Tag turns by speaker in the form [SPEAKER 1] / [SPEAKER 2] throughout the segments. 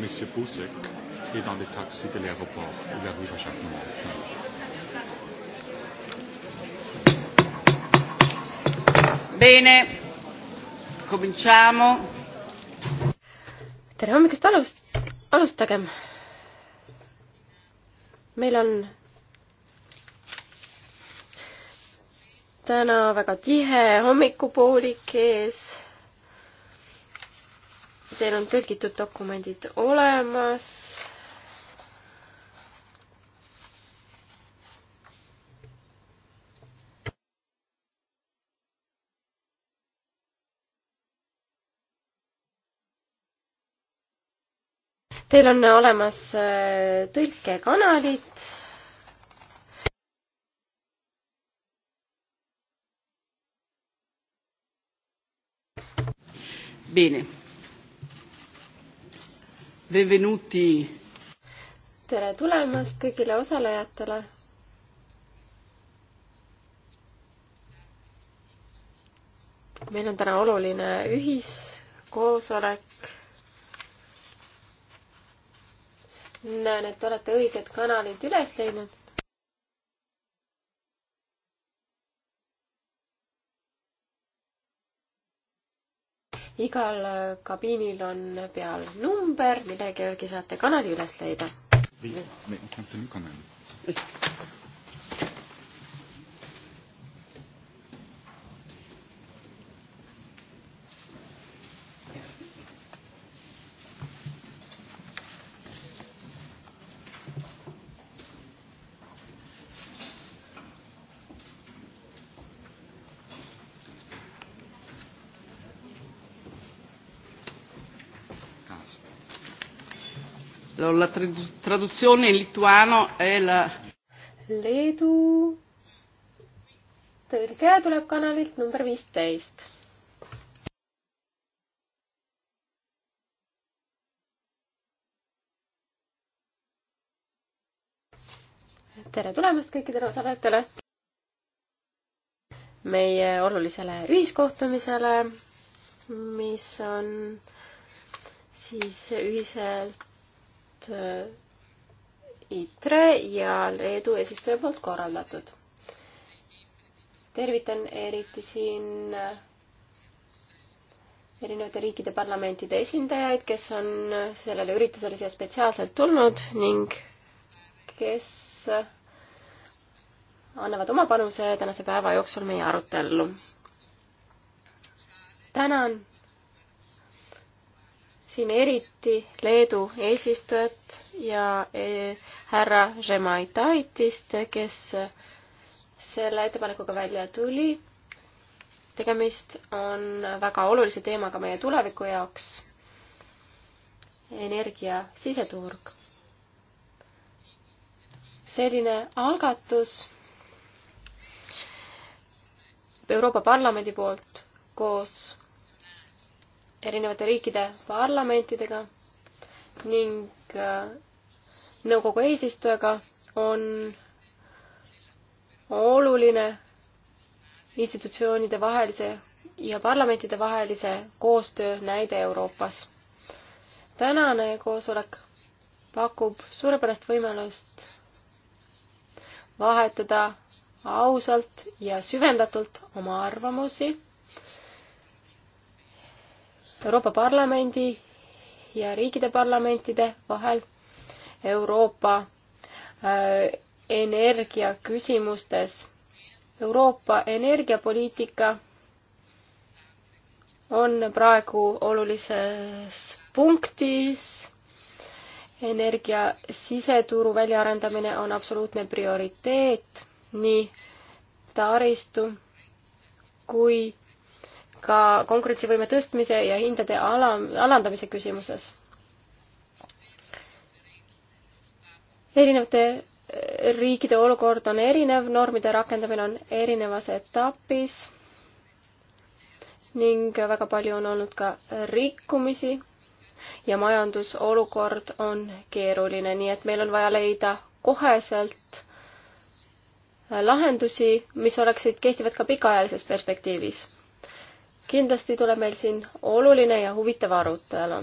[SPEAKER 1] Monsieur Poussek est dans le taxi de l'aéroport. Il arrive à chaque moment. Bene, cominciamo.
[SPEAKER 2] tere hommikust alust-, alustagem. meil on täna väga tihe hommikupoolik ees Teil on tõlgitud dokumendid olemas. Teil on olemas äh,
[SPEAKER 1] tõlkekanalid
[SPEAKER 3] bene Benvenuti.
[SPEAKER 2] tere tulemast kõigile osalejatele. meil on täna oluline ühiskoosolek. näen, et olete õiged kanalid üles leidnud. igal kabiinil on peal number, mille kellelgi saate kanali üles leida.
[SPEAKER 1] la trad- traduzione in
[SPEAKER 3] lituano è la Leedu tõlge
[SPEAKER 2] tuleb kanalilt number viisteist. tere tulemast kõikidele osalejatele meie olulisele ühiskohtumisele, mis on siis ühiselt Äh, ITRE ja Leedu eesistuja poolt korraldatud. tervitan eriti siin äh, erinevate riikide parlamentide esindajaid, kes on äh, sellele üritusele siia spetsiaalselt tulnud ning kes annavad oma panuse tänase päeva jooksul meie arutellu. tänan siin eriti Leedu eesistujat ja e, härra Žemaitaitist, kes selle ettepanekuga välja tuli. tegemist on väga olulise teemaga meie tuleviku jaoks, energia siseturg. selline algatus Euroopa Parlamendi poolt koos erinevate riikide parlamentidega ning äh, nõukogu eesistujaga on oluline institutsioonide vahelise ja parlamentide vahelise koostöö näide Euroopas. tänane koosolek pakub suurepärast võimalust vahetada ausalt ja süvendatult oma arvamusi Euroopa Parlamendi ja riikide parlamentide vahel Euroopa äh, energia küsimustes. Euroopa energiapoliitika on praegu olulises punktis. energia siseturu väljaarendamine on absoluutne prioriteet nii taristu kui ka konkurentsivõime tõstmise ja hindade ala, alandamise küsimuses. erinevate eh, riikide olukord on erinev, normide rakendamine on erinevas etapis ning väga palju on olnud ka rikkumisi ja majandusolukord on keeruline, nii et meil on vaja leida koheselt eh, lahendusi, mis oleksid kehtivad ka pikaajalises perspektiivis kindlasti tuleb meil siin oluline ja huvitav arutelu.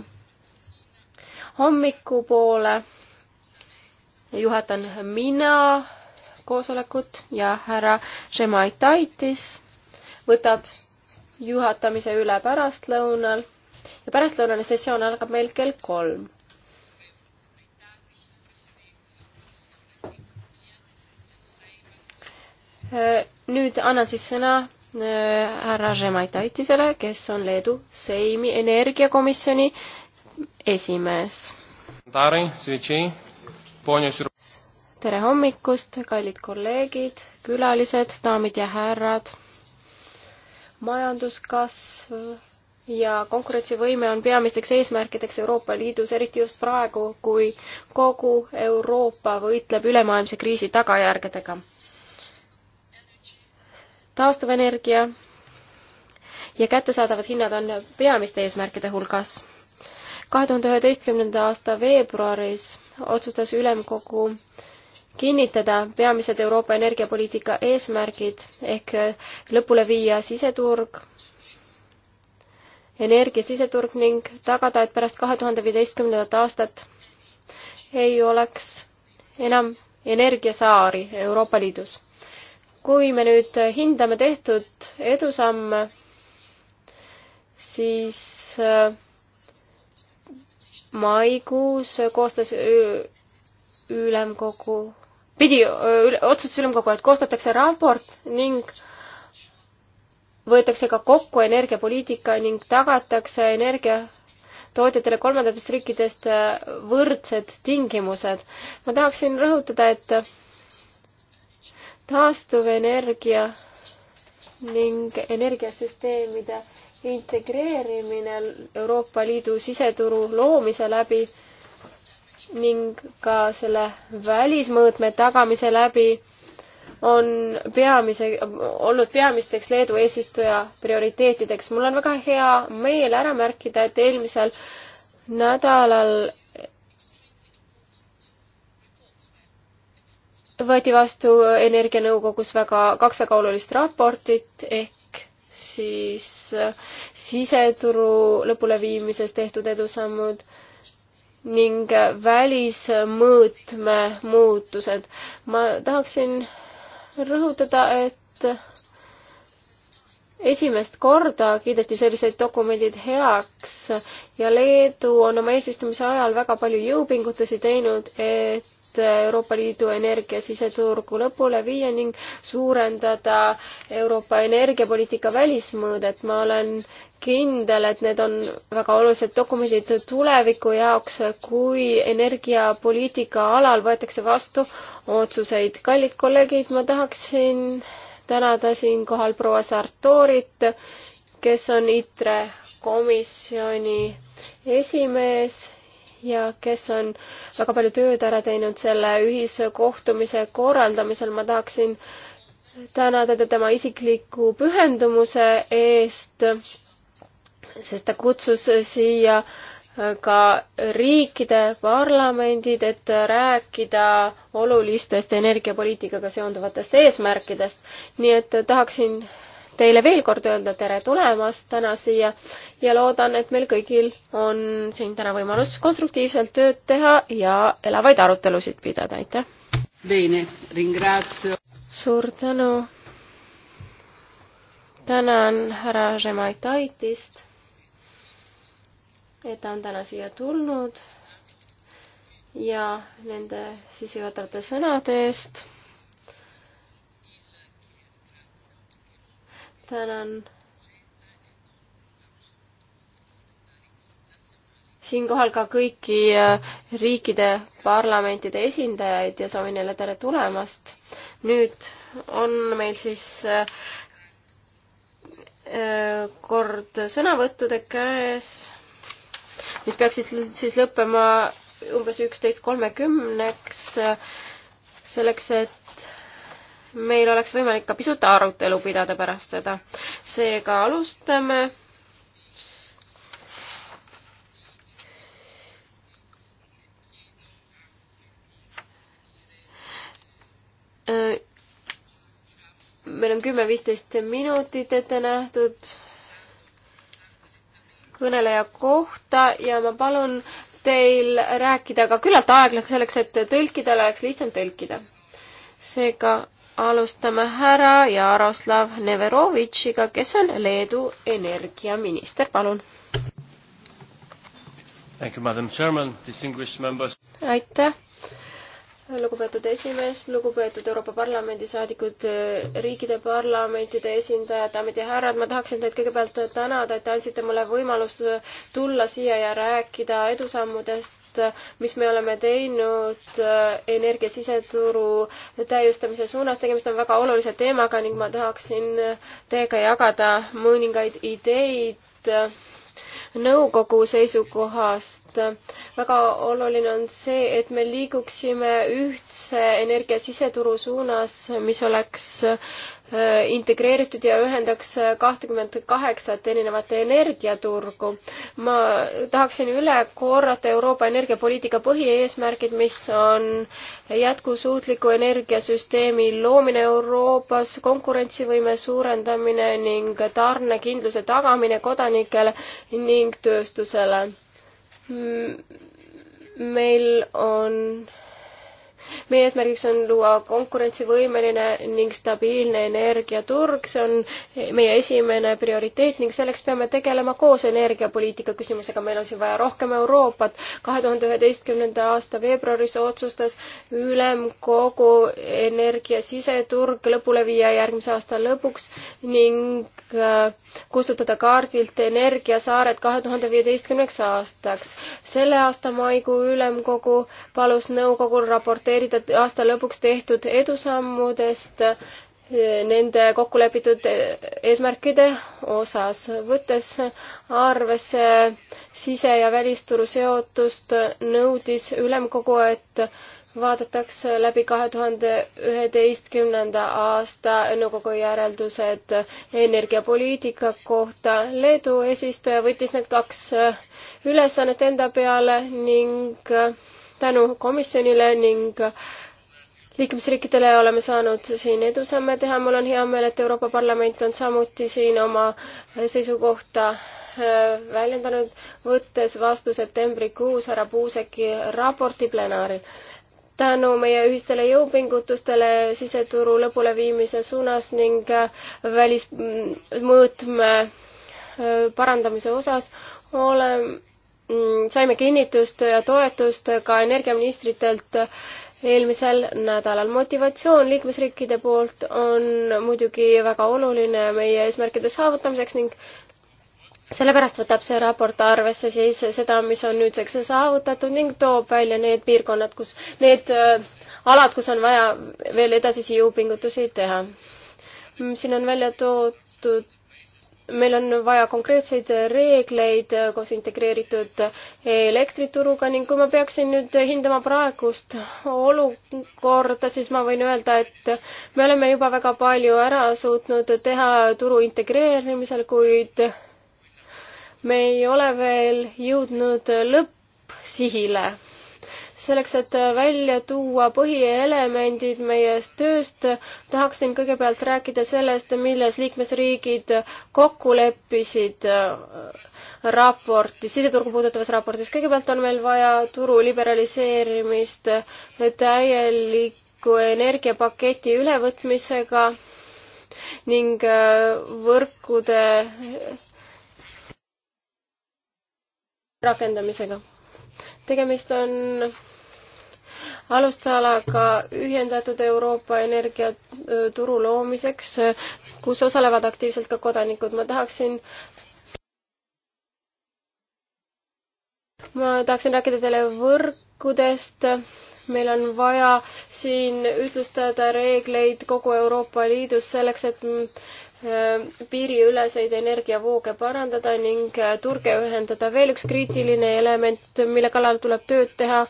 [SPEAKER 2] hommikupoole juhatan mina koosolekut ja härra Žemaitaitis võtab juhatamise üle pärastlõunal ja pärastlõunane sessioon algab meil kell kolm. nüüd annan siis sõna Äh, härra Žemaitaitisele, kes on Leedu Seimi energiakomisjoni esimees. tere hommikust, kallid kolleegid, külalised, daamid ja härrad. majanduskasv ja konkurentsivõime on peamisteks eesmärkideks Euroopa Liidus, eriti just praegu, kui kogu Euroopa võitleb ülemaailmse kriisi tagajärgedega taastuvenergia ja kättesaadavad hinnad on peamiste eesmärkide hulgas. kahe tuhande üheteistkümnenda aasta veebruaris otsustas ülemkogu kinnitada peamised Euroopa energiapoliitika eesmärgid ehk lõpule viia siseturg, energia siseturg ning tagada, et pärast kahe tuhande viieteistkümnendat aastat ei oleks enam energiasaari Euroopa Liidus kui me nüüd hindame tehtud edusamme, siis äh, maikuus koostas ülemkogu, pidi, otsustas ülemkogu, et koostatakse raport ning võetakse ka kokku energiapoliitika ning tagatakse energiatootjatele kolmandatest riikidest äh, võrdsed tingimused. ma tahaksin rõhutada, et taastuvenergia ning energiasüsteemide integreerimine Euroopa Liidu siseturu loomise läbi ning ka selle välismõõtme tagamise läbi on peamise, olnud peamisteks Leedu eesistuja prioriteetideks. mul on väga hea meel ära märkida, et eelmisel nädalal võeti vastu Energianõukogus väga, kaks väga olulist raportit ehk siis siseturu lõpuleviimises tehtud edusammud ning välismõõtme muutused. ma tahaksin rõhutada, et esimest korda kiideti sellised dokumendid heaks ja Leedu on oma eesistumise ajal väga palju jõupingutusi teinud, et Euroopa Liidu energia siseturgu lõpule viia ning suurendada Euroopa energiapoliitika välismõõdet. ma olen kindel, et need on väga olulised dokumendid tuleviku jaoks, kui energiapoliitika alal võetakse vastu otsuseid. kallid kolleegid, ma tahaksin tänada siinkohal proua Sartorit, kes on ITRE komisjoni esimees ja kes on väga palju tööd ära teinud selle ühiskohtumise korraldamisel. ma tahaksin tänada teda tema isikliku pühendumuse eest, sest ta kutsus siia ka riikide parlamendid, et rääkida olulistest energiapoliitikaga seonduvatest eesmärkidest. nii et tahaksin teile veel kord öelda tere tulemast täna siia ja loodan, et meil kõigil on siin täna võimalus konstruktiivselt tööd teha ja elavaid arutelusid pidada, aitäh! suur tänu! tänan härra Žemaitaitist et ta on täna siia tulnud ja nende sissejuhatavate sõnade eest. tänan. siinkohal ka kõiki äh, riikide parlamentide esindajaid ja soovin neile tere tulemast. nüüd on meil siis äh, äh, kord sõnavõttude käes mis peaksid siis lõppema umbes üksteist kolmekümneks, selleks et meil oleks võimalik ka pisut arutelu pidada pärast seda. seega alustame. Äh, meil on kümme-viisteist minutit ette nähtud kõneleja kohta ja ma palun teil rääkida ka küllalt aeglaselt selleks, et tõlkidel oleks lihtsam tõlkida. seega alustame härra Jaroslav Neverovitšiga, kes on Leedu energiaminister, palun. aitäh, lugupeetud esimees, lugupeetud Euroopa Parlamendi saadikud, eh, riikide parlamentide esindajad, daamid ja härrad, ma tahaksin teid kõigepealt tänada, et te andsite mulle võimalust tulla siia ja rääkida edusammudest mis me oleme teinud eh, energiasiseturu täiustamise suunas. tegemist on väga olulise teemaga ning ma tahaksin teiega jagada mõningaid ideid nõukogu seisukohast. väga oluline on see, et me liiguksime ühtse energia siseturu suunas, mis oleks Äh, integreeritud ja ühendaks kahtekümmet kaheksat erinevat energiaturgu. ma tahaksin üle korrata Euroopa energiapoliitika põhieesmärgid, mis on jätkusuutliku energiasüsteemi loomine Euroopas, konkurentsivõime suurendamine ning tarnekindluse tagamine kodanikele ning tööstusele. meil on meie eesmärgiks on luua konkurentsivõimeline ning stabiilne energiaturg, see on meie esimene prioriteet ning selleks peame tegelema koos energiapoliitika küsimusega, meil on siin vaja rohkem Euroopat. kahe tuhande üheteistkümnenda aasta veebruaris otsustas ülemkogu energia siseturg lõpule viia järgmise aasta lõpuks ning äh, kustutada kaardilt energiasaared kahe tuhande viieteistkümneks aastaks. selle aasta maikuu ülemkogu palus nõukogul raporteerida informeerida aasta lõpuks tehtud edusammudest eh, nende kokkulepitud eh, eesmärkide osas, võttes arvesse sise- ja välisturu seotust, nõudis ülemkogu, et vaadatakse läbi kahe tuhande üheteistkümnenda aasta nõukogu järeldused energiapoliitika kohta. Leedu eesistuja võttis need kaks ülesannet enda peale ning tänu komisjonile ning liikmesriikidele oleme saanud siin edusamme teha. mul on hea meel, et Euroopa Parlament on samuti siin oma seisukohta äh, väljendanud, võttes vastu septembrikuus härra Puuseki raporti plenaaril. tänu meie ühistele jõupingutustele siseturu lõpuleviimise suunas ning äh, välismõõtme äh, parandamise osas oleme Mm, saime kinnitust ja toetust ka energiaministritelt eelmisel nädalal. motivatsioon liikmesriikide poolt on muidugi väga oluline meie eesmärkide saavutamiseks ning sellepärast võtab see raport arvesse siis seda, mis on nüüdseks saavutatud ning toob välja need piirkonnad, kus, need äh, alad, kus on vaja veel edasisi jõupingutusi teha. Mm, siin on välja toodud meil on vaja konkreetseid reegleid koos integreeritud elektrituruga ning kui ma peaksin nüüd hindama praegust olukorda, siis ma võin öelda, et me oleme juba väga palju ära suutnud teha turu integreerimisel, kuid me ei ole veel jõudnud lõppsihile selleks, et välja tuua põhielemendid meie tööst, tahaksin kõigepealt rääkida sellest, milles liikmesriigid kokku leppisid äh, raportis, siseturgu puudutavas raportis. kõigepealt on meil vaja turu liberaliseerimist täieliku energiapaketi ülevõtmisega ning äh, võrkude rakendamisega tegemist on alustalaga ühendatud Euroopa energiaturu loomiseks, kus osalevad aktiivselt ka kodanikud. ma tahaksin ma tahaksin rääkida teile võrkudest. meil on vaja siin ütlustada reegleid kogu Euroopa Liidus selleks, et Äh, piiriüleseid energiavooge parandada ning äh, turge ühendada. veel üks kriitiline element, mille kallal tuleb tööd teha,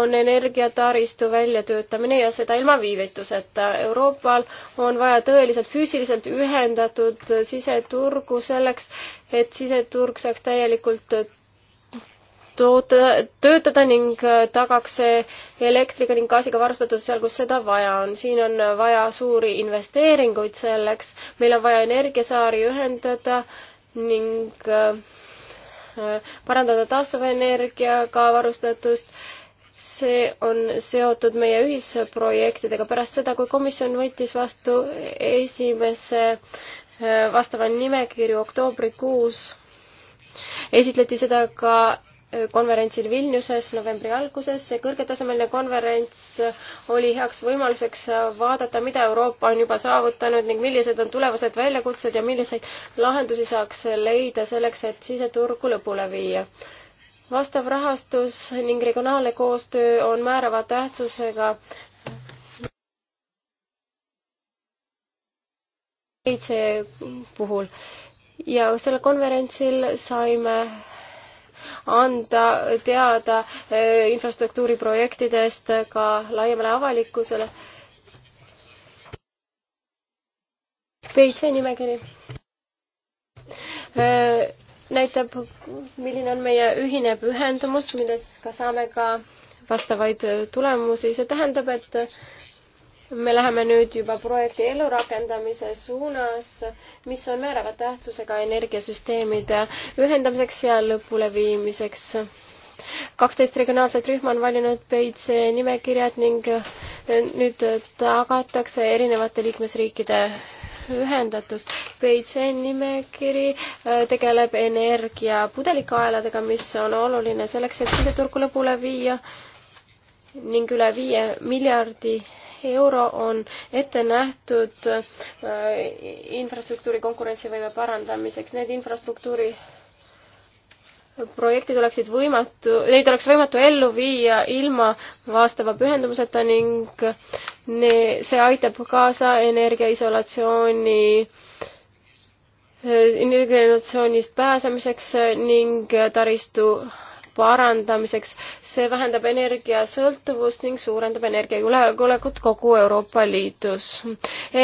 [SPEAKER 2] on energiataristu väljatöötamine ja seda ilma viivituseta. Euroopal on vaja tõeliselt füüsiliselt ühendatud siseturgu selleks, et siseturg saaks täielikult toota, töötada ning äh, tagaks elektriga ning gaasiga varustatus seal, kus seda vaja on. siin on vaja suuri investeeringuid selleks, meil on vaja energiasaari ühendada ning äh, äh, parandada taastuvenergiaga varustatust see on seotud meie ühisprojektidega. pärast seda, kui komisjon võttis vastu esimese vastava nimekirju oktoobrikuus, esitleti seda ka konverentsil Vilniuses novembri alguses. see kõrgetasemeline konverents oli heaks võimaluseks vaadata, mida Euroopa on juba saavutanud ning millised on tulevased väljakutsed ja milliseid lahendusi saaks leida selleks, et siseturgu lõpule viia. vastav rahastus ning regionaalne koostöö on määrava tähtsusega puhul ja sellel konverentsil saime anda teada eh, infrastruktuuriprojektidest ka laiemale avalikkusele. PIC nimekiri eh, näitab, milline on meie ühine pühendumus, milles ka saame ka vastavaid eh, tulemusi, see tähendab, et me läheme nüüd juba projekti ellurakendamise suunas, mis on määrava tähtsusega energiasüsteemide ühendamiseks ja lõpuleviimiseks. kaksteist regionaalset rühma on valinud Peitsi nimekirjad ning eh, nüüd tagatakse erinevate liikmesriikide ühendatus. Peitsi nimekiri eh, tegeleb energia pudelikaeladega, mis on oluline selleks, et siseturgu lõpule viia ning üle viie miljardi euro on ette nähtud äh, infrastruktuuri konkurentsivõime parandamiseks. Need infrastruktuuri projektid oleksid võimatu, neid oleks võimatu ellu viia ilma vastava pühendumuseta ning ne, see aitab kaasa energiaisolatsiooni äh, energiaisolatsioonist pääsemiseks ning taristu parandamiseks. see vähendab energiasõltuvust ning suurendab energiajulgeolekut kogu Euroopa Liidus.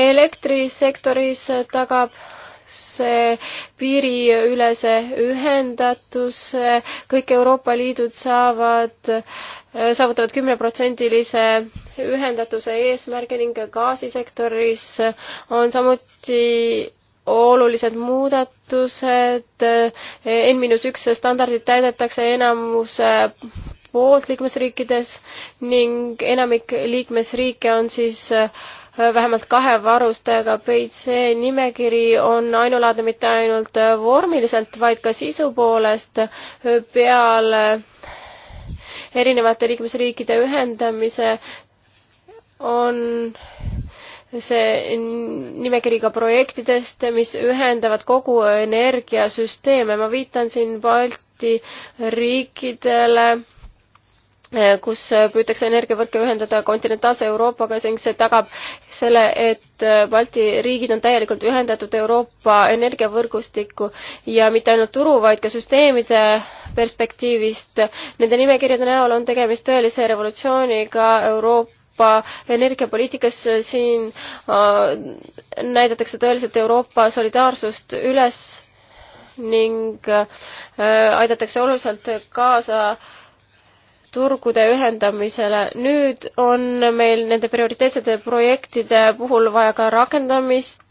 [SPEAKER 2] elektrisektoris tagab see piiriülese ühendatuse, kõik Euroopa Liidud saavad, saavutavad kümneprotsendilise ühendatuse eesmärgi ning gaasisektoris on samuti olulised muudatused, N-1 standardid täidetakse enamuse poolt liikmesriikides ning enamik liikmesriike on siis äh, vähemalt kahe varustajaga BC nimekiri on ainulaadne mitte ainult vormiliselt, vaid ka sisu poolest peale erinevate liikmesriikide ühendamise on see nimekiriga projektidest, mis ühendavad kogu energiasüsteeme. ma viitan siin Balti riikidele, eh, kus püütakse energiavõrke ühendada kontinentaalse Euroopaga, see tagab selle, et eh, Balti riigid on täielikult ühendatud Euroopa energiavõrgustikku ja mitte ainult turu, vaid ka süsteemide perspektiivist. Nende nimekirjade näol on tegemist tõelise revolutsiooniga Euroopa Euroopa energiapoliitikas, äh, siin äh, näidatakse tõeliselt Euroopa solidaarsust üles ning äh, aidatakse oluliselt kaasa turgude ühendamisele. nüüd on meil nende prioriteetsete projektide puhul vaja ka rakendamist.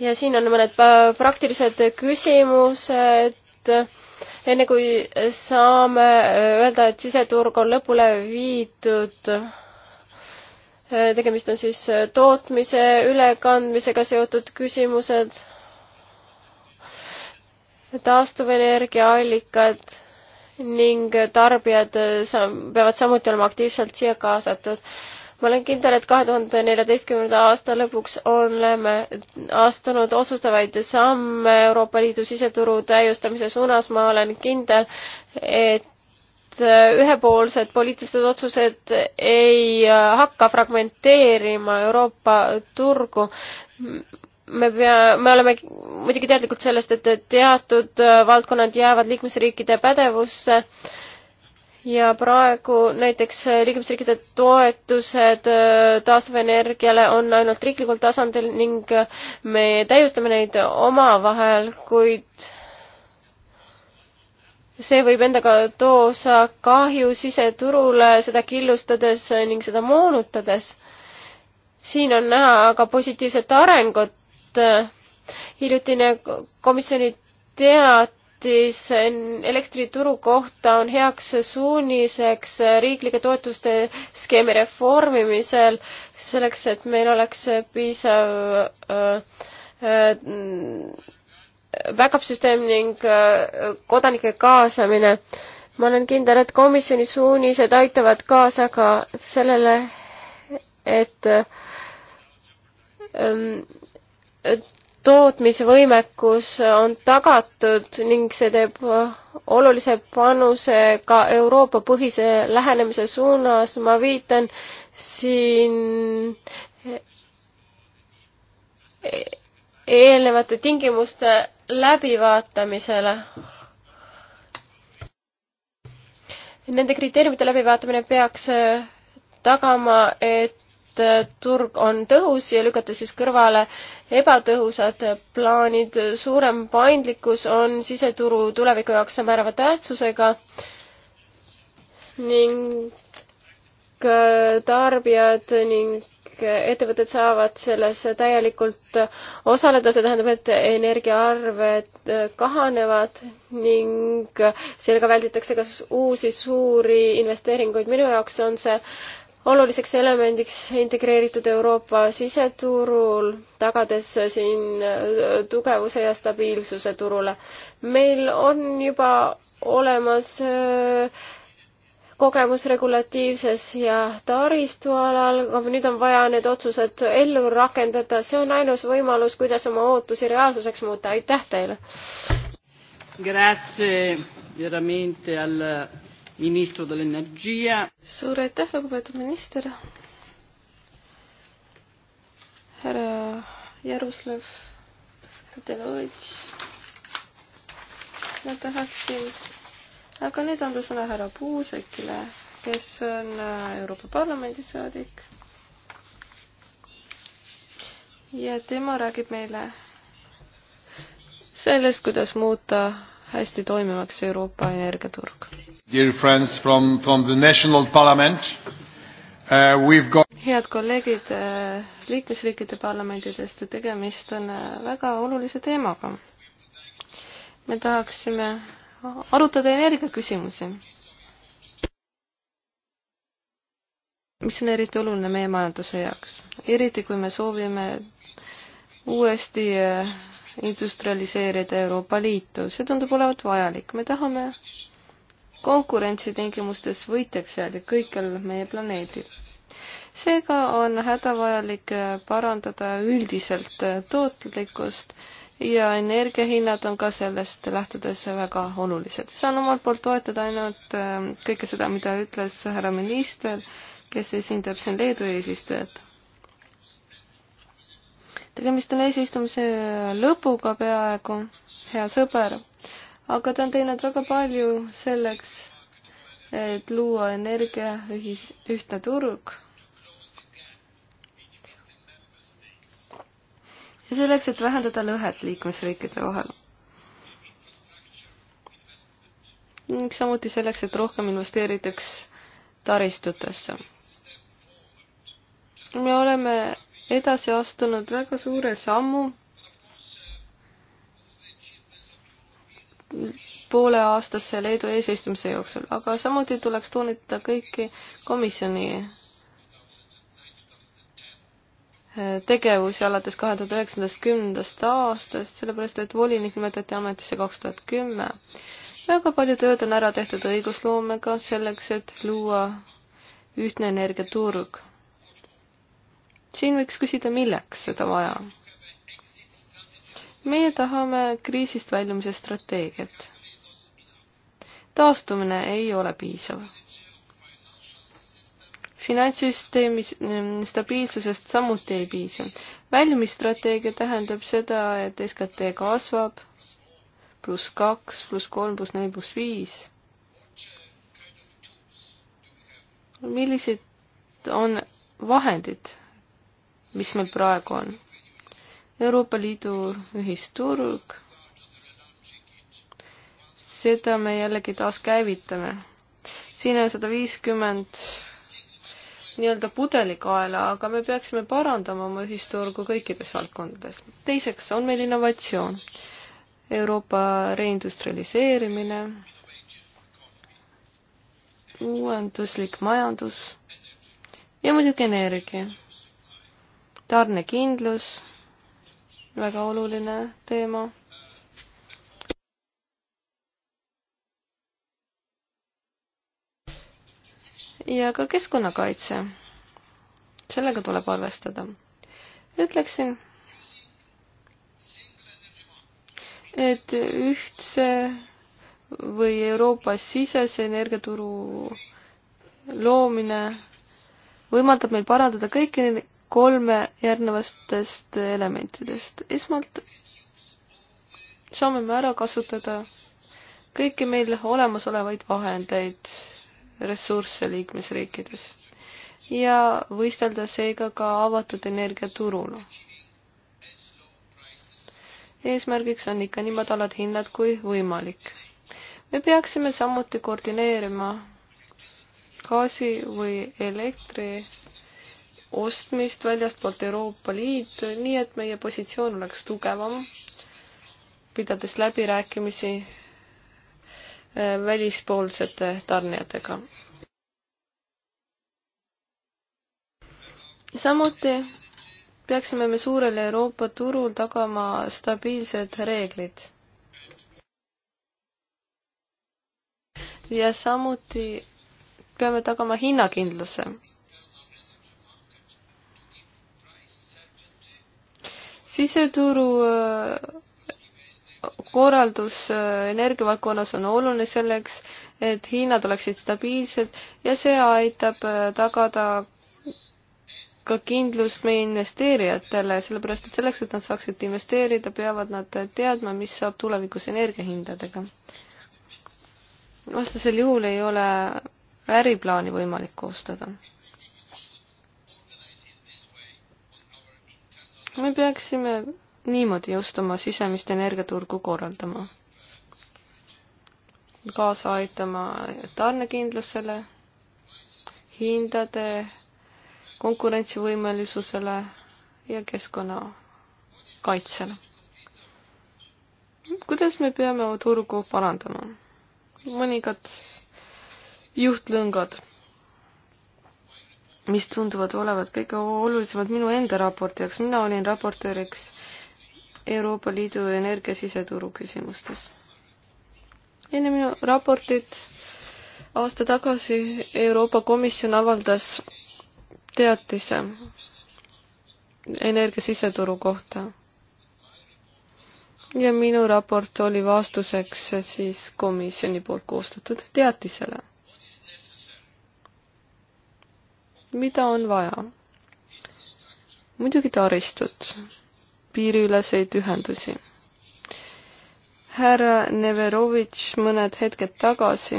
[SPEAKER 2] ja siin on mõned praktilised küsimused enne kui saame äh, öelda, et siseturg on lõpule viidud, äh, tegemist on siis äh, tootmise ülekandmisega seotud küsimused, taastuvenergiaallikad ning tarbijad peavad samuti olema aktiivselt siia kaasatud ma olen kindel, et kahe tuhande neljateistkümnenda aasta lõpuks oleme astunud otsustavaid samme Euroopa Liidu siseturu täiustamise suunas, ma olen kindel, et ühepoolsed poliitilised otsused ei hakka fragmenteerima Euroopa turgu. me pea, me oleme muidugi teadlikud sellest, et teatud valdkonnad jäävad liikmesriikide pädevusse ja praegu näiteks liikmesriikide toetused äh, taastuvenergiale on ainult riiklikul tasandil ning äh, me täiustame neid omavahel, kuid see võib endaga toosa kahju siseturule, seda killustades ning seda moonutades. siin on näha aga positiivset arengut. Äh, hiljutine komisjoni teatis teatis elektrituru kohta on heaks suuniseks riiklike toetuste skeemi reformimisel selleks, et meil oleks piisav äh, äh, back-up süsteem ning äh, kodanike kaasamine. ma olen kindel, et komisjoni suunised aitavad kaasa ka sellele, et, et tootmisvõimekus on tagatud ning see teeb olulise panuse ka Euroopa põhise lähenemise suunas. ma viitan siin eelnevate tingimuste läbivaatamisele. Nende kriteeriumite läbivaatamine peaks tagama, et Äh, turg on tõhus ja lükata siis kõrvale ebatõhusad plaanid. suurem paindlikkus on siseturu tuleviku jaoks määrava tähtsusega ning äh, tarbijad ning ettevõtted saavad selles täielikult osaleda, see tähendab, et energiaarved äh, kahanevad ning sellega välditakse ka uusi suuri investeeringuid. minu jaoks on see oluliseks elemendiks integreeritud Euroopa siseturul, tagades siin äh, tugevuse ja stabiilsuse turule. meil on juba olemas äh, kogemus regulatiivses ja taristualal, aga nüüd on vaja need otsused ellu rakendada, see on ainus võimalus, kuidas oma ootusi reaalsuseks muuta, aitäh teile!
[SPEAKER 1] Grazie veramente al ministro dell'energia.
[SPEAKER 3] suur aitäh, lugupeetud minister. härra Jaroslav Delovitš. ma tahaksin, aga nüüd anda sõna härra Puusekile, kes on äh, Euroopa Parlamendi saadik. ja tema räägib meile sellest, kuidas muuta hästi toimivaks Euroopa
[SPEAKER 1] energiaturg. Uh, got...
[SPEAKER 3] head kolleegid uh, liikmesriikide parlamentidest, tegemist on uh, väga olulise teemaga. me tahaksime arutada energiaküsimusi, mis on eriti oluline meie majanduse jaoks, eriti kui me soovime uuesti uh, industrialiseerida Euroopa Liitu, see tundub olevat vajalik, me tahame konkurentsitingimustes võitjaks jääda kõikjal meie planeedil. seega on hädavajalik parandada üldiselt tootlikkust ja energiahinnad on ka sellest lähtudes väga olulised. saan omalt poolt toetada ainult äh, kõike seda, mida ütles härra minister, kes esindab siin Leedu eesistujat tegemist on eesistumise lõpuga peaaegu, hea sõber, aga ta on teinud väga palju selleks, et luua energia ühis, ühtne turg. ja selleks, et vähendada lõhet liikmesriikide vahel. ning samuti selleks, et rohkem investeeritaks taristutesse. me oleme edasi astunud väga suure sammu pooleaastase Leedu eesistumise jooksul, aga samuti tuleks toonitada kõiki komisjoni eh, tegevusi alates kahe tuhande üheksandast kümnendast aastast, sellepärast et volinik nimetati ametisse kaks tuhat kümme. väga palju tööd on ära tehtud õigusloomega selleks, et luua ühtne energiaturg siin võiks küsida, milleks seda vaja on. meie tahame kriisist väljumise strateegiat. taastumine ei ole piisav. finantssüsteemi mm, stabiilsusest samuti ei piisa. väljumisstrateegia tähendab seda, et SKT kasvab pluss kaks, pluss kolm, pluss neli, pluss viis. millised on vahendid mis meil praegu on. Euroopa Liidu ühisturg, seda me jällegi taaskäivitame. siin on sada viiskümmend nii-öelda pudelikaela, aga me peaksime parandama oma ühisturgu kõikides valdkondades. teiseks on meil innovatsioon, Euroopa reindustrialiseerimine, uuenduslik majandus ja muidugi energia tarnekindlus, väga oluline teema. ja ka keskkonnakaitse. sellega tuleb arvestada. ütleksin, et ühtse või Euroopa-sisese energiaturu loomine võimaldab meil parandada kõiki kolme järgnevatest elementidest. esmalt saame me ära kasutada kõiki meil olemasolevaid vahendeid, ressursse liikmesriikides ja võistelda seega ka avatud energiaturul. eesmärgiks on ikka nii madalad hinnad kui võimalik. me peaksime samuti koordineerima gaasi või elektri ostmist väljastpoolt Euroopa Liitu, nii et meie positsioon oleks tugevam, pidades läbirääkimisi äh, välispoolsete tarnijatega. samuti peaksime me suurele Euroopa turul tagama stabiilsed reeglid. ja samuti peame tagama hinnakindluse siseturu äh, korraldus äh, energiavaldkonnas on oluline selleks, et hinnad oleksid stabiilsed ja see aitab äh, tagada ka kindlust meie investeerijatele, sellepärast et selleks, et nad saaksid investeerida, peavad nad teadma, mis saab tulevikus energiahindadega. vastasel juhul ei ole äriplaani võimalik koostada me peaksime niimoodi just oma sisemist energiaturgu korraldama. kaasa aitama tarnekindlusele, hindade konkurentsivõimelisusele ja keskkonnakaitsele. kuidas me peame turgu parandama? mõningad juhtlõngad mis tunduvad olevat kõige olulisemad minu enda raporti jaoks. mina olin raportööriks Euroopa Liidu energia siseturu küsimustes. enne minu raportit aasta tagasi Euroopa Komisjon avaldas teatise energia siseturu kohta. ja minu raport oli vastuseks siis komisjoni poolt koostatud teatisele mida on vaja? muidugi taristut, piiriüleseid ühendusi. härra Neverovitš mõned hetked tagasi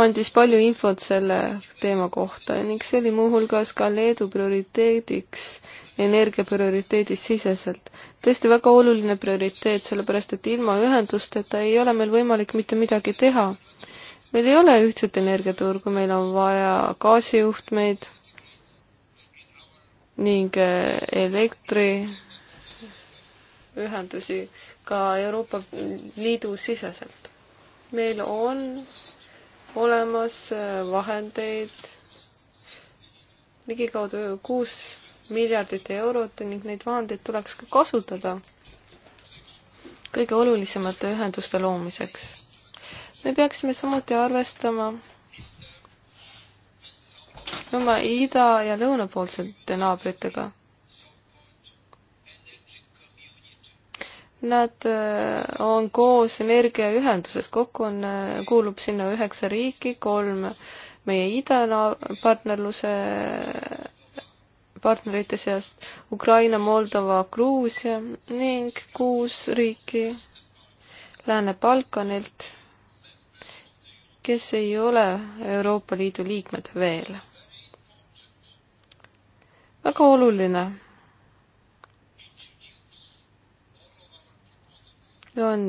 [SPEAKER 3] andis palju infot selle teema kohta ning see oli muuhulgas ka Leedu prioriteediks, energia prioriteedis siseselt. tõesti väga oluline prioriteet, sellepärast et ilma ühendusteta ei ole meil võimalik mitte midagi teha meil ei ole ühtset energiaturgu, meil on vaja gaasijuhtmeid ning eh, elektriühendusi ka Euroopa Liidu siseselt. meil on olemas eh, vahendeid ligikaudu kuus miljardit eurot ning neid vahendeid tuleks ka kasutada kõige olulisemate ühenduste loomiseks me peaksime samuti arvestama oma ida- ja lõunapoolsete naabritega. Nad äh, on koos energiaühenduses, kokku on, äh, kuulub sinna üheksa riiki, kolm meie idapartnerluse partnerite seast Ukraina, Moldova, Gruusia ning kuus riiki Lääne-Balkanilt kes ei ole Euroopa Liidu liikmed veel. väga oluline on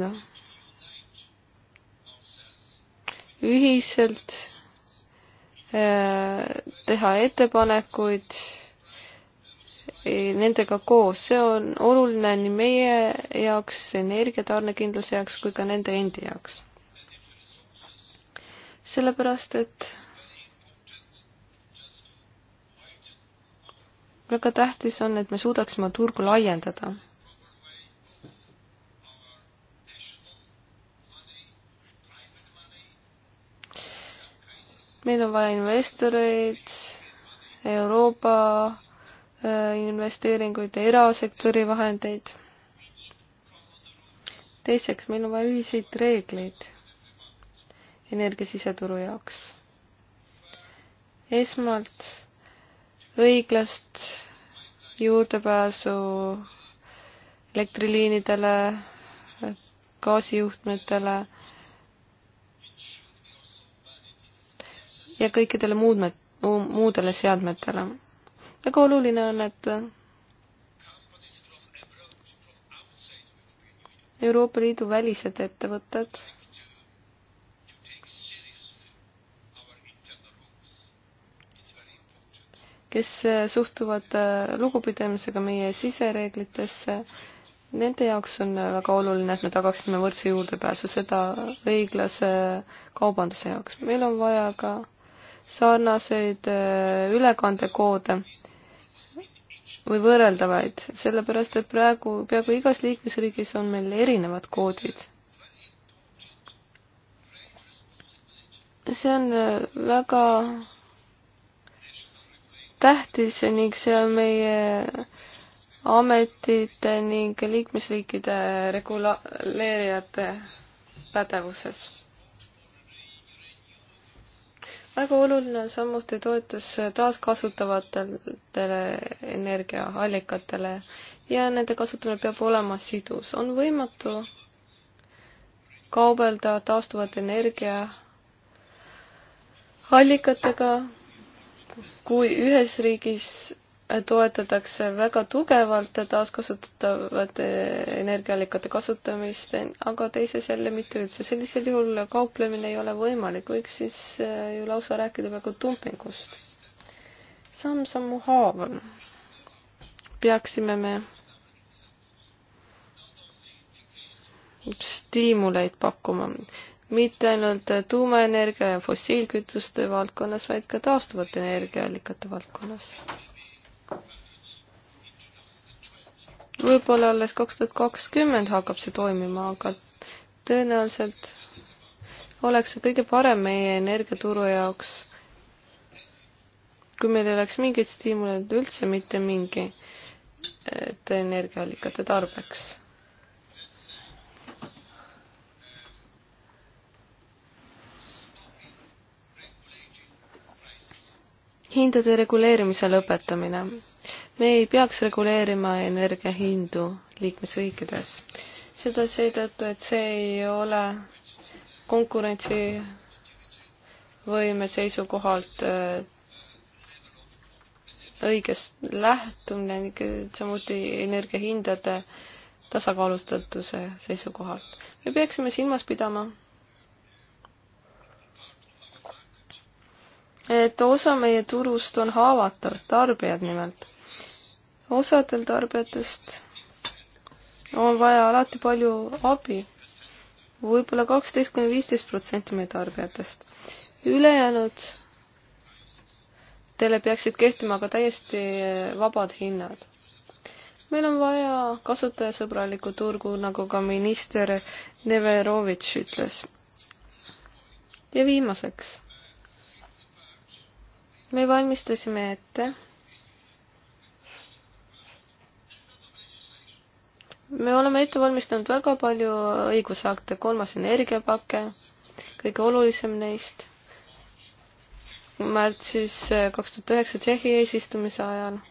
[SPEAKER 3] ühiselt äh, teha ettepanekuid e, nendega koos, see on oluline nii meie jaoks, energiatarnekindluse jaoks kui ka nende endi jaoks sellepärast et väga tähtis on, et me suudaksime turgu laiendada. meil on vaja investoreid, Euroopa äh, investeeringuid ja erasektori vahendeid. teiseks, meil on vaja ühiseid reegleid energiasiseturu jaoks. esmalt õiglast juurdepääsu elektriliinidele, gaasijuhtmetele ja kõikidele muudme-, muudele seadmetele. väga oluline on, et Euroopa Liidu välised ettevõtted kes äh, suhtuvad äh, lugupidamisega meie sisereeglitesse, nende jaoks on äh, väga oluline, et me tagaksime võrdse juurdepääsu, seda õiglase kaubanduse jaoks. meil on vaja ka sarnaseid ülekandekoode või võrreldavaid, sellepärast et praegu peaaegu igas liikmesriigis on meil erinevad koodid see on väga tähtis ning see on meie ametite ning liikmesriikide reguleerijate pädevuses. väga oluline on samuti toetus taaskasutavatele energiaallikatele ja nende kasutamine peab olema sidus. on võimatu kaubelda taastuvate energiaallikatega kui ühes riigis toetatakse väga tugevalt taaskasutatavate energiaallikate kasutamist, aga teises jälle mitte üldse. sellisel juhul kauplemine ei ole võimalik, võiks siis äh, ju lausa rääkida peaaegu dumpingust. samm-sammu haaval peaksime me stiimuleid pakkuma mitte ainult tuumaenergia ja fossiilkütuste valdkonnas, vaid ka taastuvate energiaallikate valdkonnas. võib-olla alles kaks tuhat kakskümmend hakkab see toimima, aga tõenäoliselt oleks see kõige parem meie energiaturu jaoks, kui meil ei oleks mingeid stiimuleid üldse mitte mingi, et energiaallikate tarbeks hindade reguleerimise lõpetamine. me ei peaks reguleerima energiahindu liikmesriikides. seda seetõttu, et see ei ole konkurentsivõime seisukohalt äh, õigest lähtumine ning samuti energiahindade tasakaalustatuse seisukohalt. me peaksime silmas pidama et osa meie turust on haavatav, tarbijad nimelt. osadel tarbijatest on vaja alati palju abi võib, võib-olla kaksteist kuni viisteist protsenti meie tarbijatest. ülejäänud teile peaksid kehtima aga täiesti vabad hinnad. meil on vaja kasutajasõbralikku turgu, nagu ka minister Neverovitš ütles. ja viimaseks me valmistasime ette me oleme ette valmistanud väga palju õigusakte, kolmas energiapake, kõige olulisem neist, märtsis eh, kaks tuhat üheksa Tšehhi eesistumise ajal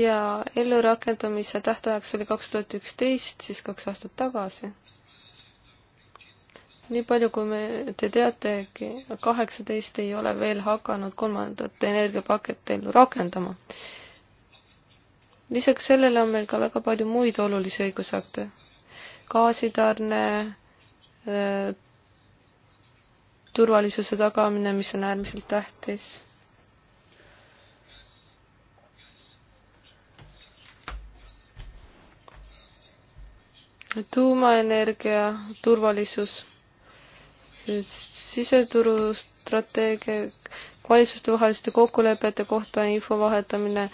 [SPEAKER 3] ja ellurakendamise tähtajaks oli kaks tuhat üksteist, siis kaks aastat tagasi. nii palju, kui me, te teate, kaheksateist ei ole veel hakanud kolmandat energiapaketti ellu rakendama. lisaks sellele on meil ka väga palju muid olulisi õigusakte. gaasitarne, äh, turvalisuse tagamine, mis on äärmiselt tähtis tuumaenergia turvalisus, siseturu strateegia, valitsustevaheliste kokkulepete kohta info vahetamine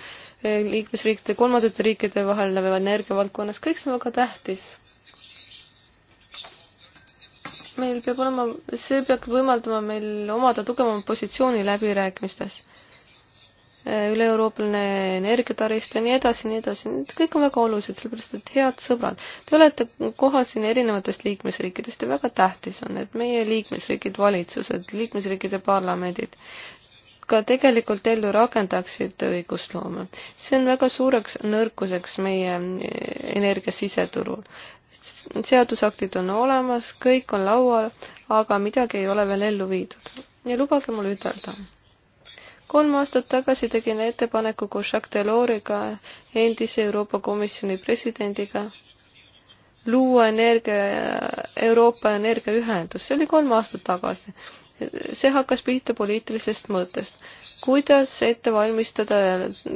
[SPEAKER 3] eh, liikmesriikide, kolmandate riikide vahel energia valdkonnas, kõik see on väga tähtis. meil peab olema, see peab võimaldama meil omada tugevamat positsiooni läbirääkimistes üle-Euroopaline energiataristu ja nii edasi, nii edasi, need kõik on väga olulised, sellepärast et head sõbrad, te olete kohal siin erinevatest liikmesriikidest ja väga tähtis on, et meie liikmesriigid, valitsused, liikmesriikide parlamendid ka tegelikult ellu rakendaksid õigusloome. see on väga suureks nõrkuseks meie energiasiseturul. seadusaktid on olemas, kõik on laual, aga midagi ei ole veel ellu viidud. ja lubage mul ütelda kolm aastat tagasi tegin ettepaneku koos Jacques Deloriga, endise Euroopa Komisjoni presidendiga, luua energia, Euroopa energiaühendus, see oli kolm aastat tagasi. see hakkas pihta poliitilisest mõttest. kuidas ette valmistada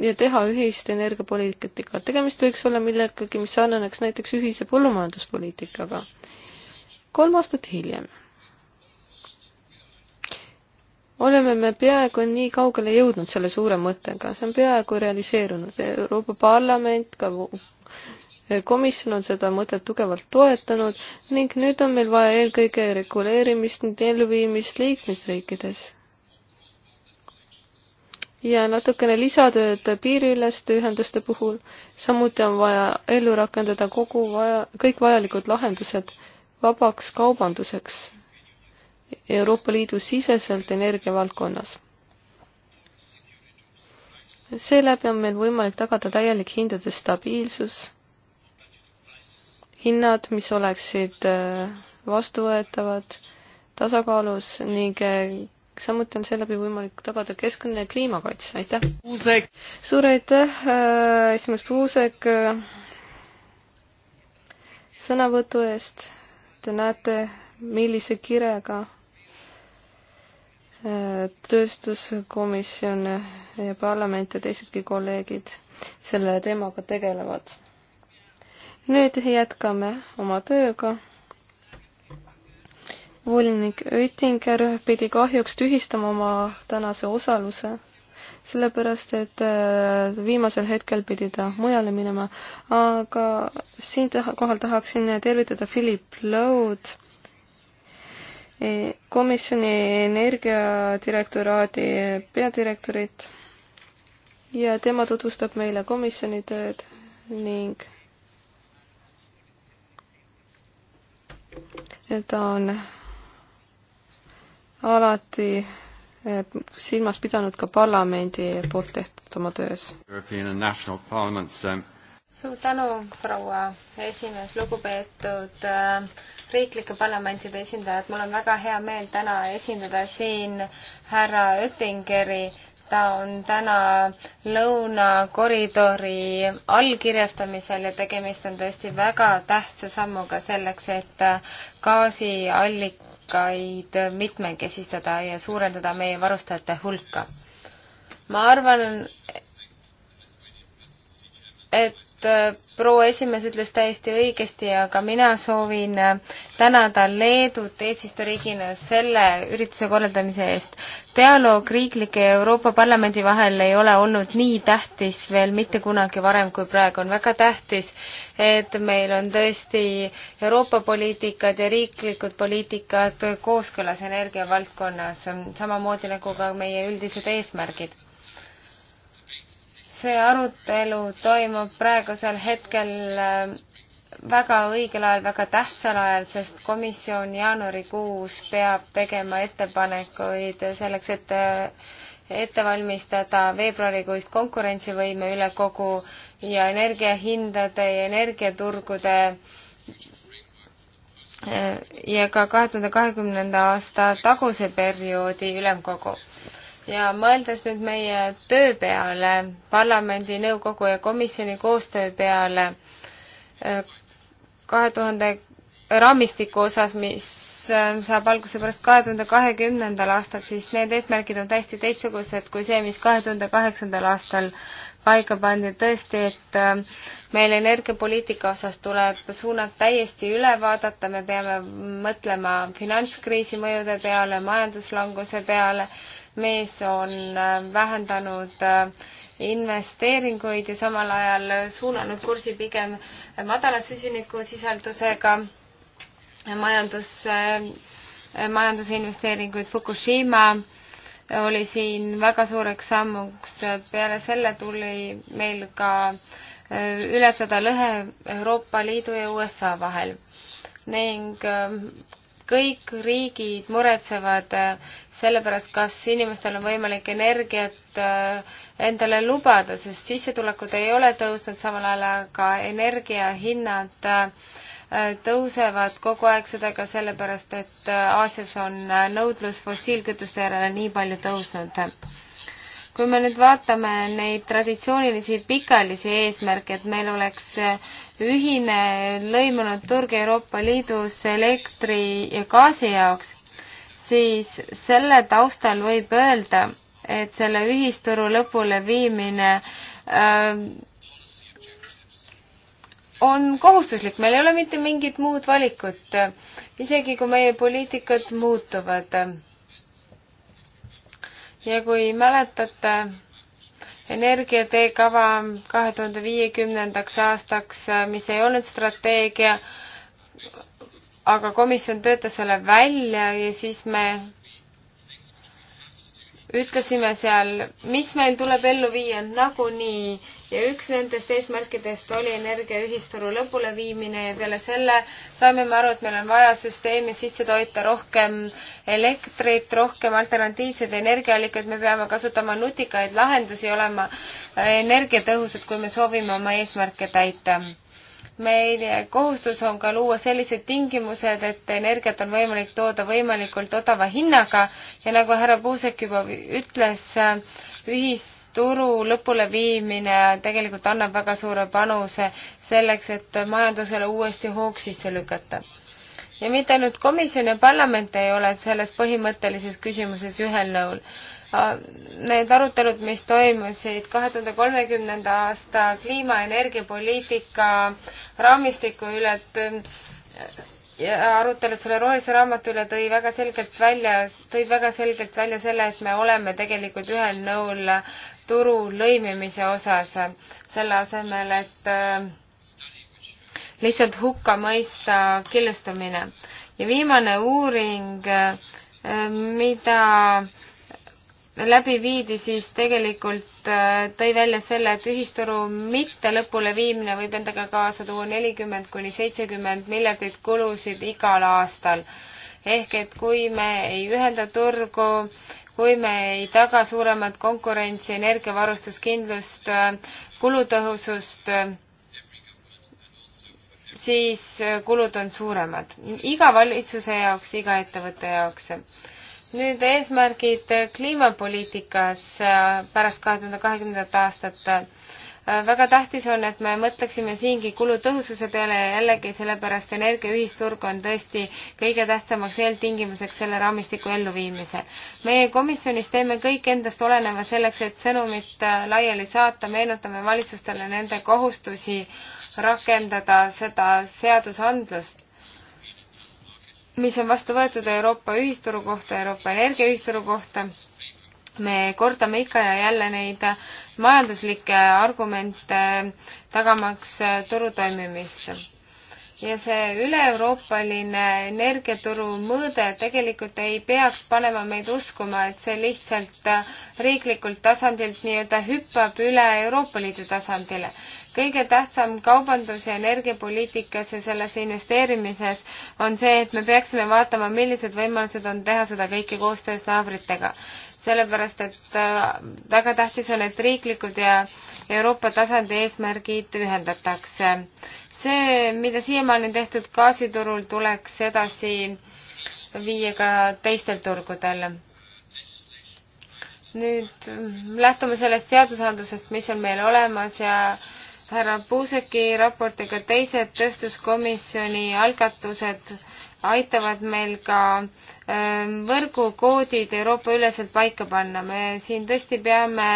[SPEAKER 3] ja teha ühist energiapoliitikat, tegemist võiks olla millegagi, mis sarnaneks näiteks ühise põllumajanduspoliitikaga. kolm aastat hiljem oleme me peaaegu nii kaugele jõudnud selle suure mõttega, see on peaaegu realiseerunud, Euroopa Parlament, ka komisjon on seda mõtet tugevalt toetanud ning nüüd on meil vaja eelkõige reguleerimist ning elluviimist liikmesriikides. ja natukene lisatööd piiriüleste ühenduste puhul, samuti on vaja ellu rakendada kogu vaja, kõik vajalikud lahendused vabaks kaubanduseks Euroopa Liidu siseselt energiavaldkonnas. seeläbi on meil võimalik tagada täielik hindade stabiilsus, hinnad, mis oleksid äh, vastuvõetavad, tasakaalus ning äh, samuti on seeläbi võimalik tagada keskkonna ja kliimakaitse, aitäh! suur aitäh, äh, esimees Puusek, sõnavõtu eest, te näete, millise kirega tööstuskomisjon ja parlament ja teisedki kolleegid selle teemaga tegelevad. nüüd jätkame oma tööga. volinik Oettinger pidi kahjuks tühistama oma tänase osaluse, sellepärast et äh, viimasel hetkel pidi ta mujale minema, aga siinkohal tahaksin tervitada Philip Load komisjoni energiadirektoraadi peadirektorit ja tema tutvustab meile komisjoni tööd ning ta on alati eh, silmas pidanud ka parlamendi poolt tehtud oma töös.
[SPEAKER 1] Um,
[SPEAKER 4] suur tänu, proua esimees, lugupeetud äh, riiklike parlamentide esindajad, mul on väga hea meel täna esindada siin härra Oettingeri ta on täna lõunakoridori allkirjastamisel ja tegemist on tõesti väga tähtsa sammuga selleks, et gaasiallikaid mitmekesistada ja suurendada meie varustajate hulka. ma arvan, et et äh, proua esimees ütles täiesti õigesti, aga mina soovin äh, tänada Leedut eesistujariigina selle ürituse korraldamise eest. dialoog riiklike ja Euroopa Parlamendi vahel ei ole olnud nii tähtis veel mitte kunagi varem kui praegu. on väga tähtis, et meil on tõesti Euroopa poliitikad ja riiklikud poliitikad kooskõlas energiavaldkonnas, samamoodi nagu ka meie üldised eesmärgid see arutelu toimub praegusel hetkel äh, väga õigel ajal, väga tähtsal ajal, sest komisjon jaanuarikuus peab tegema ettepanekuid selleks, et äh, ette valmistada veebruarikuist konkurentsivõime üle kogu ja energiahindade ja energiaturgude äh, ja ka kahe tuhande kahekümnenda aasta taguse perioodi ülemkogu ja mõeldes nüüd meie töö peale, parlamendi, nõukogu ja komisjoni koostöö peale äh, kahe tuhande äh, raamistiku osas, mis äh, saab alguse pärast kahe tuhande kahekümnendal aastal, siis need eesmärgid on täiesti teistsugused kui see, mis kahe tuhande kaheksandal aastal paika pandi. tõesti, et meil energiapoliitika osas tuleb suunad täiesti üle vaadata, me peame mõtlema finantskriisi mõjude peale, majanduslanguse peale mis on äh, vähendanud äh, investeeringuid ja samal ajal suunanud kursi pigem madala süsinikusisaldusega majandusse, äh, majanduse investeeringuid. Fukushima oli siin väga suureks sammuks. peale selle tuli meil ka ületada lõhe Euroopa Liidu ja USA vahel ning kõik riigid muretsevad äh, selle pärast, kas inimestel on võimalik energiat äh, endale lubada, sest sissetulekud ei ole tõusnud, samal ajal aga energiahinnad äh, tõusevad kogu aeg, seda ka sellepärast, et Aasias on nõudlus fossiilkütuste järele nii palju tõusnud kui me nüüd vaatame neid traditsioonilisi pikaajalisi eesmärke, et meil oleks ühine lõimunud turg Euroopa Liidus elektri ja gaasi jaoks, siis selle taustal võib öelda, et selle ühisturu lõpule viimine äh, on kohustuslik, meil ei ole mitte mingit muud valikut, isegi kui meie poliitikad muutuvad. ja kui mäletate, energiateekava kahe tuhande viiekümnendaks aastaks, äh, mis ei olnud strateegia, aga komisjon töötas selle välja ja siis me ütlesime seal, mis meil tuleb ellu viia nagunii ja üks nendest eesmärkidest oli energia ühisturu lõpuleviimine ja peale selle saime me aru, et meil on vaja süsteemi sisse toita rohkem elektrit, rohkem alternatiivseid energiaallikaid, me peame kasutama nutikaid lahendusi, olema energiatõhusad, kui me soovime oma eesmärke täita meie kohustus on ka luua sellised tingimused, et energiat on võimalik tooda võimalikult odava hinnaga ja nagu härra Puusek juba ütles, ühisturu lõpuleviimine tegelikult annab väga suure panuse selleks, et majandusele uuesti hoog sisse lükata. ja mitte ainult komisjon ja parlament ei ole selles põhimõttelises küsimuses ühel nõul Äh, need arutelud, mis toimusid kahe tuhande kolmekümnenda aasta kliima- ja energiapoliitika raamistiku üle, et äh,
[SPEAKER 1] ja arutelud
[SPEAKER 4] selle rohelise raamatu üle tõi väga selgelt välja, tõid väga selgelt välja selle, et me oleme tegelikult ühel nõul turu lõimimise osas, selle asemel, et äh, lihtsalt hukka mõista killustumine. ja viimane uuring, mida läbi viidi, siis tegelikult äh, tõi välja selle, et ühisturu mitte lõpuleviimine võib endaga kaasa tuua nelikümmend kuni seitsekümmend miljardit kulusid igal aastal. ehk et kui me ei ühenda turgu, kui me ei taga suuremat konkurentsi, energiavarustuskindlust, äh, kulutõhusust, siis äh, kulud on suuremad iga valitsuse jaoks, iga ettevõtte jaoks nüüd eesmärgid kliimapoliitikas äh, pärast kahe tuhande kahekümnendat aastat. Äh, väga tähtis on, et me mõtleksime siingi kulutõhususe peale ja jällegi sellepärast energia ühisturg on tõesti kõige tähtsamaks eeltingimuseks selle raamistiku elluviimisel. meie komisjonis teeme kõik endast oleneva selleks, et sõnumit äh, laiali saata, meenutame valitsustele nende kohustusi rakendada seda seadusandlust mis on vastu võetud Euroopa ühisturu kohta, Euroopa energiaühisturu kohta. me kordame ikka ja jälle neid majanduslikke argumente tagamaks turu toimimist. ja see üle-euroopaline energiaturu mõõde tegelikult ei peaks panema meid uskuma, et see lihtsalt riiklikult tasandilt nii-öelda hüppab üle Euroopa Liidu tasandile kõige tähtsam kaubandus- ja energiapoliitikas ja sellesse investeerimises on see, et me peaksime vaatama, millised võimalused on teha seda kõike koostöös naabritega. sellepärast, et äh, väga tähtis on, et riiklikud ja Euroopa tasandi eesmärgid ühendatakse. see, mida siiamaani tehtud gaasiturul, tuleks edasi viia ka teistel turgudel nüüd lähtume sellest seadusandlusest, mis on meil olemas ja härra Puuseki raportiga teised tööstuskomisjoni algatused aitavad meil ka ähm, võrgukoodid Euroopa üleselt paika panna. me siin tõesti peame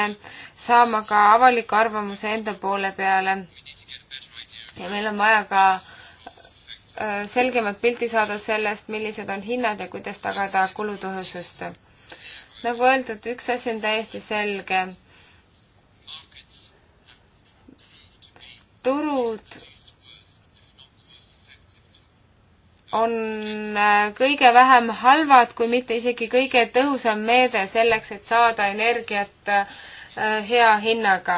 [SPEAKER 4] saama ka avaliku arvamuse enda poole peale. ja meil on vaja ka äh, selgemat pilti saada sellest, millised on hinnad ja kuidas tagada kulutõhusust. nagu öeldud, üks asi on täiesti selge turud on äh, kõige vähem halvad, kui mitte isegi kõige tõhusam meede selleks, et saada energiat äh, hea hinnaga.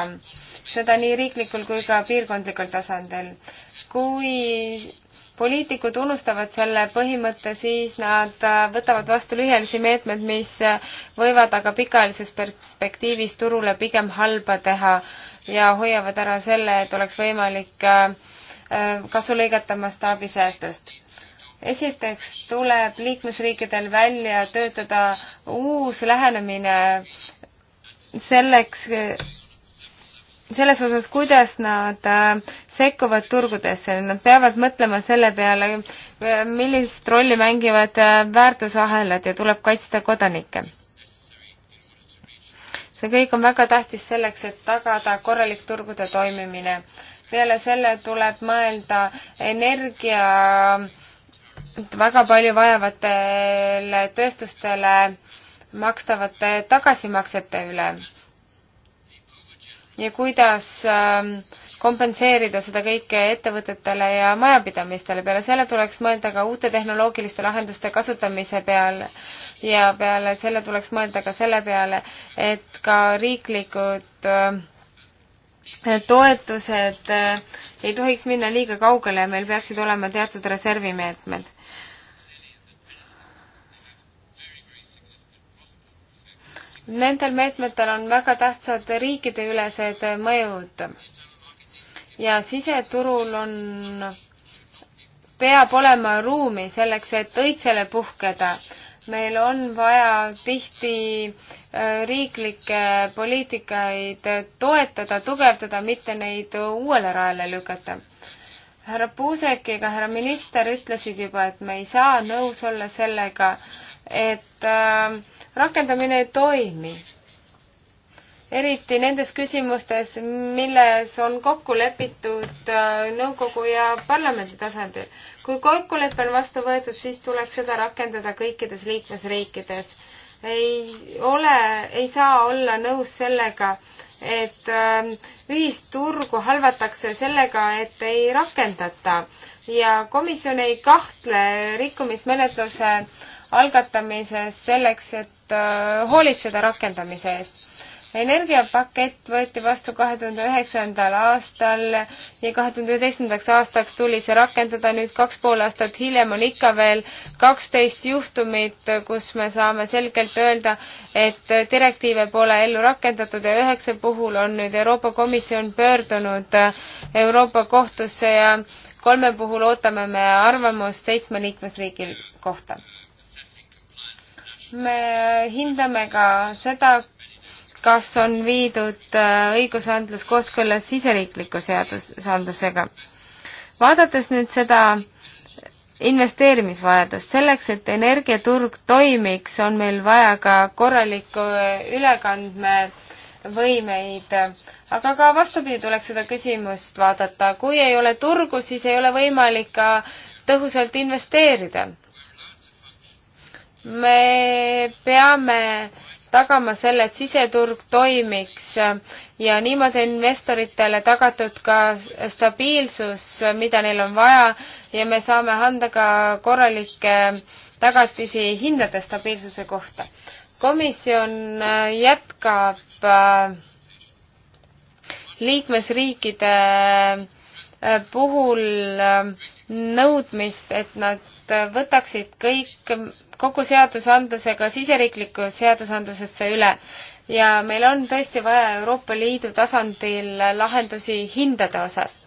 [SPEAKER 4] seda nii riiklikul kui ka piirkondlikul tasandil. kui poliitikud unustavad selle põhimõtte, siis nad äh, võtavad vastu lühiajalisi meetmeid, mis äh, võivad aga pikaajalises perspektiivis turule pigem halba teha ja hoiavad ära selle, et oleks võimalik äh, kasu lõigata mastaabisäästust. esiteks tuleb liikmesriikidel välja töötada uus lähenemine selleks, selles osas, kuidas nad äh, sekkuvad turgudesse, nad peavad mõtlema selle peale, äh, millist rolli mängivad äh, väärtusahelad ja tuleb kaitsta kodanikke. see kõik on väga tähtis selleks, et tagada korralik turgude toimimine. peale selle tuleb mõelda energia väga palju vajavatele tööstustele makstavate tagasimaksete üle ja kuidas ähm, kompenseerida seda kõike ettevõtetele ja majapidamistele. peale selle tuleks mõelda ka uute tehnoloogiliste lahenduste kasutamise peale ja peale selle tuleks mõelda ka selle peale, et ka riiklikud äh, toetused äh, ei tohiks minna liiga kaugele ja meil peaksid olema teatud reservimeetmed Nendel meetmetel on väga tähtsad riikideülesed mõjud ja siseturul on, peab olema ruumi selleks, et õitsele puhkeda. meil on vaja tihti äh, riiklikke poliitikaid toetada, tugevdada, mitte neid uuele rajale lükata härra Puusek ega härra minister ütlesid juba, et me ei saa nõus olla sellega, et äh, rakendamine ei toimi. eriti nendes küsimustes, milles on kokku lepitud äh, nõukogu ja parlamendi tasandil. kui kokkulepe on vastu võetud, siis tuleks seda rakendada kõikides liikmesriikides. ei ole, ei saa olla nõus sellega, et ähm, ühisturgu halvatakse sellega, et ei rakendata ja komisjon ei kahtle rikkumismenetluse algatamises selleks, et Äh, hoolitseda rakendamise eest. energiapakett võeti vastu kahe tuhande üheksandal aastal ja kahe tuhande üheteistkümnendaks aastaks tuli see rakendada, nüüd kaks pool aastat hiljem on ikka veel kaksteist juhtumit, kus me saame selgelt öelda, et direktiive pole ellu rakendatud ja üheksa puhul on nüüd Euroopa Komisjon pöördunud Euroopa Kohtusse ja kolme puhul ootame me arvamust seitsme liikmesriigi kohta me hindame ka seda, kas on viidud äh, õigusandlus kooskõlas siseriikliku seadusandlusega. vaadates nüüd seda investeerimisvajadust, selleks et energiaturg toimiks, on meil vaja ka korralikku äh, ülekandmevõimeid, aga ka vastupidi tuleks seda küsimust vaadata, kui ei ole turgu, siis ei ole võimalik ka tõhusalt investeerida me peame tagama selle, et siseturg toimiks ja niimoodi on investoritele tagatud ka stabiilsus, mida neil on vaja ja me saame anda ka korralikke tagatisi hindade stabiilsuse kohta. komisjon äh, jätkab äh, liikmesriikide äh, puhul nõudmist, et nad võtaksid kõik kogu seadusandlusega siseriikliku seadusandlusesse üle ja meil on tõesti vaja Euroopa Liidu tasandil lahendusi hindade osas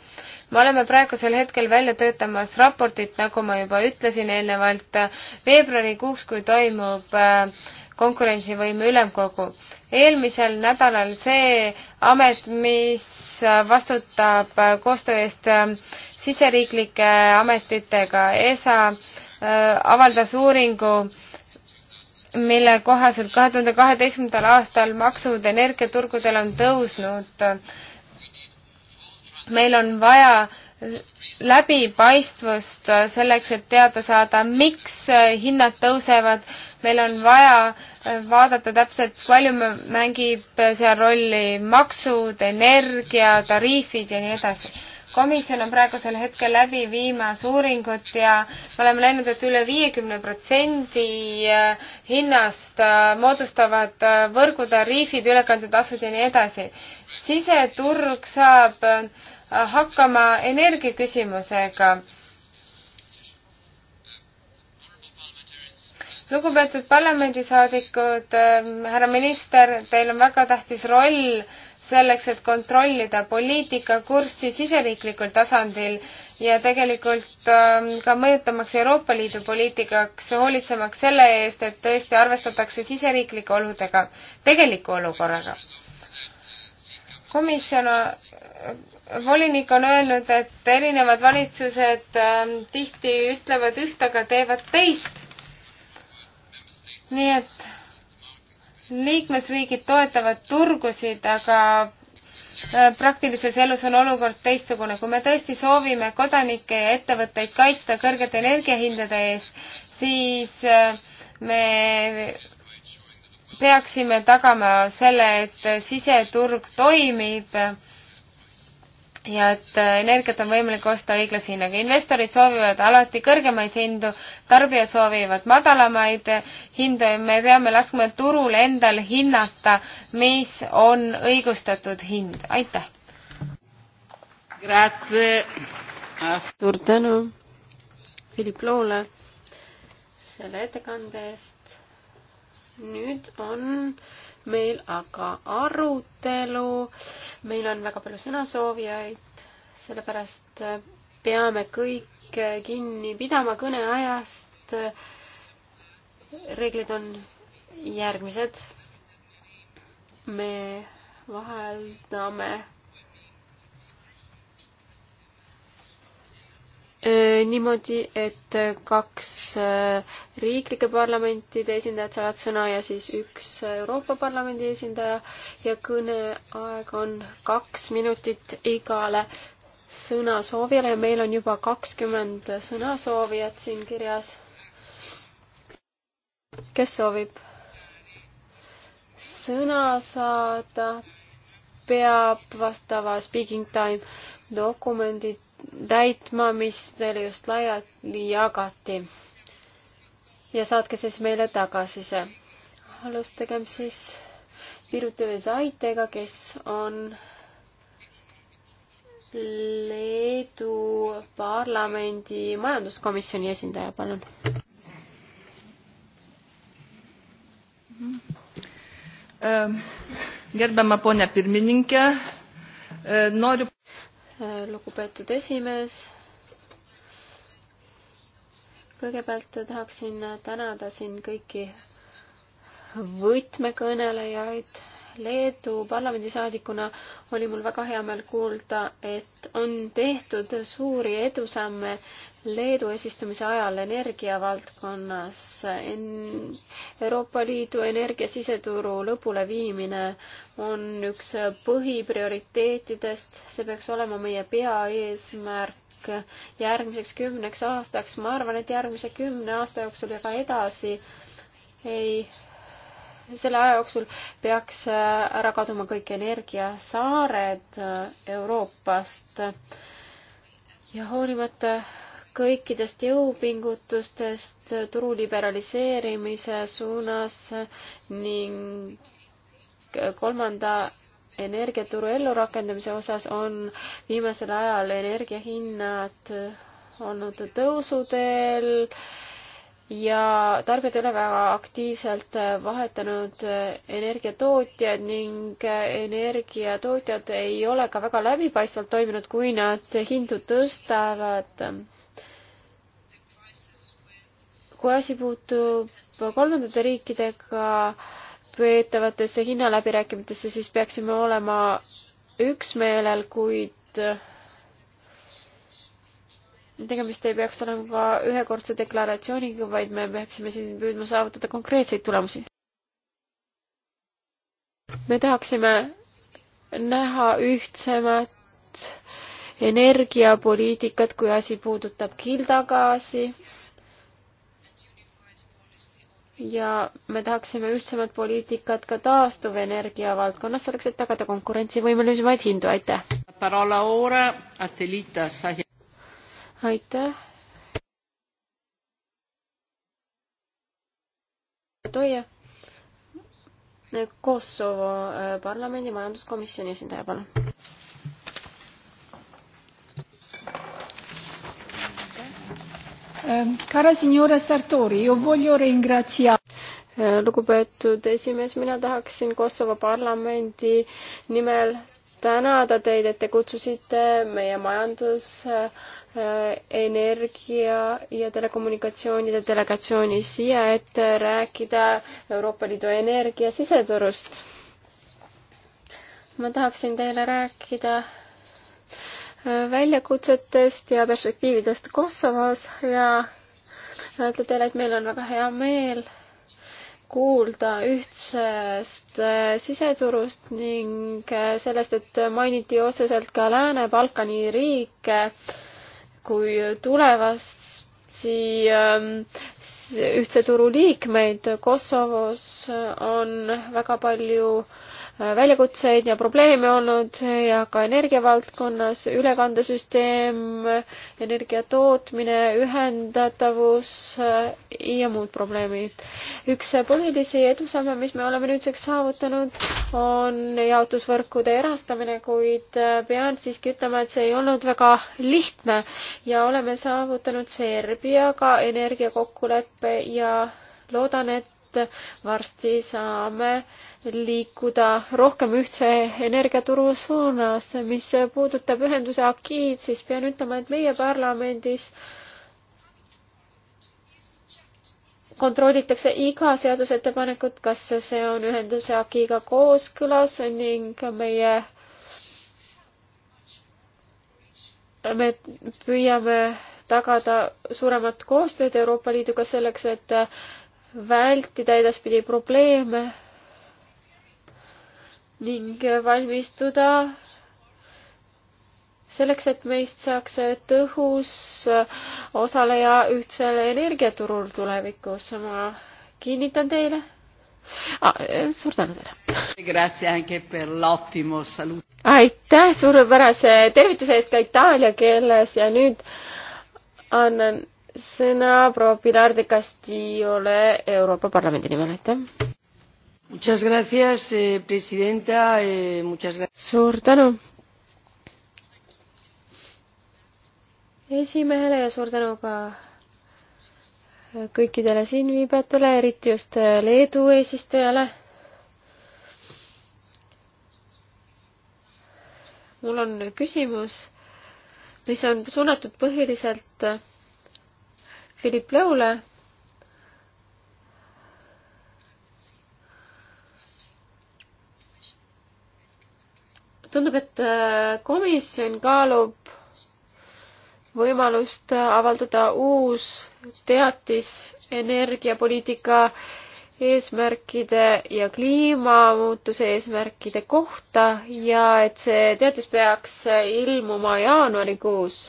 [SPEAKER 4] me oleme praegusel hetkel välja töötamas raportit, nagu ma juba ütlesin eelnevalt, veebruarikuuks, kui toimub äh, konkurentsivõime ülemkogu. eelmisel nädalal see amet, mis vastutab koostöö eest ähm, siseriiklike ametitega, ESA, äh, avaldas uuringu, mille kohaselt kahe tuhande kaheteistkümnendal aastal maksud energiaturgudel on tõusnud. meil on vaja läbipaistvust selleks, et teada saada, miks hinnad tõusevad, meil on vaja äh, vaadata täpselt, palju mängib äh, seal rolli maksud, energia, tariifid ja nii edasi. komisjon on praegusel hetkel läbi viimas uuringut ja me oleme näinud, et üle viiekümne protsendi äh, hinnast moodustavad võrgutariifid, ülekandetasud ja nii edasi. siseturg saab hakkama energiaküsimusega lugupeetud parlamendisaadikud, ähm, härra minister, teil on väga tähtis roll selleks, et kontrollida poliitikakurssi siseriiklikul tasandil ja tegelikult ähm, ka mõjutamaks Euroopa Liidu poliitikaks, hoolitsemaks selle eest, et tõesti arvestatakse siseriiklike oludega, tegeliku olukorraga. komisjon äh, volinik on öelnud, et erinevad valitsused ähm, tihti ütlevad üht, aga teevad teist nii et liikmesriigid toetavad turgusid, aga äh, praktilises elus on olukord teistsugune. kui me tõesti soovime kodanikke ja ettevõtteid kaitsta kõrgete energiahindade eest, siis äh, me peaksime tagama selle, et siseturg toimib ja et äh, energiat on võimalik osta õiglase hinnaga. investorid soovivad alati kõrgemaid hindu, tarbijad soovivad madalamaid hindu ja me peame laskma turul endal hinnata, mis on õigustatud hind. aitäh! suur tänu Philip Loole
[SPEAKER 2] selle ettekande eest. nüüd on meil aga arutelu, meil on väga palju sõnasoovijaid, sellepärast peame kõik kinni pidama kõneajast. reeglid on järgmised. me vaheldame niimoodi, et kaks riiklike parlamentide esindajat saavad sõna ja siis üks Euroopa Parlamendi esindaja ja kõneaeg on kaks minutit igale sõnasoovijale ja meil on juba kakskümmend sõnasoovijat siin kirjas. kes soovib sõna saada, peab vastava speaking time dokumendid täitma, mis teile just laiali jagati. ja saatke siis meile tagasiside. alustagem siis Birute Vesaitega, kes on Leedu parlamendi majanduskomisjoni esindaja, palun.
[SPEAKER 3] Gerbiama ponia pirmininkė, e, noriu lugupeetud
[SPEAKER 2] esimees. kõigepealt tahaksin tänada siin kõiki võtmekõnelejaid Leedu parlamendisaadikuna oli mul väga hea meel kuulda, et on tehtud suuri edusamme Leedu eesistumise ajal energiavaldkonnas. Euroopa Liidu energiasiseturu lõpuleviimine on üks põhiprioriteetidest, see peaks olema meie peaeesmärk järgmiseks kümneks aastaks. ma arvan, et järgmise kümne aasta jooksul ja ka edasi ei selle aja jooksul peaks äh, ära kaduma kõik energiasaared äh, Euroopast. ja hoolimata kõikidest jõupingutustest äh, turu liberaliseerimise suunas ning kolmanda energiaturu ellurakendamise osas on viimasel ajal energiahinnad olnud tõusuteel ja tarbijad ei ole väga aktiivselt äh, vahetanud äh, energiatootjaid ning äh, energiatootjad ei ole ka väga läbipaistvalt toiminud, kui nad hindu tõstavad. kui asi puutub kolmandate riikidega peetavatesse hinnaläbirääkimistesse, siis peaksime olema üksmeelel, kuid tegemist ei peaks olema ka ühekordse deklaratsiooniga, vaid me peaksime siin püüdma saavutada konkreetseid tulemusi. me tahaksime näha ühtsemat energiapoliitikat, kui asi puudutab kildagaasi. ja me tahaksime ühtsemat poliitikat ka taastuvenergia valdkonnas, selleks et tagada konkurentsivõimelisemaid hindu, aitäh aitäh. Toie. Kosovo äh, parlamendi majanduskomisjoni esindaja, palun. Ähm, cara signora Sartori, io voglio ringraziare äh, lugupeetud esimees, mina tahaksin Kosovo parlamendi nimel tänada teid, et te kutsusite meie majandus, äh, energia ja telekommunikatsioonide delegatsiooni siia, et rääkida Euroopa Liidu energia siseturust. ma tahaksin teile rääkida äh, väljakutsetest ja perspektiividest Kosovos ja öelda teile, et meil on väga hea meel kuulda ühtsest äh, siseturust ning äh, sellest, et mainiti otseselt ka Lääne-Balkani riike kui tulevasi ähm, ühtse turu liikmeid. Kosovos on väga palju äh, väljakutseid ja probleeme olnud ja ka energiavaldkonnas ülekandesüsteem, energia tootmine, ühendatavus äh, ja muud probleemid. üks põhilisi edusamme, mis me oleme nüüdseks saavutanud, on jaotusvõrkude erastamine, kuid äh, pean siiski ütlema, et see ei olnud väga lihtne ja oleme saavutanud Serbiaga energiakokkuleppe ja loodan, et et varsti saame liikuda rohkem ühtse energiaturu suunas. mis puudutab ühenduse akiid, siis pean ütlema, et meie parlamendis kontrollitakse iga seadusettepanekut, kas see on ühenduse akiiga kooskõlas ning meie, me püüame tagada suuremat koostööd Euroopa Liiduga selleks, et vältida edaspidi probleeme ning valmistuda selleks, et meist saaks tõhus osaleja ühtsel energiaturul tulevikus. ma kinnitan teile ah,. Eh, suur tänu teile. aitäh suurepärase tervituse eest ka itaalia keeles ja nüüd annan sõna proua Pilar de Castillole Euroopa Parlamendi nimel, aitäh! Muchas gracias, eh, presidenta. Eh, muchas gracias. suur tänu esimehele
[SPEAKER 4] ja suur tänu ka
[SPEAKER 2] kõikidele siinviibijatele, eriti just Leedu eesistujale. mul on küsimus, mis on suunatud põhiliselt Philip Lõule. tundub, et äh, komisjon kaalub võimalust avaldada uus teatis energiapoliitika eesmärkide ja kliimamuutuse eesmärkide kohta ja et see teatis peaks ilmuma jaanuarikuus,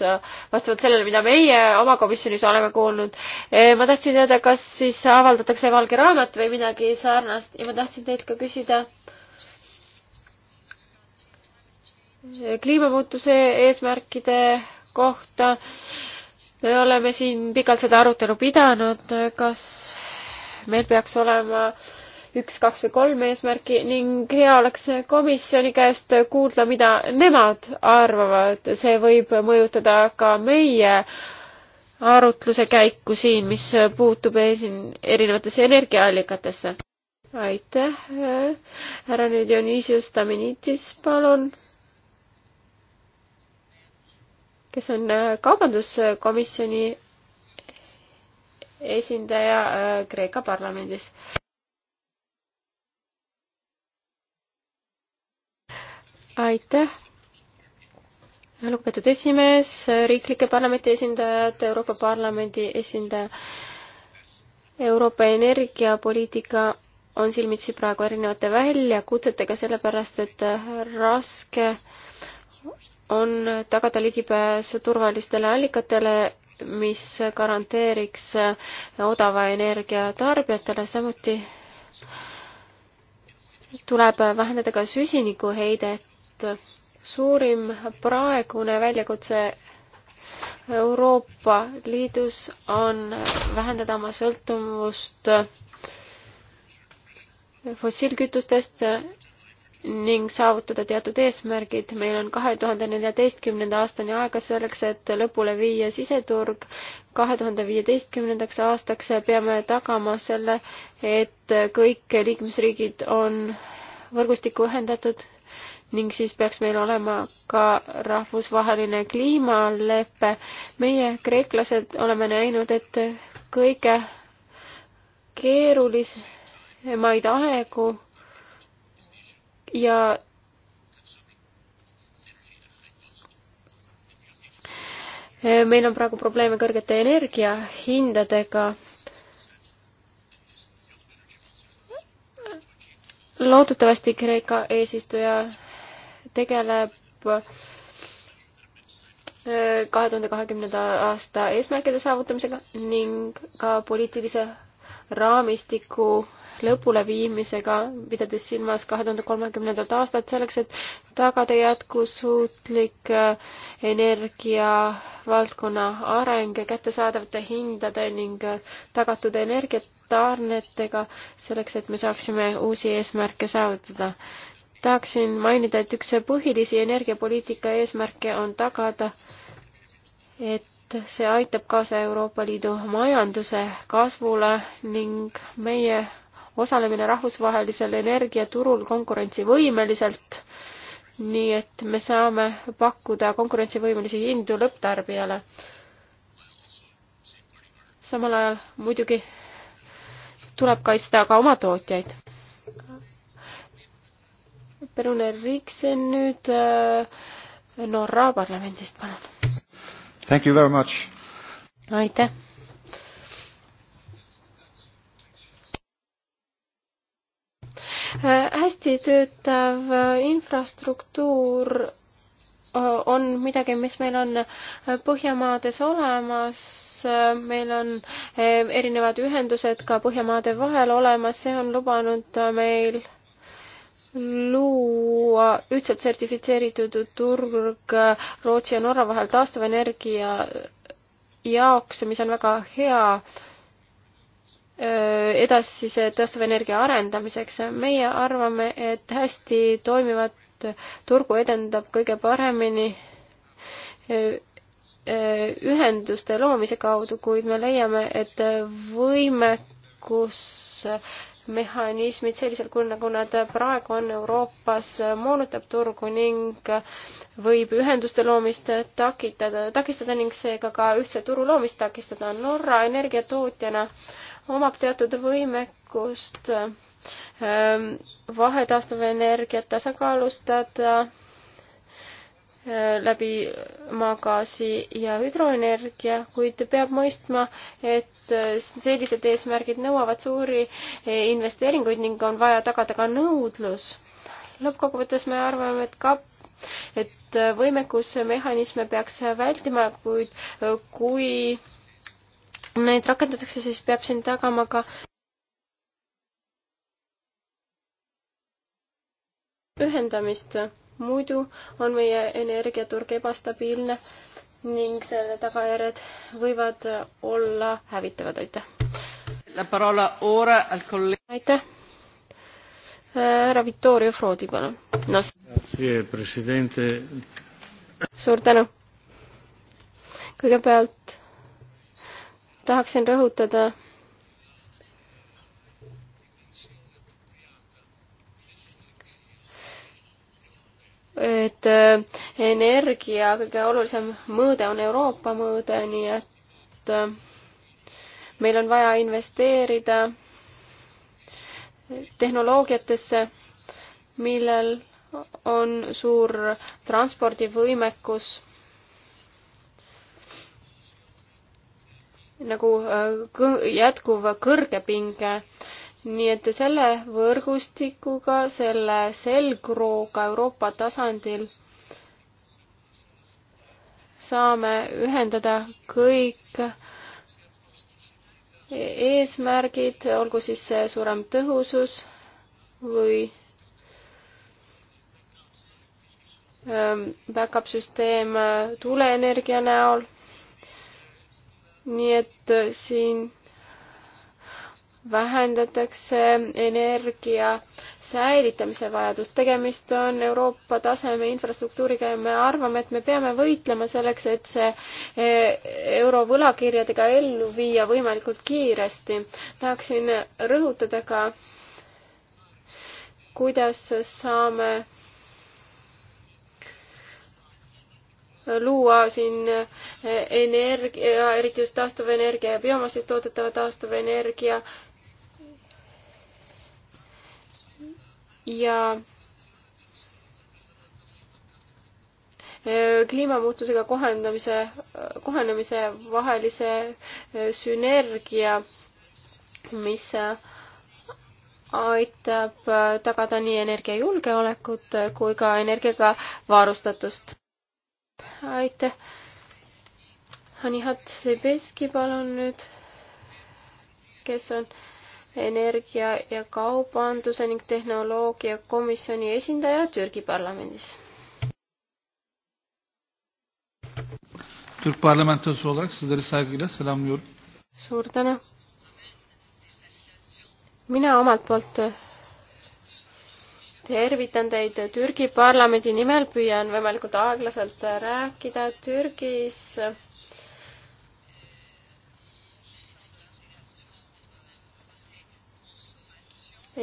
[SPEAKER 2] vastavalt sellele, mida meie oma komisjonis oleme kuulnud. Eh, ma tahtsin teada, kas siis avaldatakse valge raamat või midagi sarnast ja ma tahtsin teilt ka küsida eh, kliimamuutuse eesmärkide kohta. me oleme siin pikalt seda arutelu pidanud, kas meil peaks olema üks, kaks või kolm eesmärki ning hea oleks komisjoni käest kuulda, mida nemad arvavad. see võib mõjutada ka meie arutluse käiku siin, mis puutub siin erinevatesse energiaallikatesse. aitäh, härra nüüd Dionisius Staminitis, palun. kes on kaubanduskomisjoni esindaja äh, Kreeka parlamendis. aitäh, lugupeetud esimees, riiklike parlamenti esindajad, Euroopa Parlamendi esindaja. Euroopa energiapoliitika on silmitsi praegu erinevate väljakutsetega, sellepärast et raske on tagada ligipääs turvalistele allikatele mis garanteeriks odava energia tarbijatele, samuti tuleb vähendada ka süsinikuheidet. suurim praegune väljakutse Euroopa Liidus on vähendada oma sõltuvust fossiilkütustest ning saavutada teatud eesmärgid. meil on kahe tuhande neljateistkümnenda aastani aega selleks, et lõpule viia siseturg. kahe tuhande viieteistkümnendaks aastaks peame tagama selle, et kõik liikmesriigid on võrgustikku ühendatud ning siis peaks meil olema ka rahvusvaheline kliimalepe. meie, kreeklased, oleme näinud, et kõige keerulisemaid aegu ja meil on praegu probleeme kõrgete energiahindadega.
[SPEAKER 1] loodetavasti Kreeka
[SPEAKER 2] eesistuja tegeleb äh, kahe tuhande kahekümnenda aasta eesmärkide saavutamisega ning ka poliitilise raamistiku lõpuleviimisega, pidades silmas kahe tuhande kolmekümnendat aastat, selleks et tagada jätkusuutlik äh, energia valdkonna areng kättesaadavate hindade ning äh, tagatud energiatarnetega, selleks et me saaksime uusi eesmärke saavutada tahaksin mainida, et üks põhilisi energiapoliitika eesmärke on tagada, et see aitab kaasa Euroopa Liidu majanduse kasvule ning meie osalemine rahvusvahelisel energiaturul konkurentsivõimeliselt, nii et me saame pakkuda konkurentsivõimelisi hindu lõpptarbijale. samal ajal muidugi tuleb kaitsta ka oma tootjaid. Perune Riksen nüüd äh, Norra parlamendist,
[SPEAKER 1] palun.
[SPEAKER 2] aitäh Äh, hästi töötav äh, infrastruktuur äh, on midagi, mis meil on Põhjamaades olemas, meil on erinevad ühendused ka Põhjamaade vahel olemas, see on lubanud meil luua ühtselt sertifitseeritud turg Rootsi ja Norra vahel taastuvenergia jaoks, mis on väga hea äh, edasise taastuvenergia arendamiseks. meie arvame, et hästi toimivat turgu edendab kõige paremini ühenduste loomise kaudu, kuid me leiame, et võimekusmehhanismid sellisel kujul, nagu nad praegu on Euroopas, moonutab turgu ning võib ühenduste loomist takitada, takistada ning seega ka ühtse turu loomist takistada. Norra energiatootjana äh, omab teatud võimekust ähm, vahetaastuvenergiat tasakaalustada äh, läbi maagaasi ja hüdroenergia, kuid peab mõistma, et äh, sellised eesmärgid nõuavad suuri äh, investeeringuid ning on vaja tagada ka nõudlus. lõppkokkuvõttes me arvame, et kap-, et võimekusmehhanisme peaks vältima, kuid kui neid rakendatakse, siis peab siin tagama ka ühendamist, muidu on meie energiaturg ebastabiilne ning selle tagajärjed võivad olla hävitavad, aitäh. aitäh. härra Vittorio Frodi, palun no.. suur tänu. kõigepealt tahaksin rõhutada et äh, energia kõige olulisem mõõde on Euroopa mõõde, nii et äh, meil on vaja investeerida tehnoloogiatesse, millel on suur transpordivõimekus nagu äh, jätkuv kõrgepinge. nii et selle võrgustikuga, selle selgrooga Euroopa tasandil saame ühendada kõik eesmärgid, olgu siis see suurem tõhusus või ähm, backup süsteem äh, tuuleenergia näol nii et äh, siin vähendatakse energia säilitamise vajadust. tegemist on Euroopa taseme infrastruktuuriga ja me arvame, et me peame võitlema selleks, et see äh, euro võlakirjadega ellu viia võimalikult kiiresti. tahaksin rõhutada ka, kuidas saame luua siin eh, energia, eriti just taastuvenergia ja biomassist toodetava taastuvenergia. ja eh, kliimamuutusega kohendamise, kohenemise vahelise eh, sünergia, mis aitab tagada nii energiajulgeolekut kui ka energiaga varustatust aitäh. Hanihat Sebeski, palun nüüd, kes on energia- ja kaubanduse ning tehnoloogia komisjoni esindaja Türgi parlamendis.
[SPEAKER 1] Türk parlamentosu olarak sizleri saygıyla selamlıyorum.
[SPEAKER 2] Suur tänu. mina omalt poolt tervitan teid Türgi parlamendi nimel, püüan võimalikult aeglaselt rääkida Türgis.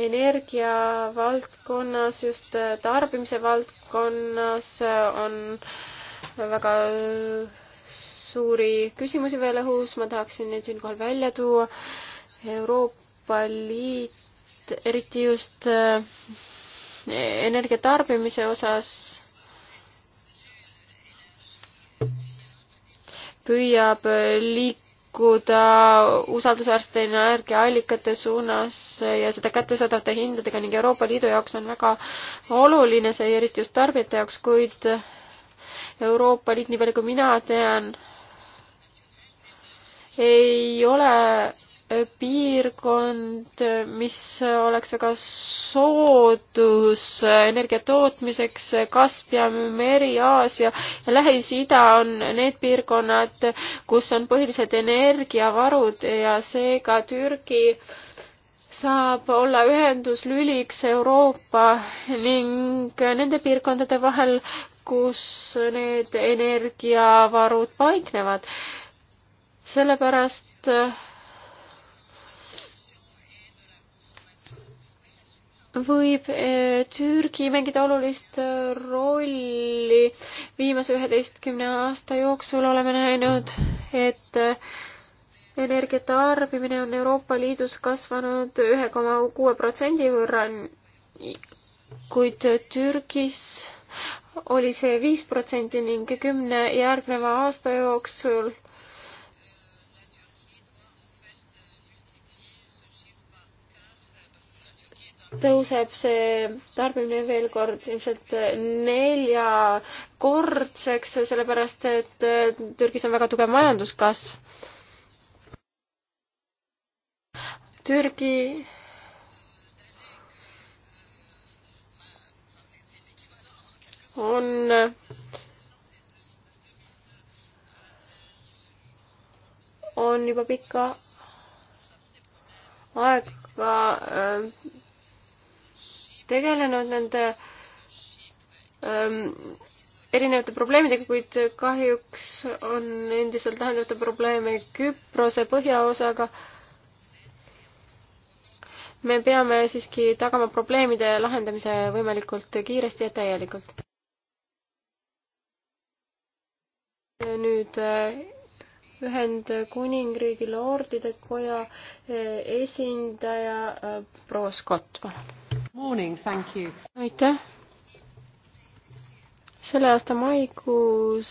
[SPEAKER 2] energia valdkonnas, just tarbimise valdkonnas on väga suuri küsimusi veel õhus, ma tahaksin neid siinkohal välja tuua. Euroopa Liit, eriti just energia tarbimise osas püüab liikuda usaldusväärsete energiaallikate suunas ja seda kättesaadavate hindadega ning Euroopa Liidu jaoks on väga oluline see, eriti just tarbijate jaoks, kuid Euroopa Liit, nii palju kui mina tean, ei ole piirkond, mis oleks väga soodus energia tootmiseks, Kaspia meri, Aasia ja Lähis-Ida on need piirkonnad, kus on põhilised energiavarud ja seega Türgi saab olla ühenduslüliks Euroopa ning nende piirkondade vahel, kus need energiavarud paiknevad. sellepärast võib eh, Türgi mängida olulist eh, rolli. viimase üheteistkümne aasta jooksul oleme näinud, et eh, energia tarbimine on Euroopa Liidus kasvanud ühe koma kuue protsendi võrra, kuid Türgis oli see viis protsenti ning kümne järgneva aasta jooksul tõuseb see tarbimine veel kord ilmselt neljakordseks, sellepärast et Türgis on väga tugev majanduskasv. Türgi on on juba pikka aega äh, tegelenud nende ähm, erinevate probleemidega, kuid kahjuks on endiselt lahendamata probleeme Küprose põhjaosaga. me peame siiski tagama probleemide lahendamise võimalikult kiiresti ja täielikult. nüüd äh, Ühendkuningriigi lordide koja äh, esindaja äh, proua Scott, palun aitäh. selle aasta maikuus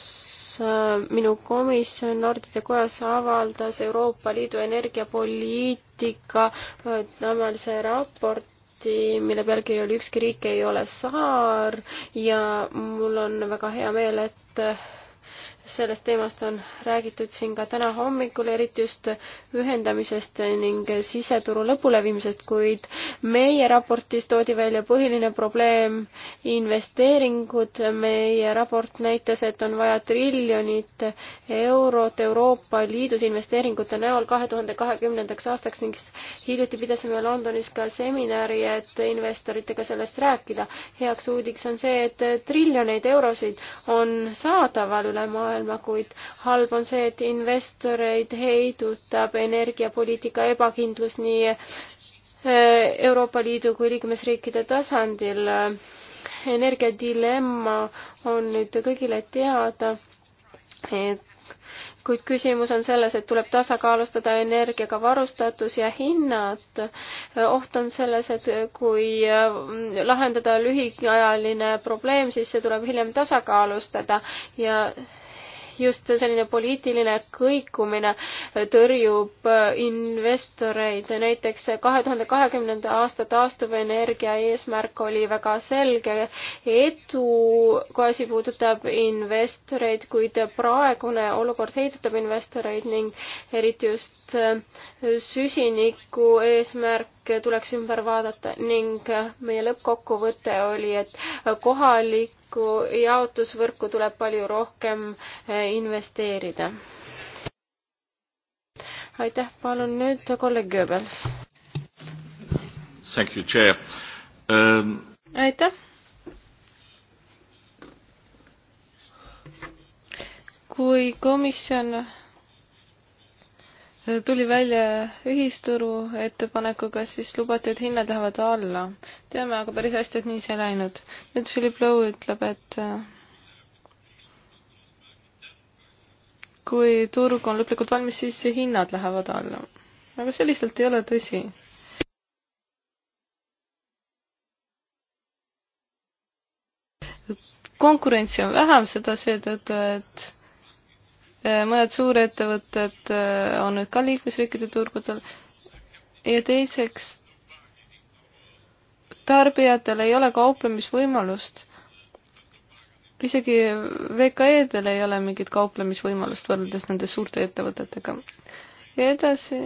[SPEAKER 2] äh, minu komisjon Nordide Kojas avaldas Euroopa Liidu energiapoliitika äh, tavalise raporti raporti, mille pealkiri oli Ükski riik ei ole saar ja mul on väga hea meel, et sellest teemast on räägitud siin ka täna hommikul, eriti just ühendamisest ning siseturu lõpuleviimisest, kuid meie raportis toodi välja põhiline probleem investeeringud. meie raport näitas, et on vaja triljonit eurot Euroopa Liidus investeeringute näol kahe tuhande kahekümnendaks aastaks ning hiljuti pidasime Londonis ka seminari, et investoritega sellest rääkida. heaks uudiks on see, et triljoneid eurosid on saadaval üle maailma maailma, kuid halb on see, et investoreid heidutab energiapoliitika ebakindlus nii äh, Euroopa Liidu kui liikmesriikide tasandil. energiadilemma on nüüd kõigile teada kuid küsimus on selles, et tuleb tasakaalustada energiaga varustatus ja hinnad. oht on selles, et kui äh, lahendada lühiajaline probleem, siis see tuleb hiljem tasakaalustada ja just selline poliitiline kõikumine tõrjub äh, investoreid. näiteks kahe tuhande kahekümnenda aasta taastuvenergia eesmärk oli väga selge. edu, kui asi puudutab investoreid, kuid praegune olukord heidutab investoreid ning eriti just äh, süsiniku eesmärk tuleks ümber vaadata ning meie lõppkokkuvõte oli, et kohalikku jaotusvõrku tuleb palju rohkem eh, investeerida. aitäh, palun nüüd kolleeg Goebbels.
[SPEAKER 1] Thank you, chair um....
[SPEAKER 3] aitäh. kui komisjon tuli välja ühisturu ettepanekuga, siis lubati, et hinnad lähevad alla. teame aga päris hästi, et nii see ei läinud. nüüd Philip Lowe ütleb, et äh, kui turg on lõplikult valmis, siis hinnad lähevad alla. aga see lihtsalt ei ole tõsi. konkurentsi on vähem, seda seetõttu, et Äh, mõned suurettevõtted äh, on nüüd ka liikmesriikide turgudel ja teiseks, tarbijatel ei ole kauplemisvõimalust. isegi VKE-del ei ole mingit kauplemisvõimalust võrreldes nende suurte ettevõtetega. ja edasi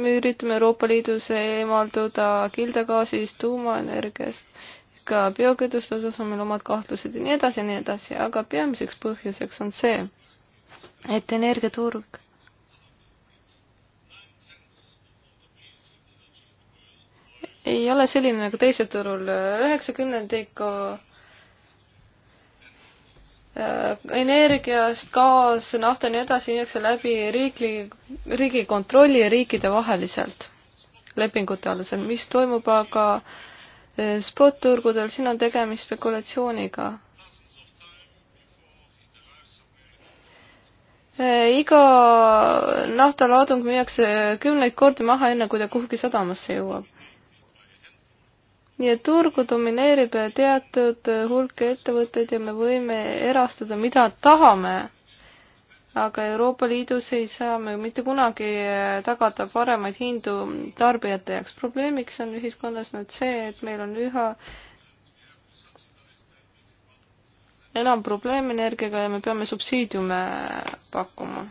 [SPEAKER 3] me üritame Euroopa Liidus eemalduda kildagaasist, tuumaenergiast, ka biokütuste osas on meil omad kahtlused ja nii edasi ja nii edasi, aga peamiseks põhjuseks on see, et energiaturg ei ole selline nagu teisel turul. üheksakümnendiku äh, energiast, gaas, nafta ja nii edasi viiakse läbi riikli, riigi kontrolli ja riikide vaheliselt lepingute alusel. mis toimub aga äh, spot-turgudel, siin on tegemist spekulatsiooniga Äh, iga naftalaadung müüakse kümneid kordi maha, enne kui ta kuhugi sadamasse jõuab. nii et turgu domineerib teatud hulk ettevõtteid ja me võime erastada, mida tahame. aga Euroopa Liidus ei saa me mitte kunagi tagada paremaid hindu tarbijate jaoks. probleemiks on ühiskonnas nüüd see, et meil on üha enam probleeme energiaga ja me peame subsiidiume pakkuma.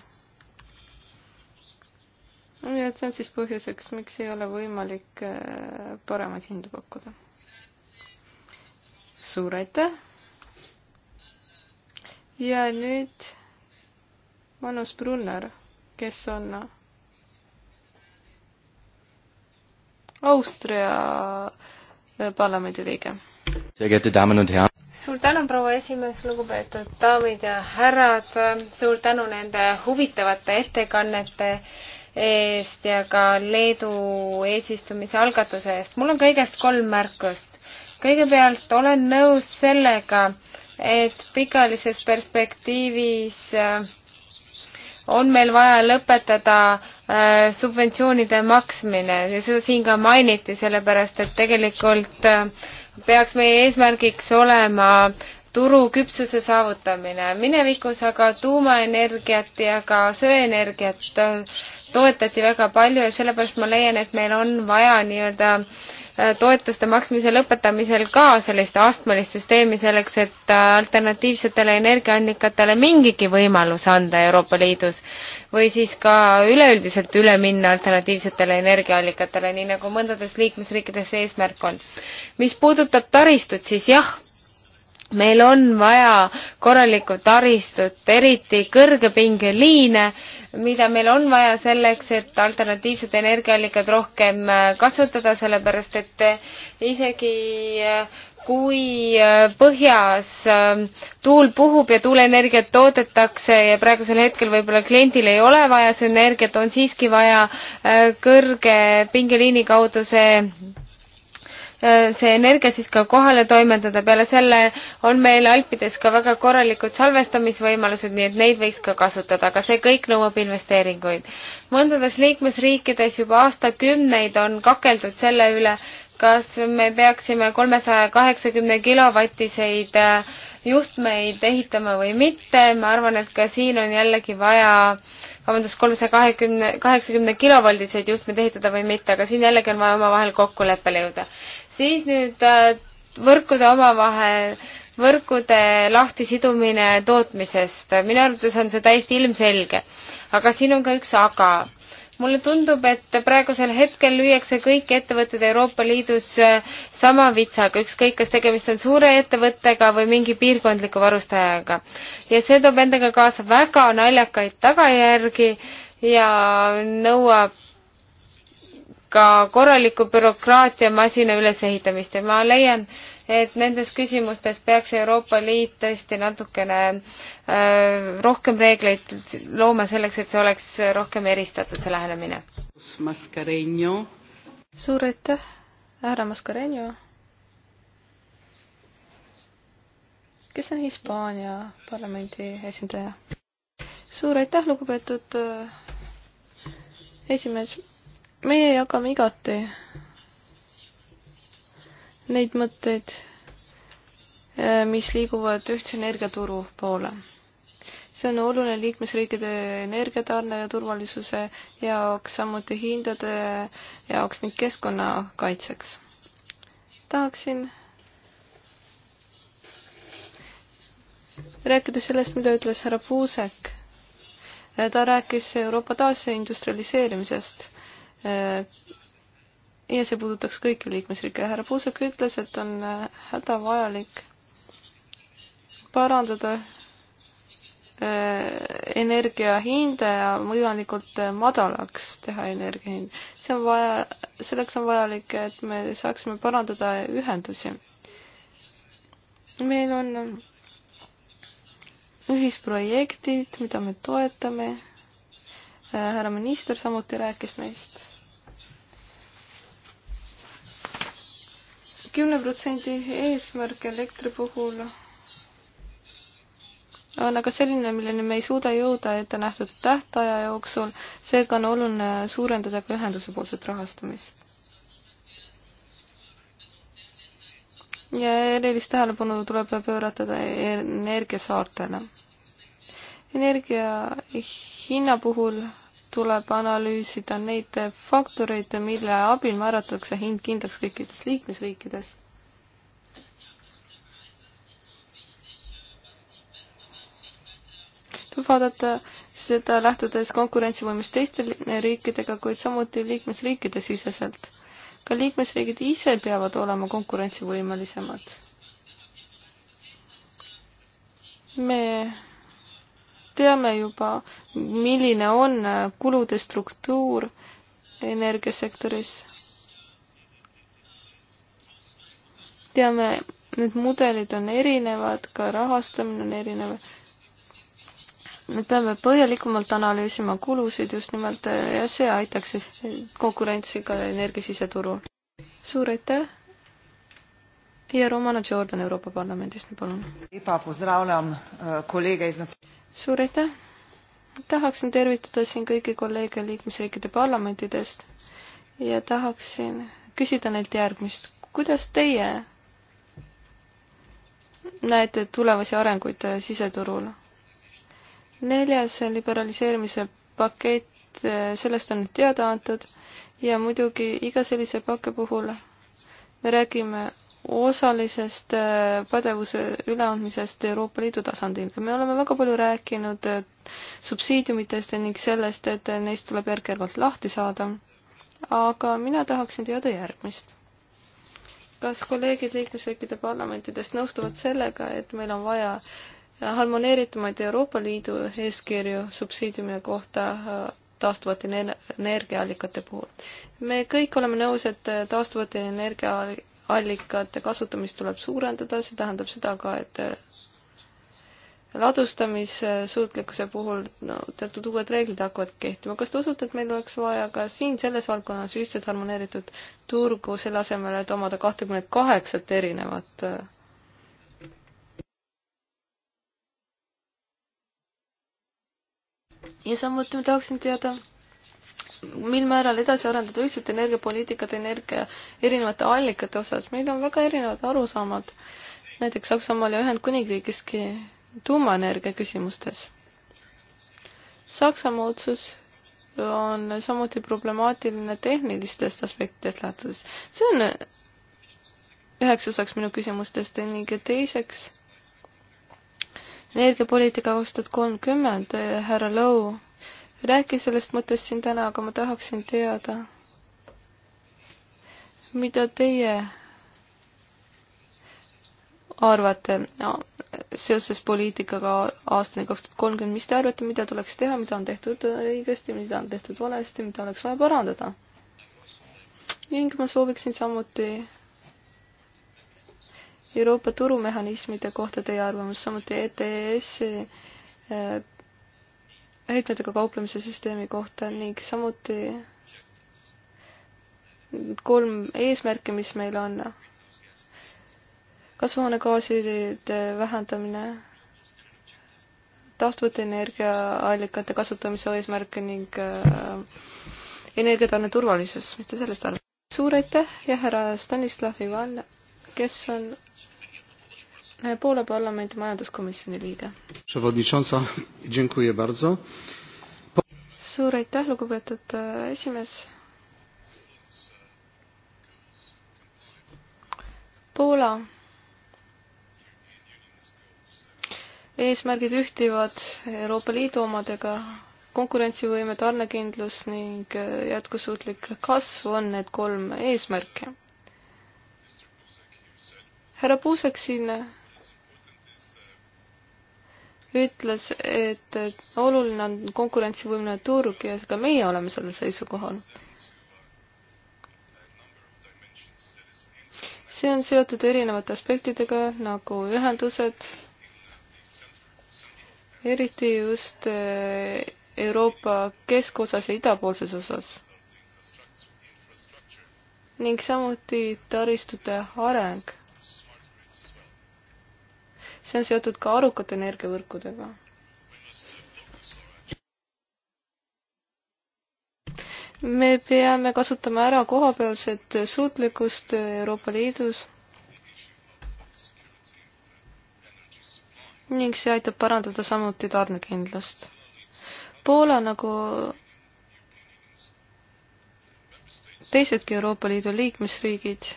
[SPEAKER 3] nii et see on siis põhjuseks, miks ei ole võimalik äh, paremaid hindu pakkuda. suur aitäh! ja nüüd Manus Brunner, kes on
[SPEAKER 4] Austria äh, parlamendi
[SPEAKER 1] liige
[SPEAKER 4] suur tänu, proua esimees, lugupeetud daamid ja härrad, suur tänu nende huvitavate ettekannete eest ja ka Leedu eesistumise algatuse eest. mul on kõigest kolm märkust. kõigepealt olen nõus sellega, et pikalises perspektiivis äh, on meil vaja lõpetada äh, subventsioonide maksmine ja seda siin ka mainiti, sellepärast et tegelikult äh, peaks meie eesmärgiks olema turuküpsuse saavutamine. minevikus aga tuumaenergiat ja ka söeenergiat toetati väga palju ja sellepärast ma leian, et meil on vaja nii-öelda äh, Äh, toetuste maksmise lõpetamisel ka sellist astmelist süsteemi selleks, et äh, alternatiivsetele energiaallikatele mingigi võimalus anda Euroopa Liidus või siis ka üleüldiselt üle minna alternatiivsetele energiaallikatele, nii nagu mõndades liikmesriikides see eesmärk on. mis puudutab taristut, siis jah meil on vaja korralikku taristut, eriti kõrgepingeliine mida meil on vaja selleks, et alternatiivsed energiaallikad rohkem äh, kasutada, sellepärast et äh, isegi äh, kui põhjas tuul puhub ja tuuleenergiat toodetakse ja praegusel hetkel võib-olla kliendil ei ole vaja seda energiat, on siiski vaja kõrge pingeliini kaudu see Äh, see energia siis ka kohale toimetada. peale selle on meil Alpides ka väga korralikud salvestamisvõimalused, nii et neid võiks ka kasutada, aga see kõik nõuab investeeringuid. mõndades liikmesriikides juba aastakümneid on kakeldud selle üle, kas me peaksime kolmesaja kaheksakümne kilovatiseid äh, juhtmeid ehitama või mitte. ma arvan, et ka siin on jällegi vaja äh, vabandust, kolmesaja kahekümne, kaheksakümne kilovoldiseid juhtmeid ehitada või mitte, aga siin jällegi on vaja omavahel kokkuleppele jõuda. siis nüüd äh, võrkude omavahel, võrkude lahtisidumine tootmisest, minu arvates on see täiesti ilmselge. aga siin on ka üks aga mulle tundub, et praegusel hetkel lüüakse kõik ettevõtted Euroopa Liidus äh, sama vitsaga, ükskõik, kas tegemist on suure ettevõttega või mingi piirkondliku varustajaga. ja see toob endaga kaasa väga naljakaid tagajärgi ja nõuab ka korraliku bürokraatia masina ülesehitamist ja ma leian, et nendes küsimustes peaks Euroopa Liit tõesti natukene äh, rohkem reegleid looma selleks, et see oleks rohkem eristatud, see lähenemine. suur
[SPEAKER 3] aitäh, härra Mascarenio. kes on Hispaania parlamendi esindaja? suur aitäh, lugupeetud äh, esimees. meie jagame igati neid mõtteid, äh, mis liiguvad ühtse energiaturu poole. see on oluline liikmesriikide energiatarne ja turvalisuse jaoks, samuti hindade jaoks ning keskkonna kaitseks. tahaksin rääkida sellest, mida ütles härra Puusek. Äh, ta rääkis Euroopa taasindustrialiseerimisest äh, ja see puudutaks kõiki liikmesriike. härra Puusek ütles, et on äh, hädavajalik parandada äh, energia hinda ja võimalikult äh, madalaks teha energia hind. see on vaja, selleks on vajalik, et me saaksime parandada ühendusi. meil on ühisprojektid, mida me toetame. härra minister samuti rääkis neist kümne protsendi eesmärk elektri puhul on aga selline, milleni me ei suuda jõuda ette nähtud tähtaja jooksul, seega on oluline suurendada ka ühenduse poolset rahastamist. ja erilist tähelepanu tuleb pöörata energiasaartele. energia hinna puhul tuleb analüüsida neid faktoreid, mille abil määratakse hind kindlaks kõikides liikmesriikides. tuleb vaadata seda lähtudes konkurentsivõimest teiste riikidega, kuid samuti liikmesriikide siseselt. ka liikmesriigid ise peavad olema konkurentsivõimelisemad. me teame juba, milline on äh, kulude struktuur energiasektoris. teame, need mudelid on erinevad, ka rahastamine on erinev. me peame põhjalikumalt analüüsima kulusid just nimelt äh, ja see aitaks siis konkurentsi ka energiasiseturul. suur aitäh! ja Romana Jordan Euroopa Parlamendist, palun! suur aitäh! tahaksin tervitada siin kõiki kolleege liikmesriikide parlamentidest ja tahaksin küsida neilt järgmist. kuidas teie näete tulevasi arenguid siseturul? neljas liberaliseerimise pakett, sellest on nüüd teada antud ja muidugi iga sellise pakke puhul me räägime osalisest äh, pädevuse üleandmisest Euroopa Liidu tasandil. me oleme väga palju rääkinud äh, subsiidiumitest ning sellest, et neist tuleb järk-järgult lahti saada. aga mina tahaksin teada järgmist. kas kolleegid liikmesriikide parlamentidest nõustuvad sellega, et meil on vaja harmoneeritumaid Euroopa Liidu eeskirju subsiidiumi kohta äh, taastuvate energiaallikate puhul. me kõik oleme nõus, et taastuvate energia allikate kasutamist tuleb suurendada, see tähendab seda ka, et äh, ladustamissuutlikkuse puhul no, teatud uued reeglid hakkavad kehtima. kas te usute, et meil oleks vaja ka siin selles valdkonnas ühtset harmoneeritud turgu, selle asemel, et omada kahtekümmet kaheksat erinevat äh, ja samuti ma tahaksin teada mil määral edasi arendada ühtset energiapoliitikat energia erinevate allikate osas. meil on väga erinevad arusaamad, näiteks Saksamaal ja Ühendkuningriigiski tuumaenergia küsimustes. Saksamaa otsus on samuti problemaatiline tehnilistest aspektidest lähtudes. see on üheks osaks minu küsimustest ning teiseks energiapoliitika kaks tuhat kolmkümmend, härra Lõu rääkis sellest mõttest siin täna, aga ma tahaksin teada, mida teie arvate no, seoses poliitikaga aastani kaks tuhat kolmkümmend, mis te arvate, mida tuleks teha, mida on tehtud õigesti, mida on tehtud valesti, mida oleks vaja parandada? ning ma sooviksin samuti Euroopa turumehhanismide kohta teie arvamus, samuti ETS-i heitmetega kauplemise süsteemi kohta ning samuti kolm eesmärki, mis meil on. kasvuhoonegaaside vähendamine, taastuvate energiaallikate kasutamise eesmärk ning äh, energiatarne turvalisus, mis te sellest arvate? suur aitäh ja härra Stanislav Ivan, kes on Poola Parlamendi majanduskomisjoni liige. suur aitäh, lugupeetud e, esimees. Poola eesmärgid ühtivad Euroopa Liidu omadega, konkurentsivõime, tarnekindlus ning e, jätkusuutlik kasv on need kolm eesmärki. härra Puusek siin ütles, et oluline on konkurentsivõimeline turg ja ka meie oleme sellel seisukohal. see on seotud erinevate aspektidega nagu ühendused, eriti just eh, Euroopa keskosas ja idapoolses osas ning samuti taristute areng see on seotud ka arukate energiavõrkudega. me peame kasutama ära kohapealset suutlikkust Euroopa Liidus ning see aitab parandada samuti tarnekindlust. Poola nagu teisedki Euroopa Liidu liikmesriigid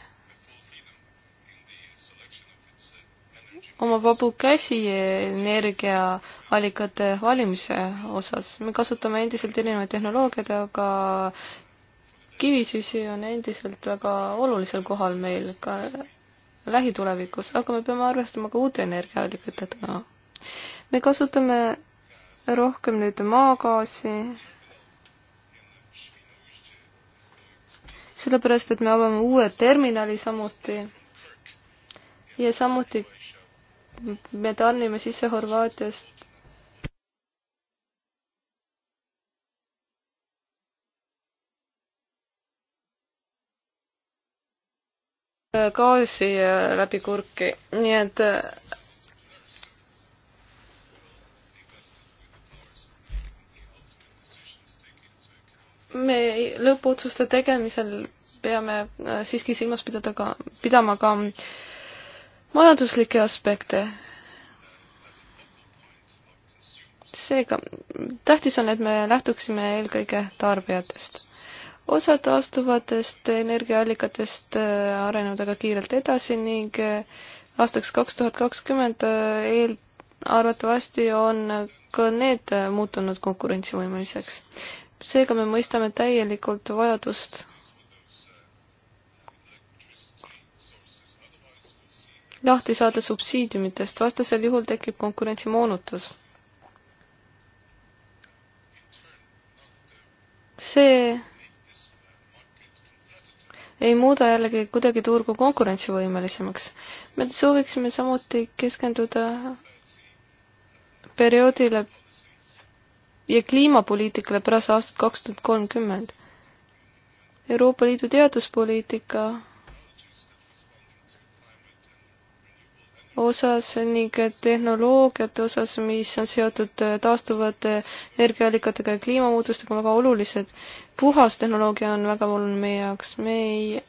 [SPEAKER 3] oma vabu käsi energiaallikate valimise osas. me kasutame endiselt erinevaid tehnoloogiaid, aga kivisüsi on endiselt väga olulisel kohal meil ka lähitulevikus, aga me peame arvestama ka uute energiaallikatega. me kasutame rohkem nüüd maagaasi, sellepärast et me avame uue terminali samuti ja samuti me tarnime sisse Horvaatiast gaasi äh, läbi kurki, nii et äh, me lõpuotsuste tegemisel peame äh, siiski silmas pidada ka, pidama ka majanduslikke aspekte. seega tähtis on, et me lähtuksime eelkõige tarbijatest. osa taastuvatest energiaallikatest äh, arenevad aga kiirelt edasi ning äh, aastaks kaks tuhat kakskümmend äh, eel-, arvatavasti on ka need muutunud konkurentsivõimeliseks. seega me mõistame täielikult vajadust lahti saada subsiidiumitest, vastasel juhul tekib konkurentsimoonutus. see ei muuda jällegi kuidagi turgu konkurentsivõimelisemaks. me sooviksime samuti keskenduda perioodile ja kliimapoliitikale pärast aastat kaks tuhat kolmkümmend. Euroopa Liidu teaduspoliitika osas ning tehnoloogiate osas, mis on seotud äh, taastuvate energiaallikatega ja kliimamuutustega, on väga olulised. puhas tehnoloogia on väga oluline meie jaoks, me ei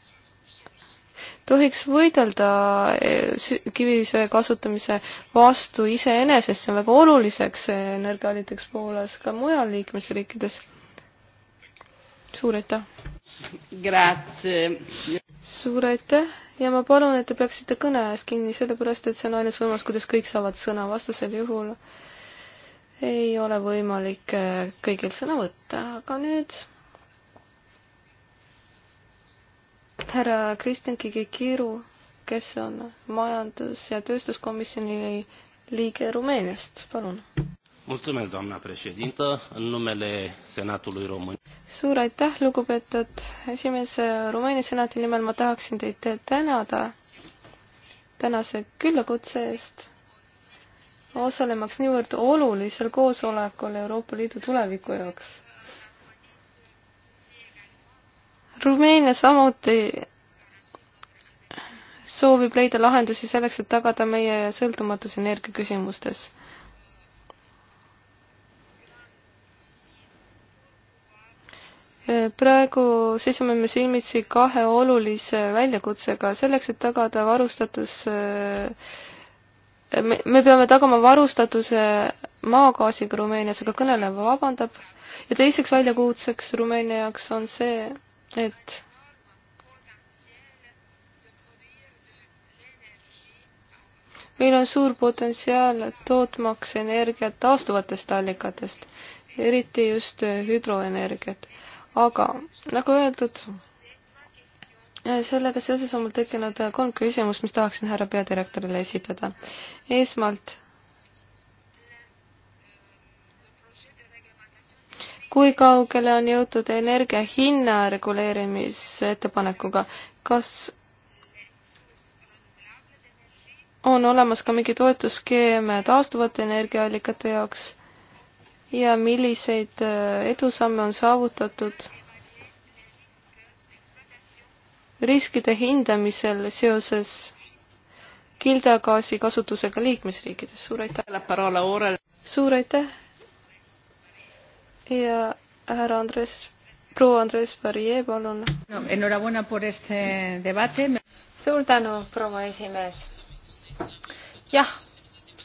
[SPEAKER 3] tohiks võidelda äh, kivisöe kasutamise vastu iseenesest, see on väga oluliseks äh, energiaallikaks Poolas, ka mujal liikmesriikides. suur aitäh! suur aitäh ja ma palun, et te peaksite kõne ajast kinni, sellepärast et see on ainus võimalus, kuidas kõik saavad sõna, vastasel juhul ei ole võimalik äh, kõigil sõna võtta, aga nüüd härra Kristjan Kigikiru, kes on majandus- ja tööstuskomisjoni liige Rumeeniast, palun
[SPEAKER 1] Mulțumesc, doamna președintă. În numele Senatului Român.
[SPEAKER 3] Suur aitäh, lugupeetud esimees Rumeenia senati nimel ma tahaksin teid tänada tänase küllakutse eest osalemaks niivõrd olulisel koosolekul Euroopa Liidu tuleviku jaoks. Rumeenia samuti soovib leida lahendusi selleks, et tagada meie sõltumatus energiaküsimustes praegu seisame me silmitsi kahe olulise väljakutsega, selleks et tagada varustatus, me peame tagama varustatuse maagaasiga Rumeenias, aga kõneleja vabandab, ja teiseks väljakutseks Rumeenia jaoks on see, et meil on suur potentsiaal tootmaks energiat taastuvatest allikatest, eriti just hüdroenergiat aga nagu öeldud, eh, sellega seoses on mul tekkinud eh, kolm küsimust, mis tahaksin härra peadirektorile esitada. esmalt, kui kaugele on jõutud energia hinna reguleerimisettepanekuga, kas on olemas ka mingi toetusskeem taastuvate energiaallikate jaoks? ja milliseid äh, edusamme on saavutatud riskide hindamisel seoses kildagaasi kasutusega liikmesriikides. suur aitäh! suur aitäh! ja härra Andres, proua Andres Barrier, palun no,.
[SPEAKER 4] suur tänu, proua esimees! jah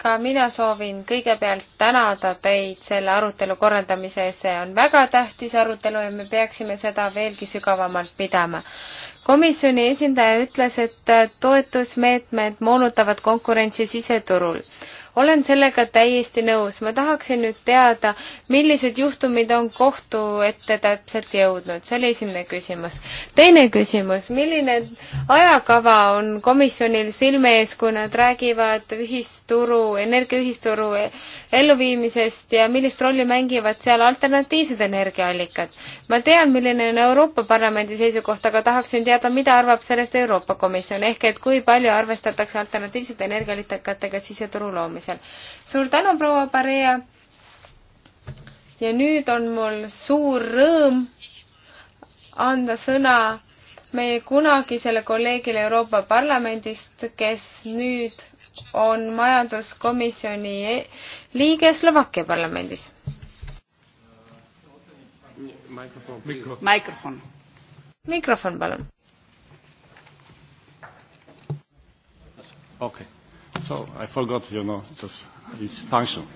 [SPEAKER 4] ka mina soovin kõigepealt tänada teid selle arutelu korraldamise eest, see on väga tähtis arutelu ja me peaksime seda veelgi sügavamalt pidama. komisjoni esindaja ütles, et toetusmeetmed moonutavad konkurentsi siseturul olen sellega täiesti nõus. ma tahaksin nüüd teada, millised juhtumid on kohtu ette täpselt jõudnud, see oli esimene küsimus. teine küsimus, milline ajakava on komisjonil silme ees, kui nad räägivad ühisturu, energiaühisturu elluviimisest ja millist rolli mängivad seal alternatiivsed energiaallikad. ma tean, milline on Euroopa Parlamendi seisukoht, aga tahaksin teada, mida arvab sellest Euroopa Komisjon, ehk et kui palju arvestatakse alternatiivsete energiaallikatega siseturu loomisel. suur tänu, proua Parea! ja nüüd on mul suur rõõm anda sõna meie kunagisele kolleegile Euroopa Parlamendist, kes nüüd on majanduskomisjoni liige Slovakkia parlamendis. mikrofon. mikrofon, palun.
[SPEAKER 1] okei okay., so I forgot you know just its function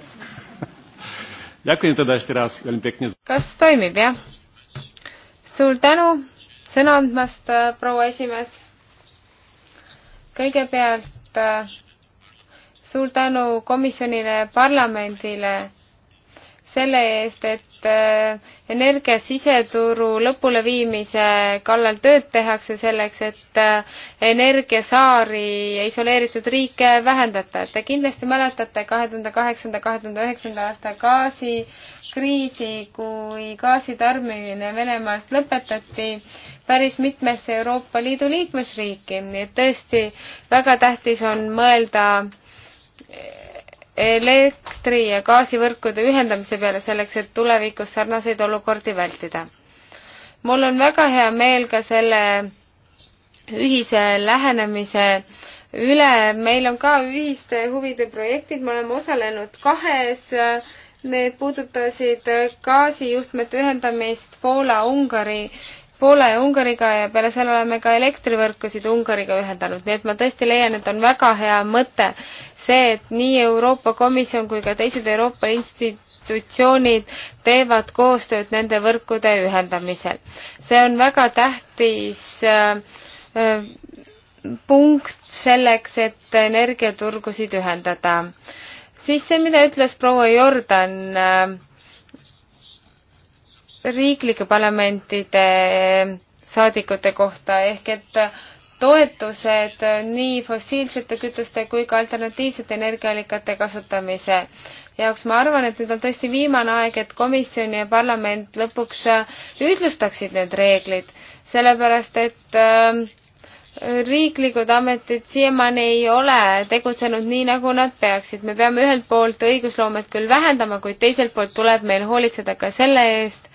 [SPEAKER 1] kas
[SPEAKER 4] toimib, jah? suur tänu sõna andmast, proua esimees. kõigepealt äh, suur tänu komisjonile ja parlamendile selle eest, et äh, energia siseturu lõpuleviimise kallal tööd tehakse selleks, et äh, energiasaari ja isoleeritud riike vähendada. Te kindlasti mäletate kahe tuhande kaheksanda, kahe tuhande üheksanda aasta gaasikriisi, kui gaasi tarbimine Venemaalt lõpetati päris mitmesse Euroopa Liidu liikmesriiki, nii et tõesti väga tähtis on mõelda elektri- ja gaasivõrkude ühendamise peale selleks, et tulevikus sarnaseid olukordi vältida. mul on väga hea meel ka selle ühise lähenemise üle, meil on ka ühiste huvide projektid, me oleme osalenud kahes, need puudutasid gaasijuhtmete ühendamist Poola-Ungari Poola ja Ungariga ja peale selle oleme ka elektrivõrkusid Ungariga ühendanud, nii et ma tõesti leian, et on väga hea mõte see, et nii Euroopa Komisjon kui ka teised Euroopa institutsioonid teevad koostööd nende võrkude ühendamisel. see on väga tähtis äh, äh, punkt selleks, et energiaturgusid ühendada. siis see, mida ütles proua Jordan äh, riiklike parlamentide saadikute kohta ehk et toetused nii fossiilsete kütuste kui ka alternatiivsete energiaallikate kasutamise jaoks. ma arvan, et nüüd on tõesti viimane aeg, et komisjon ja parlament lõpuks ühtlustaksid need reeglid, sellepärast et äh, riiklikud ametid siiamaani ei ole tegutsenud nii, nagu nad peaksid. me peame ühelt poolt õigusloomet küll vähendama, kuid teiselt poolt tuleb meil hoolitseda ka selle eest,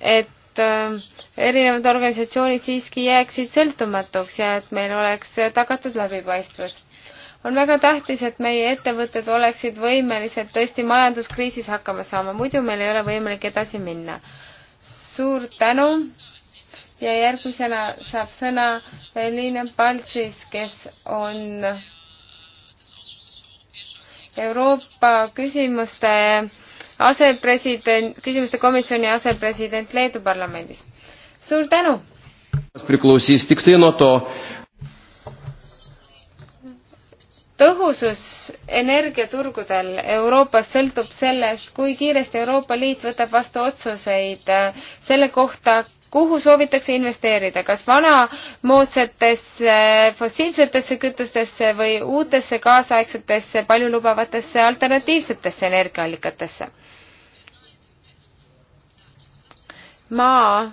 [SPEAKER 4] et äh, erinevad organisatsioonid siiski jääksid sõltumatuks ja et meil oleks tagatud läbipaistvus. on väga tähtis, et meie ettevõtted oleksid võimelised tõesti majanduskriisis hakkama saama, muidu meil ei ole võimalik edasi minna. suur tänu ja järgmisena saab sõna Liina Paltsis, kes on Euroopa küsimuste asepresident, küsimuste komisjoni asepresident Leedu parlamendis. suur tänu!
[SPEAKER 1] priklausys tik tai nuo to,
[SPEAKER 4] tõhusus energiaturgudel Euroopas sõltub sellest, kui kiiresti Euroopa Liit võtab vastu otsuseid äh, selle kohta, kuhu soovitakse investeerida, kas vanamoodsatesse fossiilsetesse kütustesse või uutesse kaasaegsetesse paljulubavatesse alternatiivsetesse energiaallikatesse. ma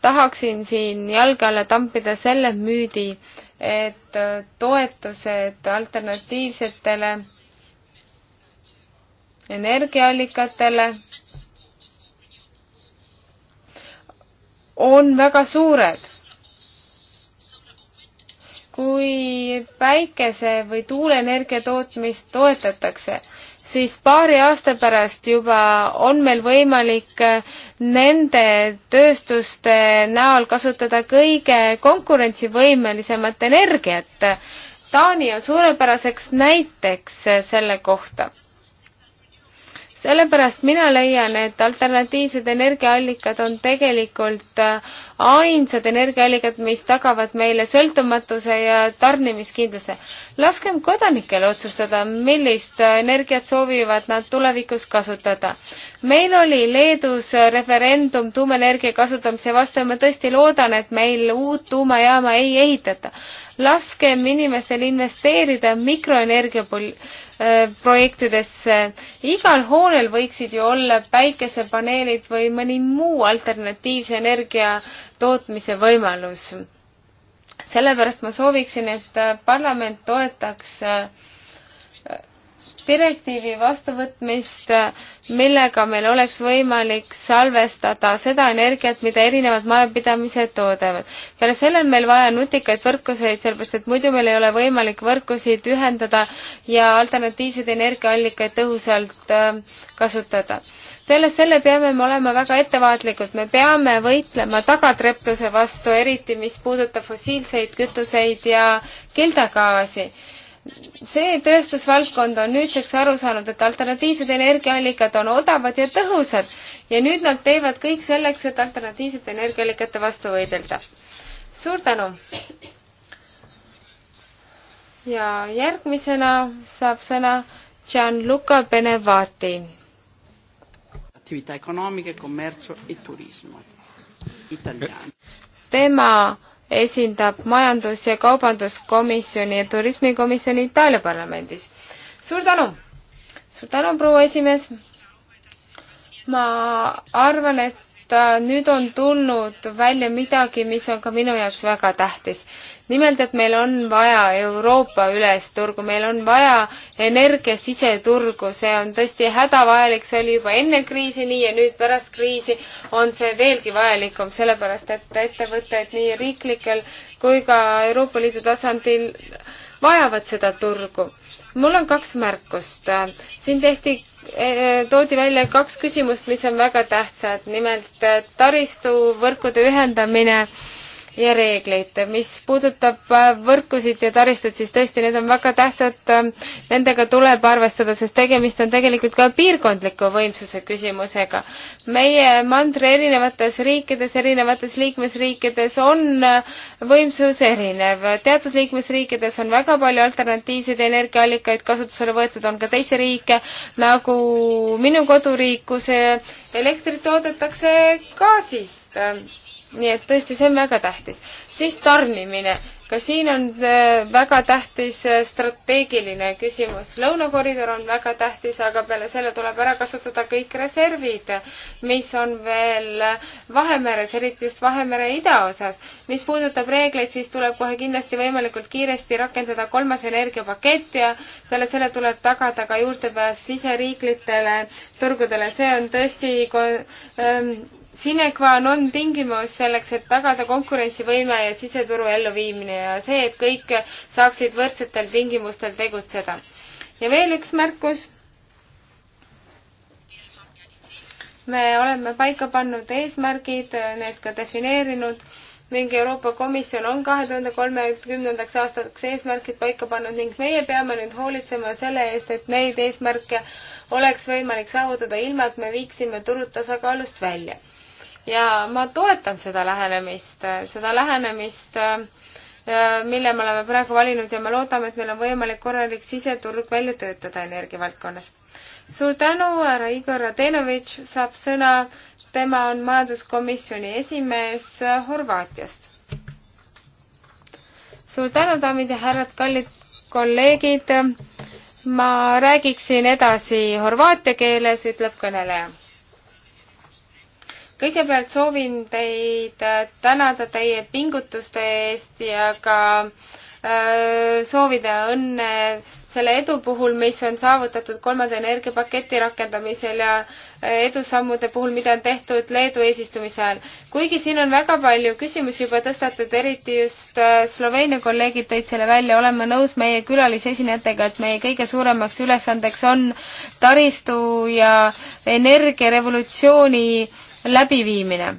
[SPEAKER 4] tahaksin siin jalge alla tampida selle müüdi, et toetused alternatiivsetele energiaallikatele on väga suured. kui päikese või tuuleenergia tootmist toetatakse, siis paari aasta pärast juba on meil võimalik äh, nende tööstuste näol kasutada kõige konkurentsivõimelisemat energiat. Taani on suurepäraseks näiteks äh, selle kohta sellepärast mina leian, et alternatiivsed energiaallikad on tegelikult äh, ainsad energiaallikad, mis tagavad meile sõltumatuse ja tarnimiskindluse. laskem kodanikel otsustada, millist äh, energiat soovivad nad tulevikus kasutada. meil oli Leedus äh, referendum tuumaenergia kasutamise vastu ja ma tõesti loodan, et meil uut tuumajaama ei ehitata. laskem inimestel investeerida mikroenergia pol-, Äh, projektidesse. igal hoonel võiksid ju olla päikesepaneelid või mõni muu alternatiivse energia tootmise võimalus. sellepärast ma sooviksin, et äh, parlament toetaks äh, direktiivi vastuvõtmist, millega meil oleks võimalik salvestada seda energiat, mida erinevad majapidamised toodavad. peale selle on meil vaja nutikaid võrkuseid, sellepärast et muidu meil ei ole võimalik võrkusid ühendada ja alternatiivseid energiaallikaid tõhusalt ähm, kasutada. peale selle peame me olema väga ettevaatlikud, me peame võitlema tagatrepluse vastu, eriti mis puudutab fossiilseid kütuseid ja kildagaasi see tööstusvaldkond on nüüdseks aru saanud, et alternatiivsed energiaallikad on odavad ja tõhusad ja nüüd nad teevad kõik selleks, et alternatiivsete energiaallikate vastu võidelda. suur tänu! ja järgmisena saab sõna Gianluca Benevati. E tema esindab Majandus- ja Kaubanduskomisjoni ja Turismikomisjoni Itaalia parlamendis. suur tänu! suur tänu, proua esimees! ma arvan, et nüüd on tulnud välja midagi, mis on ka minu jaoks väga tähtis nimelt, et meil on vaja Euroopa ülest turgu, meil on vaja energia siseturgu, see on tõesti hädavajalik, see oli juba enne kriisi nii ja nüüd pärast kriisi on see veelgi vajalikum, sellepärast et ettevõtted nii riiklikel kui ka Euroopa Liidu tasandil vajavad seda turgu. mul on kaks märkust. siin tehti, eh, toodi välja kaks küsimust, mis on väga tähtsad, nimelt taristu, võrkude ühendamine äh, ja reegleid. mis puudutab äh, võrkusid ja taristut, siis tõesti, need on väga tähtsad, ähm, nendega tuleb arvestada, sest tegemist on tegelikult ka piirkondliku võimsuse küsimusega. meie mandri erinevates riikides, erinevates liikmesriikides on äh, võimsus erinev. teatud liikmesriikides on väga palju alternatiivseid energiaallikaid kasutusele võetud, on ka teisi riike, nagu minu koduriik, kus äh, elektrit toodetakse gaasist nii et tõesti, see on väga tähtis. siis tarnimine, ka siin on äh, väga tähtis äh, strateegiline küsimus. lõunakoridor on väga tähtis, aga peale selle tuleb ära kasutada kõik reservid, mis on veel äh, Vahemeres, eriti just Vahemere idaosas. mis puudutab reegleid, siis tuleb kohe kindlasti võimalikult kiiresti rakendada kolmas energiapakett ja peale selle tuleb tagada ka juurdepääs siseriiklitele turgudele. see on tõesti ähm, sine qua non tingimus selleks, et tagada konkurentsivõime ja siseturu elluviimine ja see, et kõik saaksid võrdsetel tingimustel tegutseda. ja veel üks märkus. me oleme paika pannud eesmärgid, need ka defineerinud ning Euroopa Komisjon on kahe tuhande kolmekümnendaks aastaks eesmärgid paika pannud ning meie peame nüüd hoolitsema selle eest, et neid eesmärke oleks võimalik saavutada ilma, et me viiksime turud tasakaalust välja ja ma toetan seda lähenemist, seda lähenemist, äh, mille me oleme praegu valinud ja me loodame, et meil on võimalik korralik siseturg välja töötada energiavaldkonnas. suur tänu, härra Igor Radenovitš saab sõna, tema on majanduskomisjoni esimees Horvaatiast. suur tänu, daamid ja härrad, kallid kolleegid. ma räägiksin edasi horvaatia keeles, ütleb kõneleja kõigepealt soovin teid äh, tänada teie pingutuste eest ja ka öö, äh, soovida õnne selle edu puhul, mis on saavutatud kolmanda energiapaketi rakendamisel ja äh, edusammude puhul, mida on tehtud Leedu eesistumise ajal. kuigi siin on väga palju küsimusi juba tõstatud, eriti just Sloveenia kolleegid tõid selle välja, oleme nõus meie külalisesinejatega, et meie kõige suuremaks ülesandeks on taristu ja energiarevolutsiooni läbiviimine.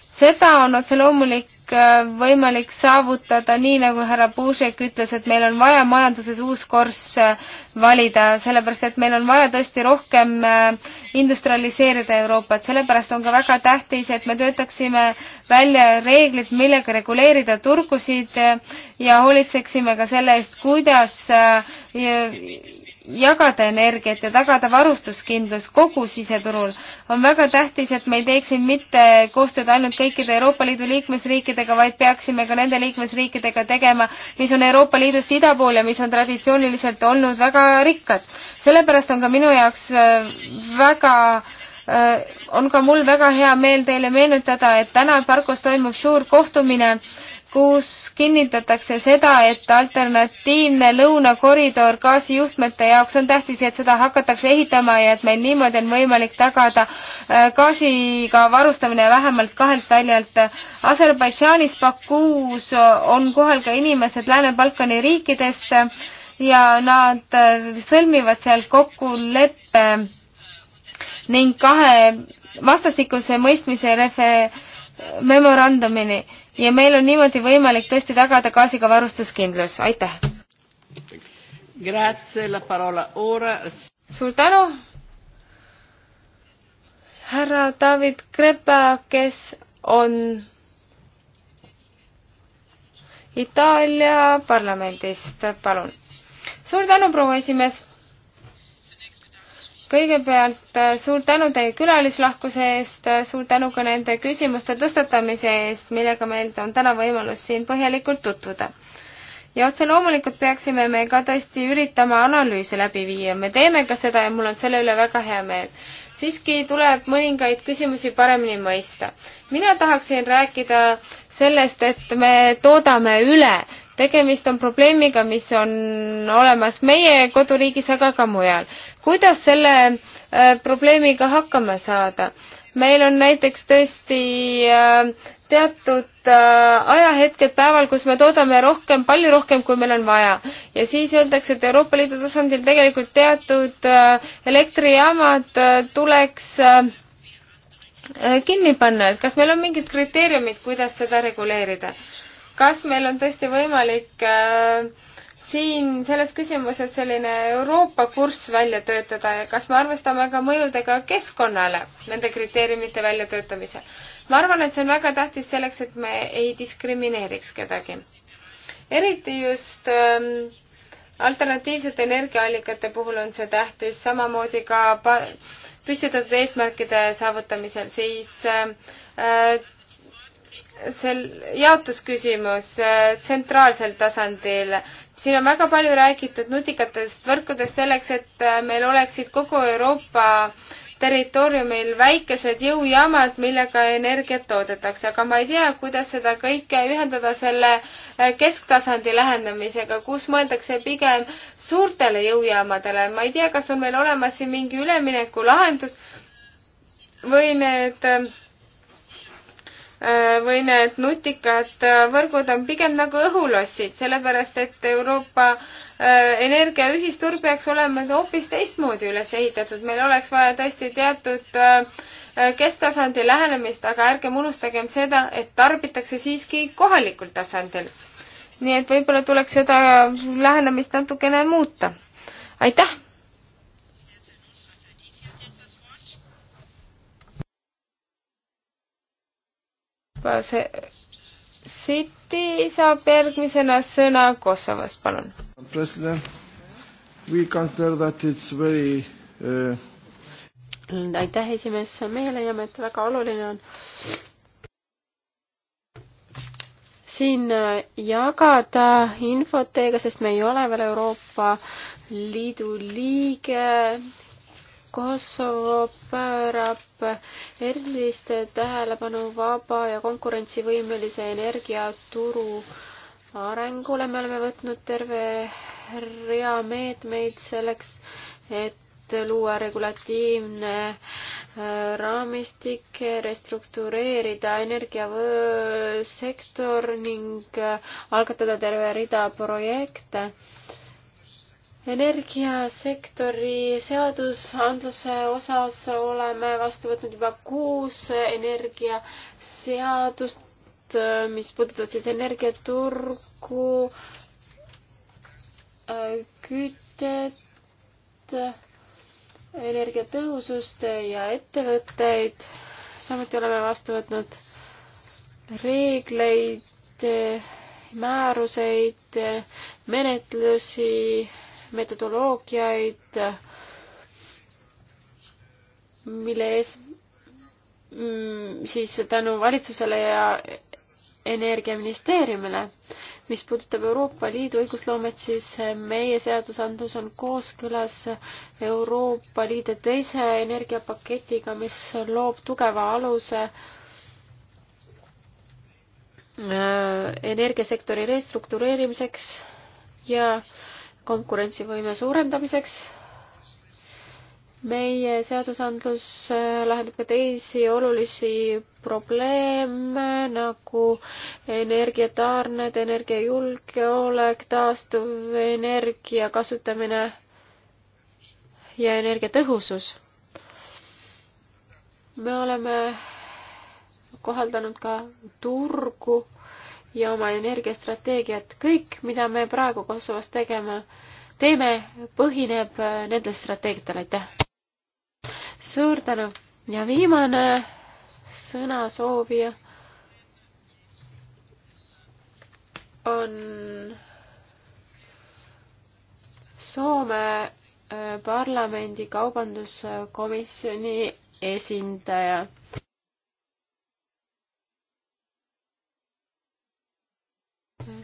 [SPEAKER 4] seda on otse loomulik äh, võimalik saavutada nii, nagu härra Puusek ütles, et meil on vaja majanduses uus kurss äh, valida, sellepärast et meil on vaja tõesti rohkem äh, industrialiseerida Euroopat, sellepärast on ka väga tähtis, et me töötaksime välja reeglid, millega reguleerida turgusid ja hoolitseksime ka selle eest, kuidas jagada energiat ja tagada varustuskindlus kogu siseturul. on väga tähtis, et me ei teeks siin mitte koostööd ainult kõikide Euroopa Liidu liikmesriikidega, vaid peaksime ka nende liikmesriikidega tegema, mis on Euroopa Liidust ida pool ja mis on traditsiooniliselt olnud väga rikkad. sellepärast on ka minu jaoks äh, väga äh, on ka mul väga hea meel teile meenutada, et täna Parkos toimub suur kohtumine äh, kus kinnitatakse seda, et alternatiivne lõunakoridor gaasijuhtmete jaoks on tähtis ja et seda hakatakse ehitama ja et meil niimoodi on võimalik tagada äh, gaasiga varustamine vähemalt kahelt väljalt. Aserbaidžaanis Bakuus on kohal ka inimesed Lääne-Balkani riikidest ja nad äh, sõlmivad seal kokkuleppe ning kahe vastastikuse mõistmise refe-, memorandumini ja meil on niimoodi võimalik tõesti tagada gaasiga varustuskindlus, aitäh! suur tänu! härra David Krepa, kes on Itaalia parlamendist, palun! suur tänu, proua esimees! kõigepealt äh, suur tänu teie külalislahkuse eest, äh, suur tänu ka nende küsimuste tõstatamise eest, millega meil on täna võimalus siin põhjalikult tutvuda. ja otse loomulikult peaksime me ka tõesti üritama analüüse läbi viia, me teeme ka seda ja mul on selle üle väga hea meel. siiski tuleb mõningaid küsimusi paremini mõista. mina tahaksin rääkida sellest, et me toodame üle tegemist on probleemiga, mis on olemas meie koduriigis, aga ka mujal kuidas selle äh, probleemiga hakkama saada? meil on näiteks tõesti äh, teatud äh, ajahetked päeval, kus me toodame rohkem, palju rohkem, kui meil on vaja. ja siis öeldakse, et Euroopa Liidu tasandil tegelikult teatud elektrijaamad tuleks kinni panna, et kas meil on mingid kriteeriumid, kuidas seda reguleerida? kas meil on tõesti võimalik äh, siin selles küsimuses selline Euroopa kurss välja töötada ja kas me arvestame ka mõjudega keskkonnale nende kriteeriumite väljatöötamisel? ma arvan, et see on väga tähtis selleks, et me ei diskrimineeriks kedagi. eriti just ähm, alternatiivsete energiaallikate puhul on see tähtis, samamoodi ka püstitatud eesmärkide saavutamisel, siis äh, äh sel jaotusküsimus äh, tsentraalsel tasandil äh,, siin on väga palju räägitud nutikatest võrkudest selleks, et äh, meil oleksid kogu Euroopa territooriumil väikesed jõujaamad, millega energiat toodetakse, aga ma ei tea, kuidas seda kõike ühendada selle äh, kesktasandi lähenemisega, kus mõeldakse pigem suurtele jõujaamadele. ma ei tea, kas on meil olemas siin mingi üleminekulahendus või need äh, Äh, või need nutikad äh, võrgud on pigem nagu õhulossid, sellepärast et Euroopa äh, energiaühisturg peaks olema hoopis teistmoodi üles ehitatud, meil oleks vaja tõesti teatud kesktasandi lähenemist, aga ärgem unustagem seda, et tarbitakse siiski kohalikul tasandil. nii et võib-olla tuleks seda lähenemist natukene muuta. aitäh! see City saab järgmisena sõna Kosovost, palun.
[SPEAKER 1] president, we consider that it's very uh...
[SPEAKER 4] Mm, aitäh, esimees,
[SPEAKER 2] meie leiame, et väga oluline on siin äh, jagada infot teiega, sest me ei ole veel Euroopa Liidu liige Kosovo pöörab erilist tähelepanu vaba ja konkurentsivõimelise energiaturu arengule. me oleme võtnud terve rea meetmeid selleks, et luua regulatiivne äh, raamistik, restruktureerida energiasektor ning äh, algatada terve rida projekte energiasektori seadusandluse osas oleme vastu võtnud juba kuus energiaseadust, mis puudutavad siis energiaturgu, kütet, energiatõhusust ja ettevõtteid. samuti oleme vastu võtnud reegleid, määruseid, menetlusi metodoloogiaid, mille ees mm, siis tänu valitsusele ja energiaministeeriumile. mis puudutab Euroopa Liidu õigusloomet, siis meie seadusandlus on kooskõlas Euroopa Liidu teise energiapaketiga, mis loob tugeva aluse äh, energiasektori restruktureerimiseks ja äh, konkurentsivõime suurendamiseks. meie seadusandlus äh, lahendab ka teisi olulisi probleeme nagu energiatarned, energiajulgeolek, taastuvenergia kasutamine ja energiatõhusus. me oleme kohaldanud ka turgu ja oma energiastrateegiat. kõik, mida me praegu Kosovos tegema, teeme, põhineb äh, nendel strateegiatel, aitäh! suur tänu ja viimane sõnasoovija on Soome äh, parlamendi kaubanduskomisjoni esindaja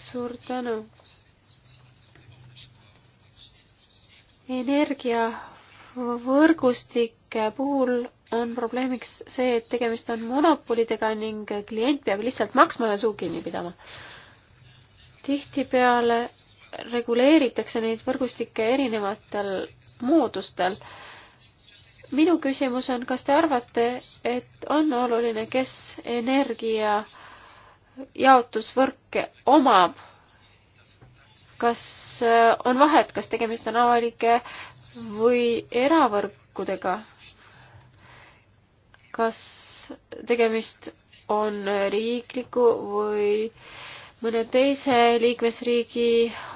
[SPEAKER 2] suur tänu. energiavõrgustike puhul on probleemiks see, et tegemist on monopolidega ning klient peab lihtsalt maksma ja suu kinni pidama. tihtipeale reguleeritakse neid võrgustikke erinevatel moodustel. minu küsimus on, kas te arvate, et on oluline, kes energia äh, jaotusvõrk omab? kas äh, on vahet, kas tegemist on avalike või eravõrkudega? kas tegemist on riikliku või mõne teise liikmesriigi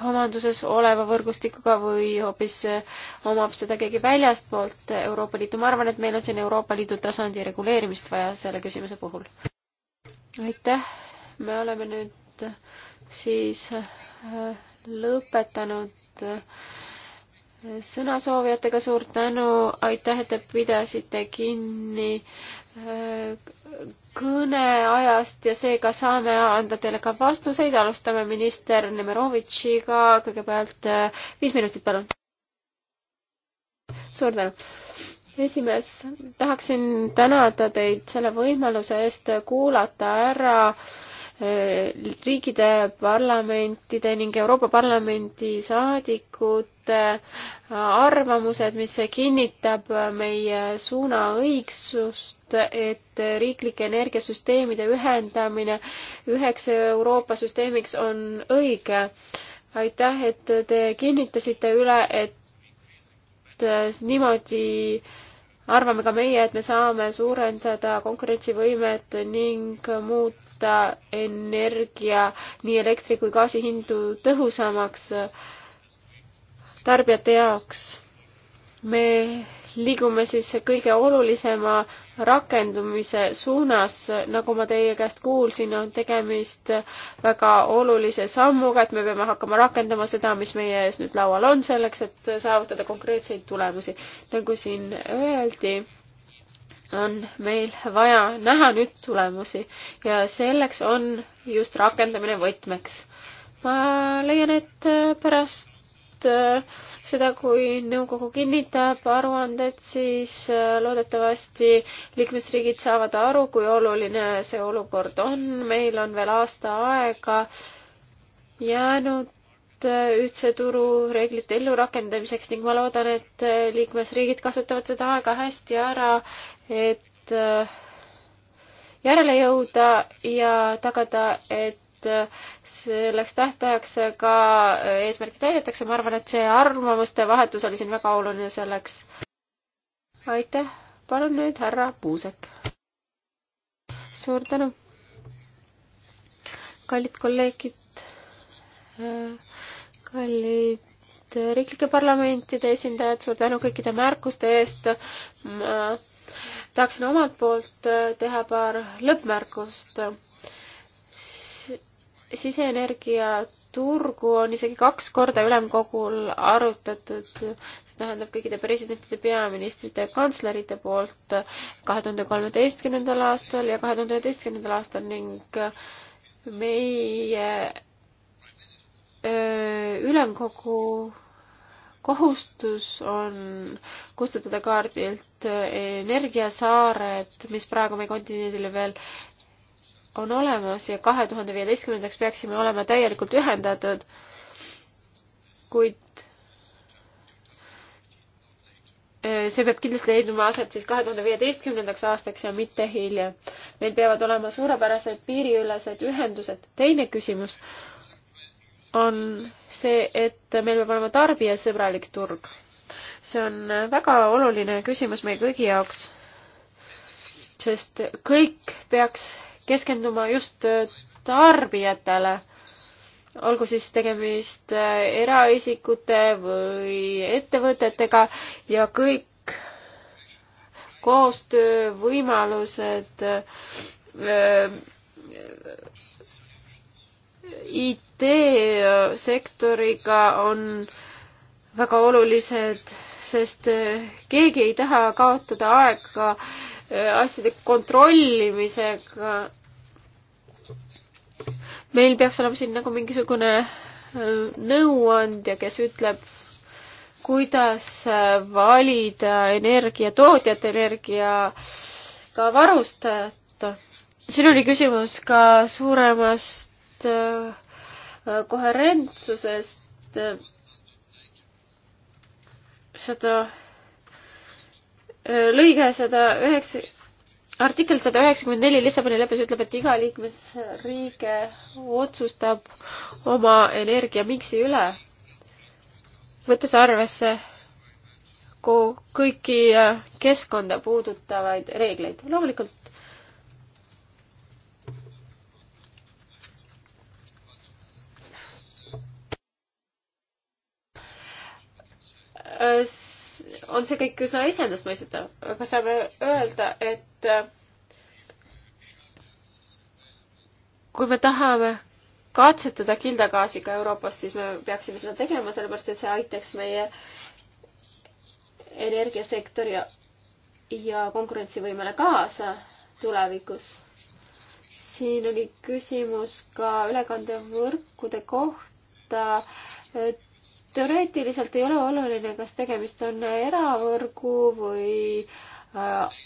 [SPEAKER 2] omanduses oleva võrgustikuga või hoopis äh, omab seda keegi väljastpoolt Euroopa Liitu. ma arvan, et meil on siin Euroopa Liidu tasandi reguleerimist vaja selle küsimuse puhul. aitäh me oleme nüüd siis äh, lõpetanud äh, sõnasoovijatega suur tänu, aitäh, et te pidasite kinni äh, kõneajast ja seega saame anda teile ka vastuseid. alustame minister Nemerovitšiga. kõigepealt viis minutit, palun. suur tänu esimees, tahaksin tänada teid selle võimaluse eest kuulata ära äh, riikide parlamentide ning Euroopa Parlamendi saadikute arvamused, mis kinnitab meie suuna õigsust, et riiklike energiasüsteemide ühendamine üheks Euroopa süsteemiks on õige. aitäh, et te kinnitasite üle, et niimoodi arvame ka meie, et me saame suurendada konkurentsivõimet ning muud muuta energia, nii elektri kui gaasi hindu tõhusamaks tarbijate jaoks. me liigume siis kõige olulisema rakendumise suunas, nagu ma teie käest kuulsin, on tegemist väga olulise sammuga, et me peame hakkama rakendama seda, mis meie ees nüüd laual on, selleks et saavutada konkreetseid tulemusi. nagu siin öeldi, on meil vaja näha nüüd tulemusi ja selleks on just rakendamine võtmeks. ma leian, et äh, pärast äh, seda, kui nõukogu kinnitab aruanded, siis äh, loodetavasti liikmesriigid saavad aru, kui oluline see olukord on. meil on veel aasta aega jäänud Äh, ühtse turu reeglite ellurakendamiseks ning ma loodan, et äh, liikmesriigid kasutavad seda aega hästi ära, et äh, järele jõuda ja tagada, et selleks tähtajaks ka eesmärk täidetakse. ma arvan, et see arvamuste vahetus oli siin väga oluline selleks. aitäh, palun nüüd härra Puusek. suur tänu, kallid kolleegid kallid riiklike parlamentide esindajad, suur tänu kõikide märkuste eest. tahaksin omalt poolt teha paar lõppmärkust. siseenergia turgu on isegi kaks korda ülemkogul arutatud, see tähendab kõikide presidentide, peaministrite ja kantslerite poolt kahe tuhande kolmeteistkümnendal aastal ja kahe tuhande üheteistkümnendal aastal ning meie ülemkogu kohustus on kustutada kaardilt energiasaared, mis praegu meie kontinendil veel on olemas ja kahe tuhande viieteistkümnendaks peaksime olema täielikult ühendatud. kuid see peab kindlasti leidma aset siis kahe tuhande viieteistkümnendaks aastaks ja mitte hiljem. meil peavad olema suurepärased piiriülesed ühendused. teine küsimus on see, et meil peab olema tarbijasõbralik turg. see on väga oluline küsimus meie kõigi jaoks, sest kõik peaks keskenduma just tarbijatele, olgu siis tegemist eraisikute või ettevõtetega ja kõik koostöövõimalused IT-sektoriga on väga olulised, sest keegi ei taha kaotada aega äh, asjade kontrollimisega. meil peaks olema siin nagu mingisugune äh, nõuandja, kes ütleb, kuidas äh, valida energiatootjat, energiaga varustajat. siin oli küsimus ka suuremast sellest äh, koherentsusest, äh, seda äh, lõige sada üheksa, artikkel sada üheksakümmend neli Lissaboni leppes ütleb, et iga liikmesriige otsustab oma energiamiksi üle, võttes arvesse kõiki keskkonda puudutavaid reegleid. loomulikult on see kõik üsna iseenesestmõistetav, aga saame öelda, et äh, kui me tahame katsetada kildagaasiga Euroopas, siis me peaksime seda tegema, sellepärast et see aitaks meie energiasektori ja, ja konkurentsivõimele kaasa tulevikus. siin oli küsimus ka ülekandevõrkude kohta, et teoreetiliselt ei ole oluline, kas tegemist on eravõrgu või äh,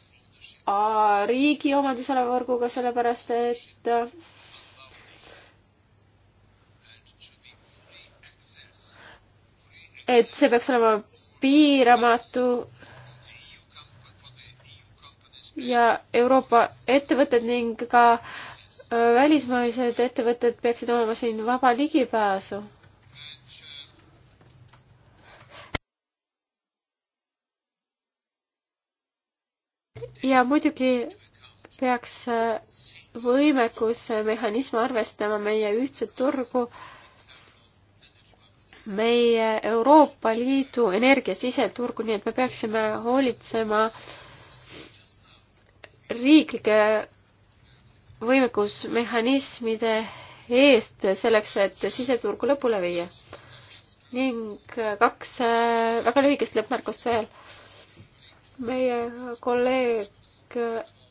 [SPEAKER 2] riigi omandis oleva võrguga, sellepärast et et see peaks olema piiramatu ja Euroopa ettevõtted ning ka äh, välismaised ettevõtted peaksid omama siin vaba ligipääsu ja muidugi peaks äh, võimekusmehhanism äh, arvestama meie ühtset turgu, meie Euroopa Liidu energiasiseturgu, nii et me peaksime hoolitsema riiklike võimekusmehhanismide eest selleks, et siseturgu lõpule viia. ning äh, kaks väga lühikest lõppmärkust veel meie kolleeg äh,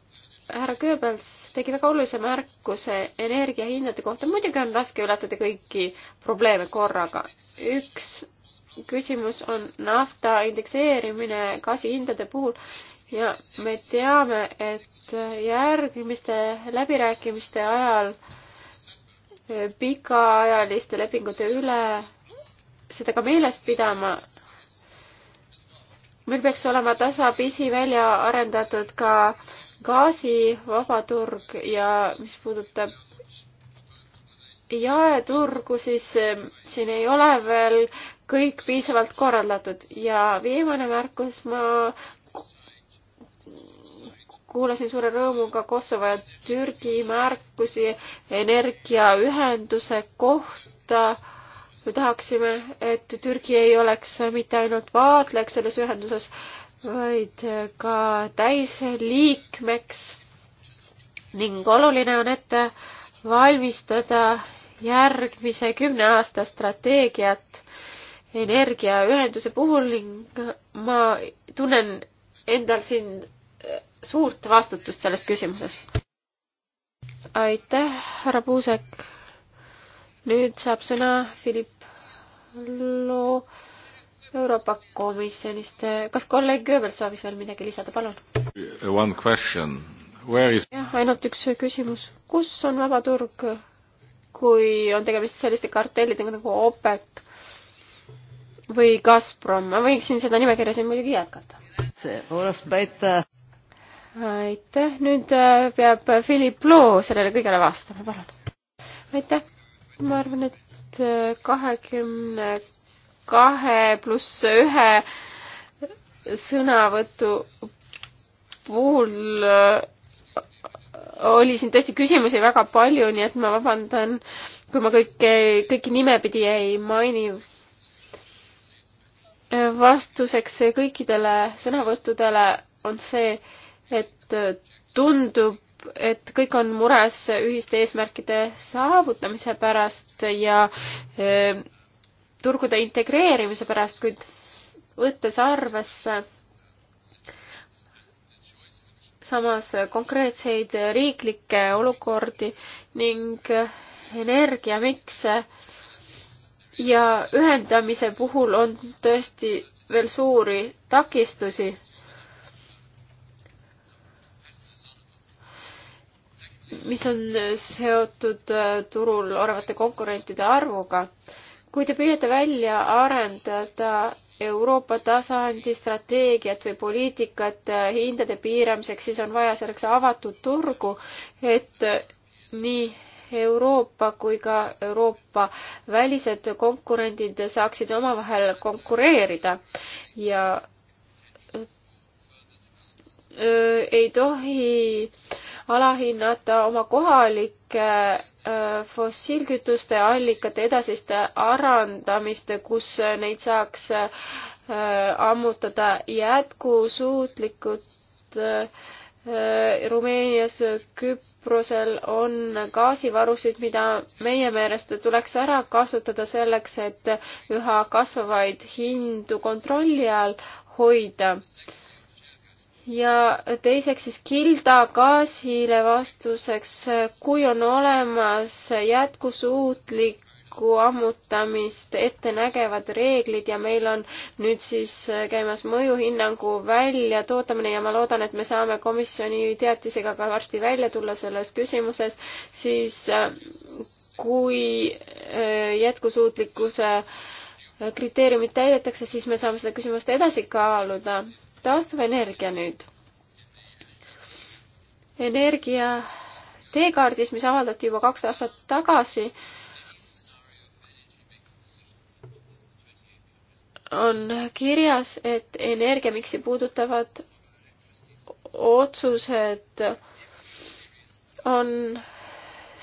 [SPEAKER 2] härra Goebbels tegi väga olulise märkuse energiahindade kohta. muidugi on raske ületada kõiki probleeme korraga. üks küsimus on nafta indekseerimine gaasihindade puhul ja me teame, et järgmiste läbirääkimiste ajal äh, pikaajaliste lepingute üle seda ka meeles pidama meil peaks olema tasapisi välja arendatud ka gaasivaba turg ja mis puudutab jaeturgu, siis eh, siin ei ole veel kõik piisavalt korraldatud ja viimane märkus, ma kuulasin suure rõõmuga Kosovo ja Türgi märkusi energiaühenduse kohta me tahaksime, et Türgi ei oleks mitte ainult vaatlejaks selles ühenduses, vaid ka täisliikmeks ning oluline on ette valmistada järgmise kümne aasta strateegiat energiaühenduse puhul ning ma tunnen endal siin suurt vastutust selles küsimuses. aitäh, härra Puusek. nüüd saab sõna Philipp Kallo Euroopa Komisjonist. kas kolleeg Gööbel soovis veel midagi lisada, palun? Is... jah, ainult üks küsimus. kus on vaba turg, kui on tegemist selliste kartellidega nagu OPEC või Gazprom? ma võiksin seda nimekirja siin muidugi jätkata. aitäh, nüüd äh, peab Philip Loo sellele kõigele vastama, palun. aitäh, ma arvan, et Äh, kahekümne kahe pluss ühe sõnavõtu puhul äh, oli siin tõesti küsimusi väga palju, nii et ma vabandan, kui ma kõike, kõiki nimepidi ei maini. vastuseks kõikidele sõnavõttudele on see, et äh, tundub, et kõik on mures ühiste eesmärkide saavutamise pärast ja e, turgude integreerimise pärast, kuid võttes arvesse samas konkreetseid riiklikke olukordi ning energiamikse ja ühendamise puhul on tõesti veel suuri takistusi mis on seotud äh, turul olevate konkurentide arvuga. kui te püüate välja arendada Euroopa tasandi strateegiat või poliitikat äh, hindade piiramiseks, siis on vaja selleks avatud turgu, et äh, nii Euroopa kui ka Euroopa välised konkurendid saaksid omavahel konkureerida ja öö, ei tohi öö, alahinnata oma kohalike äh, fossiilkütuste allikate edasist arendamist, kus neid saaks äh, ammutada jätkusuutlikult. Äh, Rumeenias, Küprosel on gaasivarusid, mida meie meelest tuleks ära kasutada selleks, et üha kasvavaid hindu kontrolli all hoida ja teiseks siis Gilda gaasile vastuseks, kui on olemas jätkusuutlikku ammutamist ette nägevad reeglid ja meil on nüüd siis käimas mõjuhinnangu väljatootamine ja ma loodan, et me saame komisjoni teatisega ka varsti välja tulla selles küsimuses, siis äh, kui äh, jätkusuutlikkuse äh, kriteeriumid täidetakse, siis me saame seda küsimust edasi kaaluda taastuvenergia nüüd. energia teekaardis, mis avaldati juba kaks aastat tagasi, on kirjas, et energiamiksi puudutavad otsused on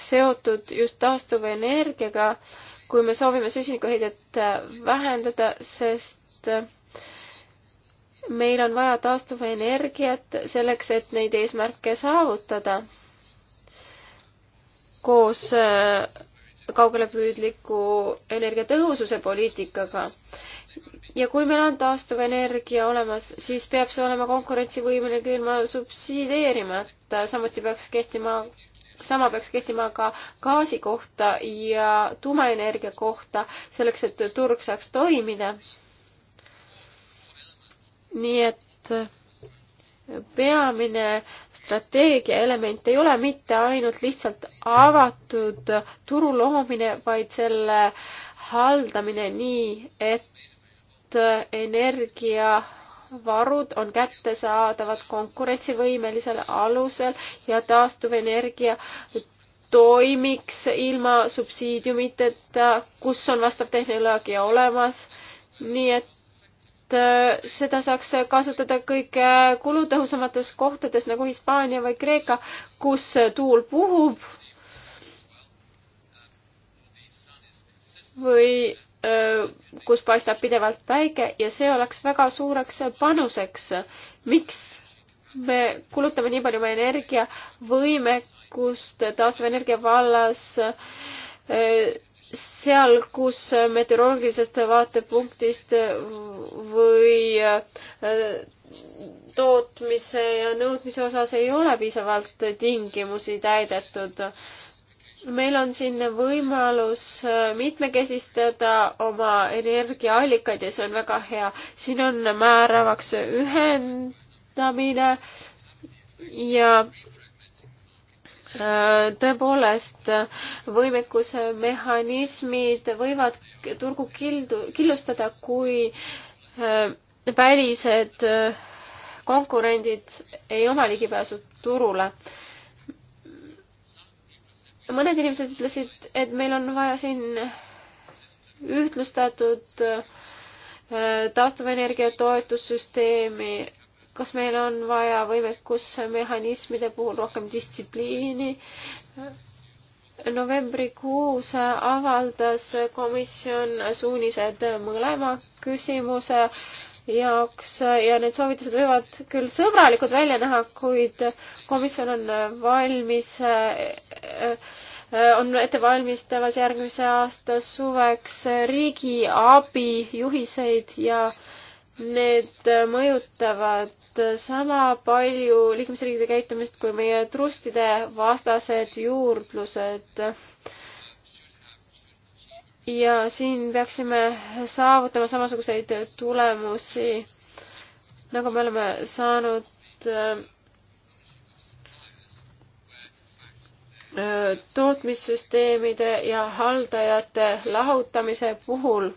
[SPEAKER 2] seotud just taastuvenergiaga, kui me soovime süsinikuheidet vähendada, sest meil on vaja taastuvenergiat selleks, et neid eesmärke saavutada koos äh, kaugelepüüdliku energiatõhususe poliitikaga. ja kui meil on taastuvenergia olemas, siis peab see olema konkurentsivõimeline ka ilma subsideerimata, samuti peaks kehtima, sama peaks kehtima ka gaasi kohta ja tuumaenergia kohta, selleks et turg saaks toimida nii et äh, peamine strateegia element ei ole mitte ainult lihtsalt avatud turu loomine, vaid selle haldamine nii, et äh, energiavarud on kättesaadavad konkurentsivõimelisel alusel ja taastuvenergia toimiks ilma subsiidiumiteta, kus on vastav tehnoloogia olemas. nii et et äh, seda saaks kasutada kõige äh, kulutõhusamates kohtades nagu Hispaania või Kreeka, kus äh, tuul puhub. või kus paistab pidevalt päike ja see oleks väga suureks panuseks. miks me kulutame nii palju energiavõimekust taastuvenergia vallas? seal, kus meteoroloogilisest vaatepunktist või äh, tootmise ja nõudmise osas ei ole piisavalt tingimusi täidetud. meil on siin võimalus äh, mitmekesistada oma energiaallikaid ja see on väga hea. siin on määravaks ühendamine ja Äh, tõepoolest võimekuse mehhanismid võivad turgu kildu, killustada, kui äh, välised äh, konkurendid ei oma ligipääsu turule. mõned inimesed ütlesid, et meil on vaja siin ühtlustatud taastuvenergia toetussüsteemi kas meil on vaja võimekusmehhanismide puhul rohkem distsipliini? novembrikuus avaldas komisjon suunised mõlema küsimuse jaoks ja need soovitused võivad küll sõbralikud välja näha, kuid komisjon on valmis, on ettevalmistamas järgmise aasta suveks riigiabi juhiseid ja need mõjutavad sama palju liikmesriikide käitumist kui meie trustide vastased juurdlused. ja siin peaksime saavutama samasuguseid tulemusi, nagu me oleme saanud äh, tootmissüsteemide ja haldajate lahutamise puhul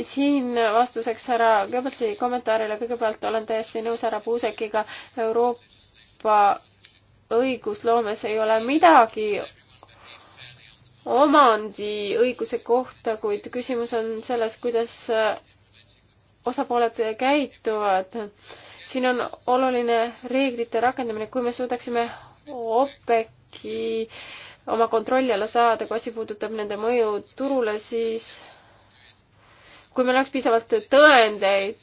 [SPEAKER 2] siin vastuseks härra Goebbelsi kommentaarile kõigepealt olen täiesti nõus härra Puusekiga, Euroopa õigusloomes ei ole midagi omandiõiguse kohta, kuid küsimus on selles, kuidas osapooled käituvad. siin on oluline reeglite rakendamine, kui me suudaksime OPEC-i oma kontrolli alla saada, kui asi puudutab nende mõju turule, siis kui meil oleks piisavalt tõendeid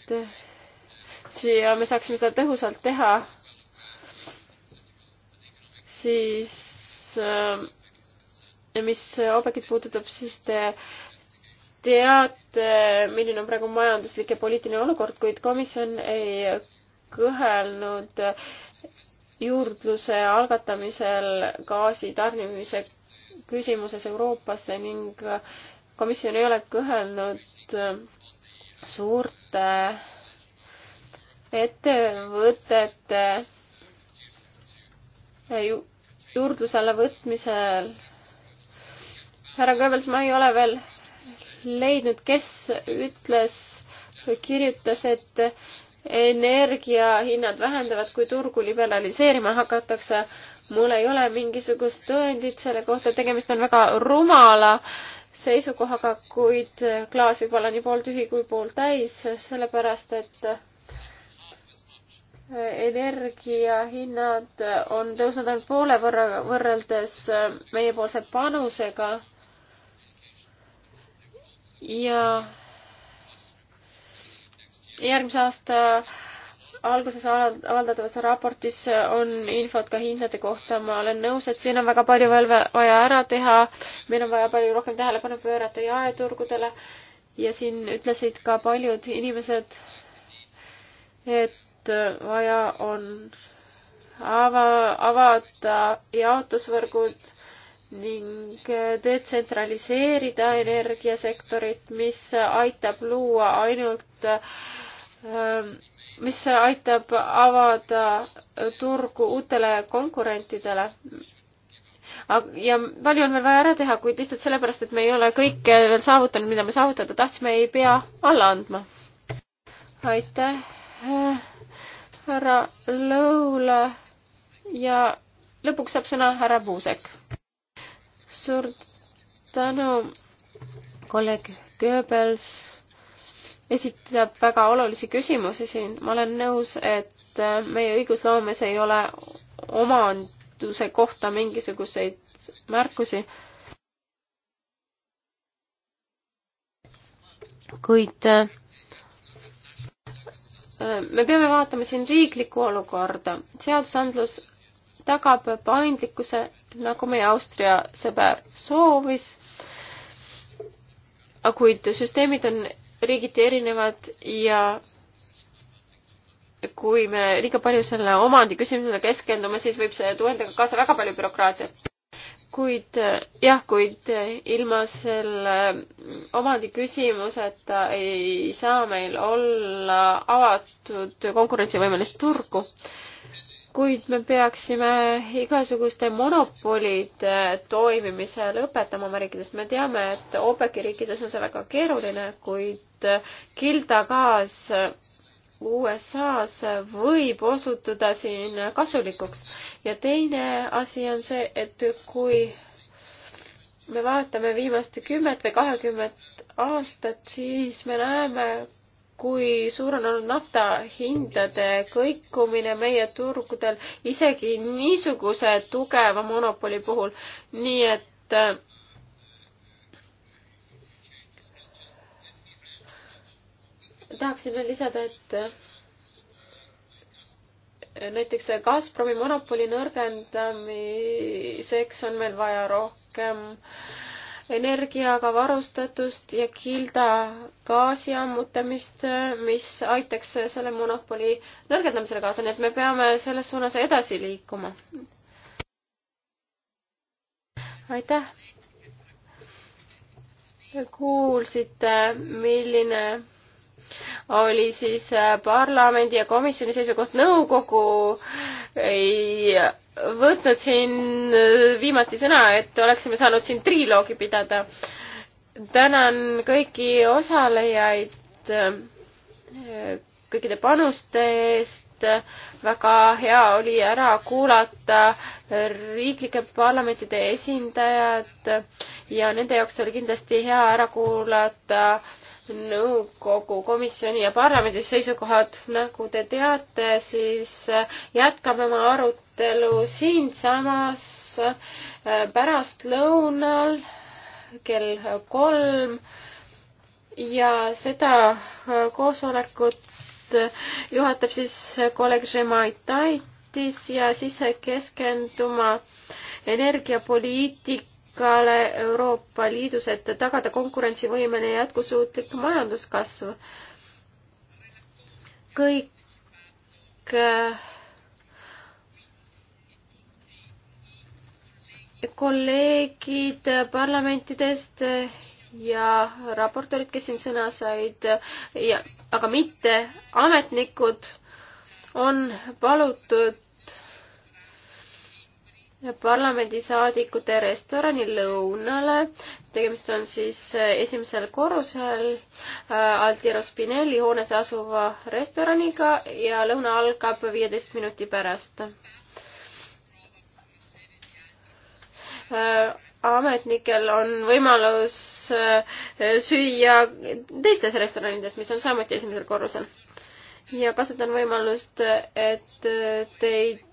[SPEAKER 2] ja me saaksime seda tõhusalt teha, siis ja mis OPEC-it puudutab, siis te teate, milline on praegu majanduslik ja poliitiline olukord, kuid komisjon ei kõhelnud juurdluse algatamisel gaasi tarnimise küsimuses Euroopasse ning komisjon ei ole kõhelnud äh, suurte ettevõtete äh, ju, juurdluse alla võtmisel. härra Goebbels, ma ei ole veel leidnud, kes ütles või kirjutas, et energiahinnad vähendavad, kui turgu liberaliseerima hakatakse. mul ei ole mingisugust tõendit selle kohta, tegemist on väga rumala äh, seisukohaga, kuid klaas võib olla nii pooltühi kui pooltäis, sellepärast et energiahinnad on tõusnud ainult poole võrra võrreldes meiepoolse panusega. ja järgmise aasta alguses avaldatavas raportis on infot ka hindade kohta, ma olen nõus, et siin on väga palju veel vaja ära teha, meil on vaja palju rohkem tähelepanu pöörata jaeturgudele ja siin ütlesid ka paljud inimesed, et vaja on ava, avada jaotusvõrgud ning detsentraliseerida energiasektorit, mis aitab luua ainult ähm, mis aitab avada turgu uutele konkurentidele. ja palju on veel vaja ära teha, kuid lihtsalt sellepärast, et me ei ole kõike veel saavutanud, mida me saavutada tahtsime, ei pea alla andma. aitäh, härra Lõula ja lõpuks saab sõna härra Puusek. suur tänu, kolleeg Goebbels esitab väga olulisi küsimusi siin. ma olen nõus, et äh, meie õigusloomes ei ole omanduse kohta mingisuguseid märkusi. kuid äh, äh, me peame vaatama siin riiklikku olukorda. seadusandlus tagab paindlikkuse, nagu meie Austria sõber soovis, kuid süsteemid on riigiti erinevad ja kui me liiga palju selle omandi küsimusele keskendume, siis võib see tuua endaga kaasa väga palju bürokraatiat. kuid jah, kuid ilma selle omandi küsimuseta ei saa meil olla avatud konkurentsivõimelist turgu. kuid me peaksime igasuguste monopolide toimimise lõpetama oma riikides. me teame, et OPEC-i riikides on see väga keeruline, kuid et kildagaas USA-s võib osutuda siin kasulikuks. ja teine asi on see, et kui me vaatame viimast kümmet või kahekümmet aastat, siis me näeme, kui suur on olnud nafta hindade kõikumine meie turgudel isegi niisuguse tugeva monopoli puhul. nii et äh, tahaksin veel lisada, et näiteks Gazpromi monopoli nõrgendamiseks on meil vaja rohkem energiaga varustatust ja Gilda gaasi ammutamist, mis aitaks selle monopoli nõrgendamisele kaasa, nii et me peame selles suunas edasi liikuma. aitäh! kuulsite, milline oli siis äh, parlamendi ja komisjoni seisukoht, nõukogu ei võtnud siin äh, viimati sõna, et oleksime saanud siin triloogi pidada. tänan kõiki osalejaid äh, kõikide panuste eest, väga hea oli ära kuulata riiklike parlamentide esindajad ja nende jaoks oli kindlasti hea ära kuulata nõukogu komisjoni ja parlamendi seisukohad. nagu te teate, siis jätkame oma arutelu siinsamas äh, pärastlõunal kell kolm ja seda äh, koosolekut äh, juhatab siis kolleeg Žemaitaitis ja siis keskenduma energiapoliitika rikkale Euroopa Liidus, et tagada konkurentsivõimeline jätkusuutlik majanduskasv. kõik äh, kolleegid parlamentidest ja raportorid, kes siin sõna said ja, aga mitte ametnikud, on palutud parlamendisaadikute restorani lõunale. tegemist on siis äh, esimesel korrusel äh, Altiero Spinelli hoones asuva restoraniga ja lõuna algab viieteist minuti pärast. Äh, ametnikel on võimalus süüa teistes restoranides, mis on samuti esimesel korrusel. ja kasutan võimalust, et teid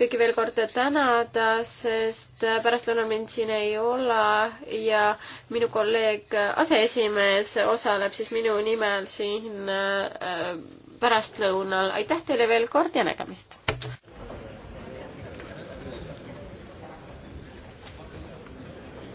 [SPEAKER 2] kõiki veel kord tänada, sest pärastlõuna mind siin ei ole ja minu kolleeg aseesimees osaleb siis minu nimel siin äh, pärastlõunal. aitäh teile veel kord ja nägemist!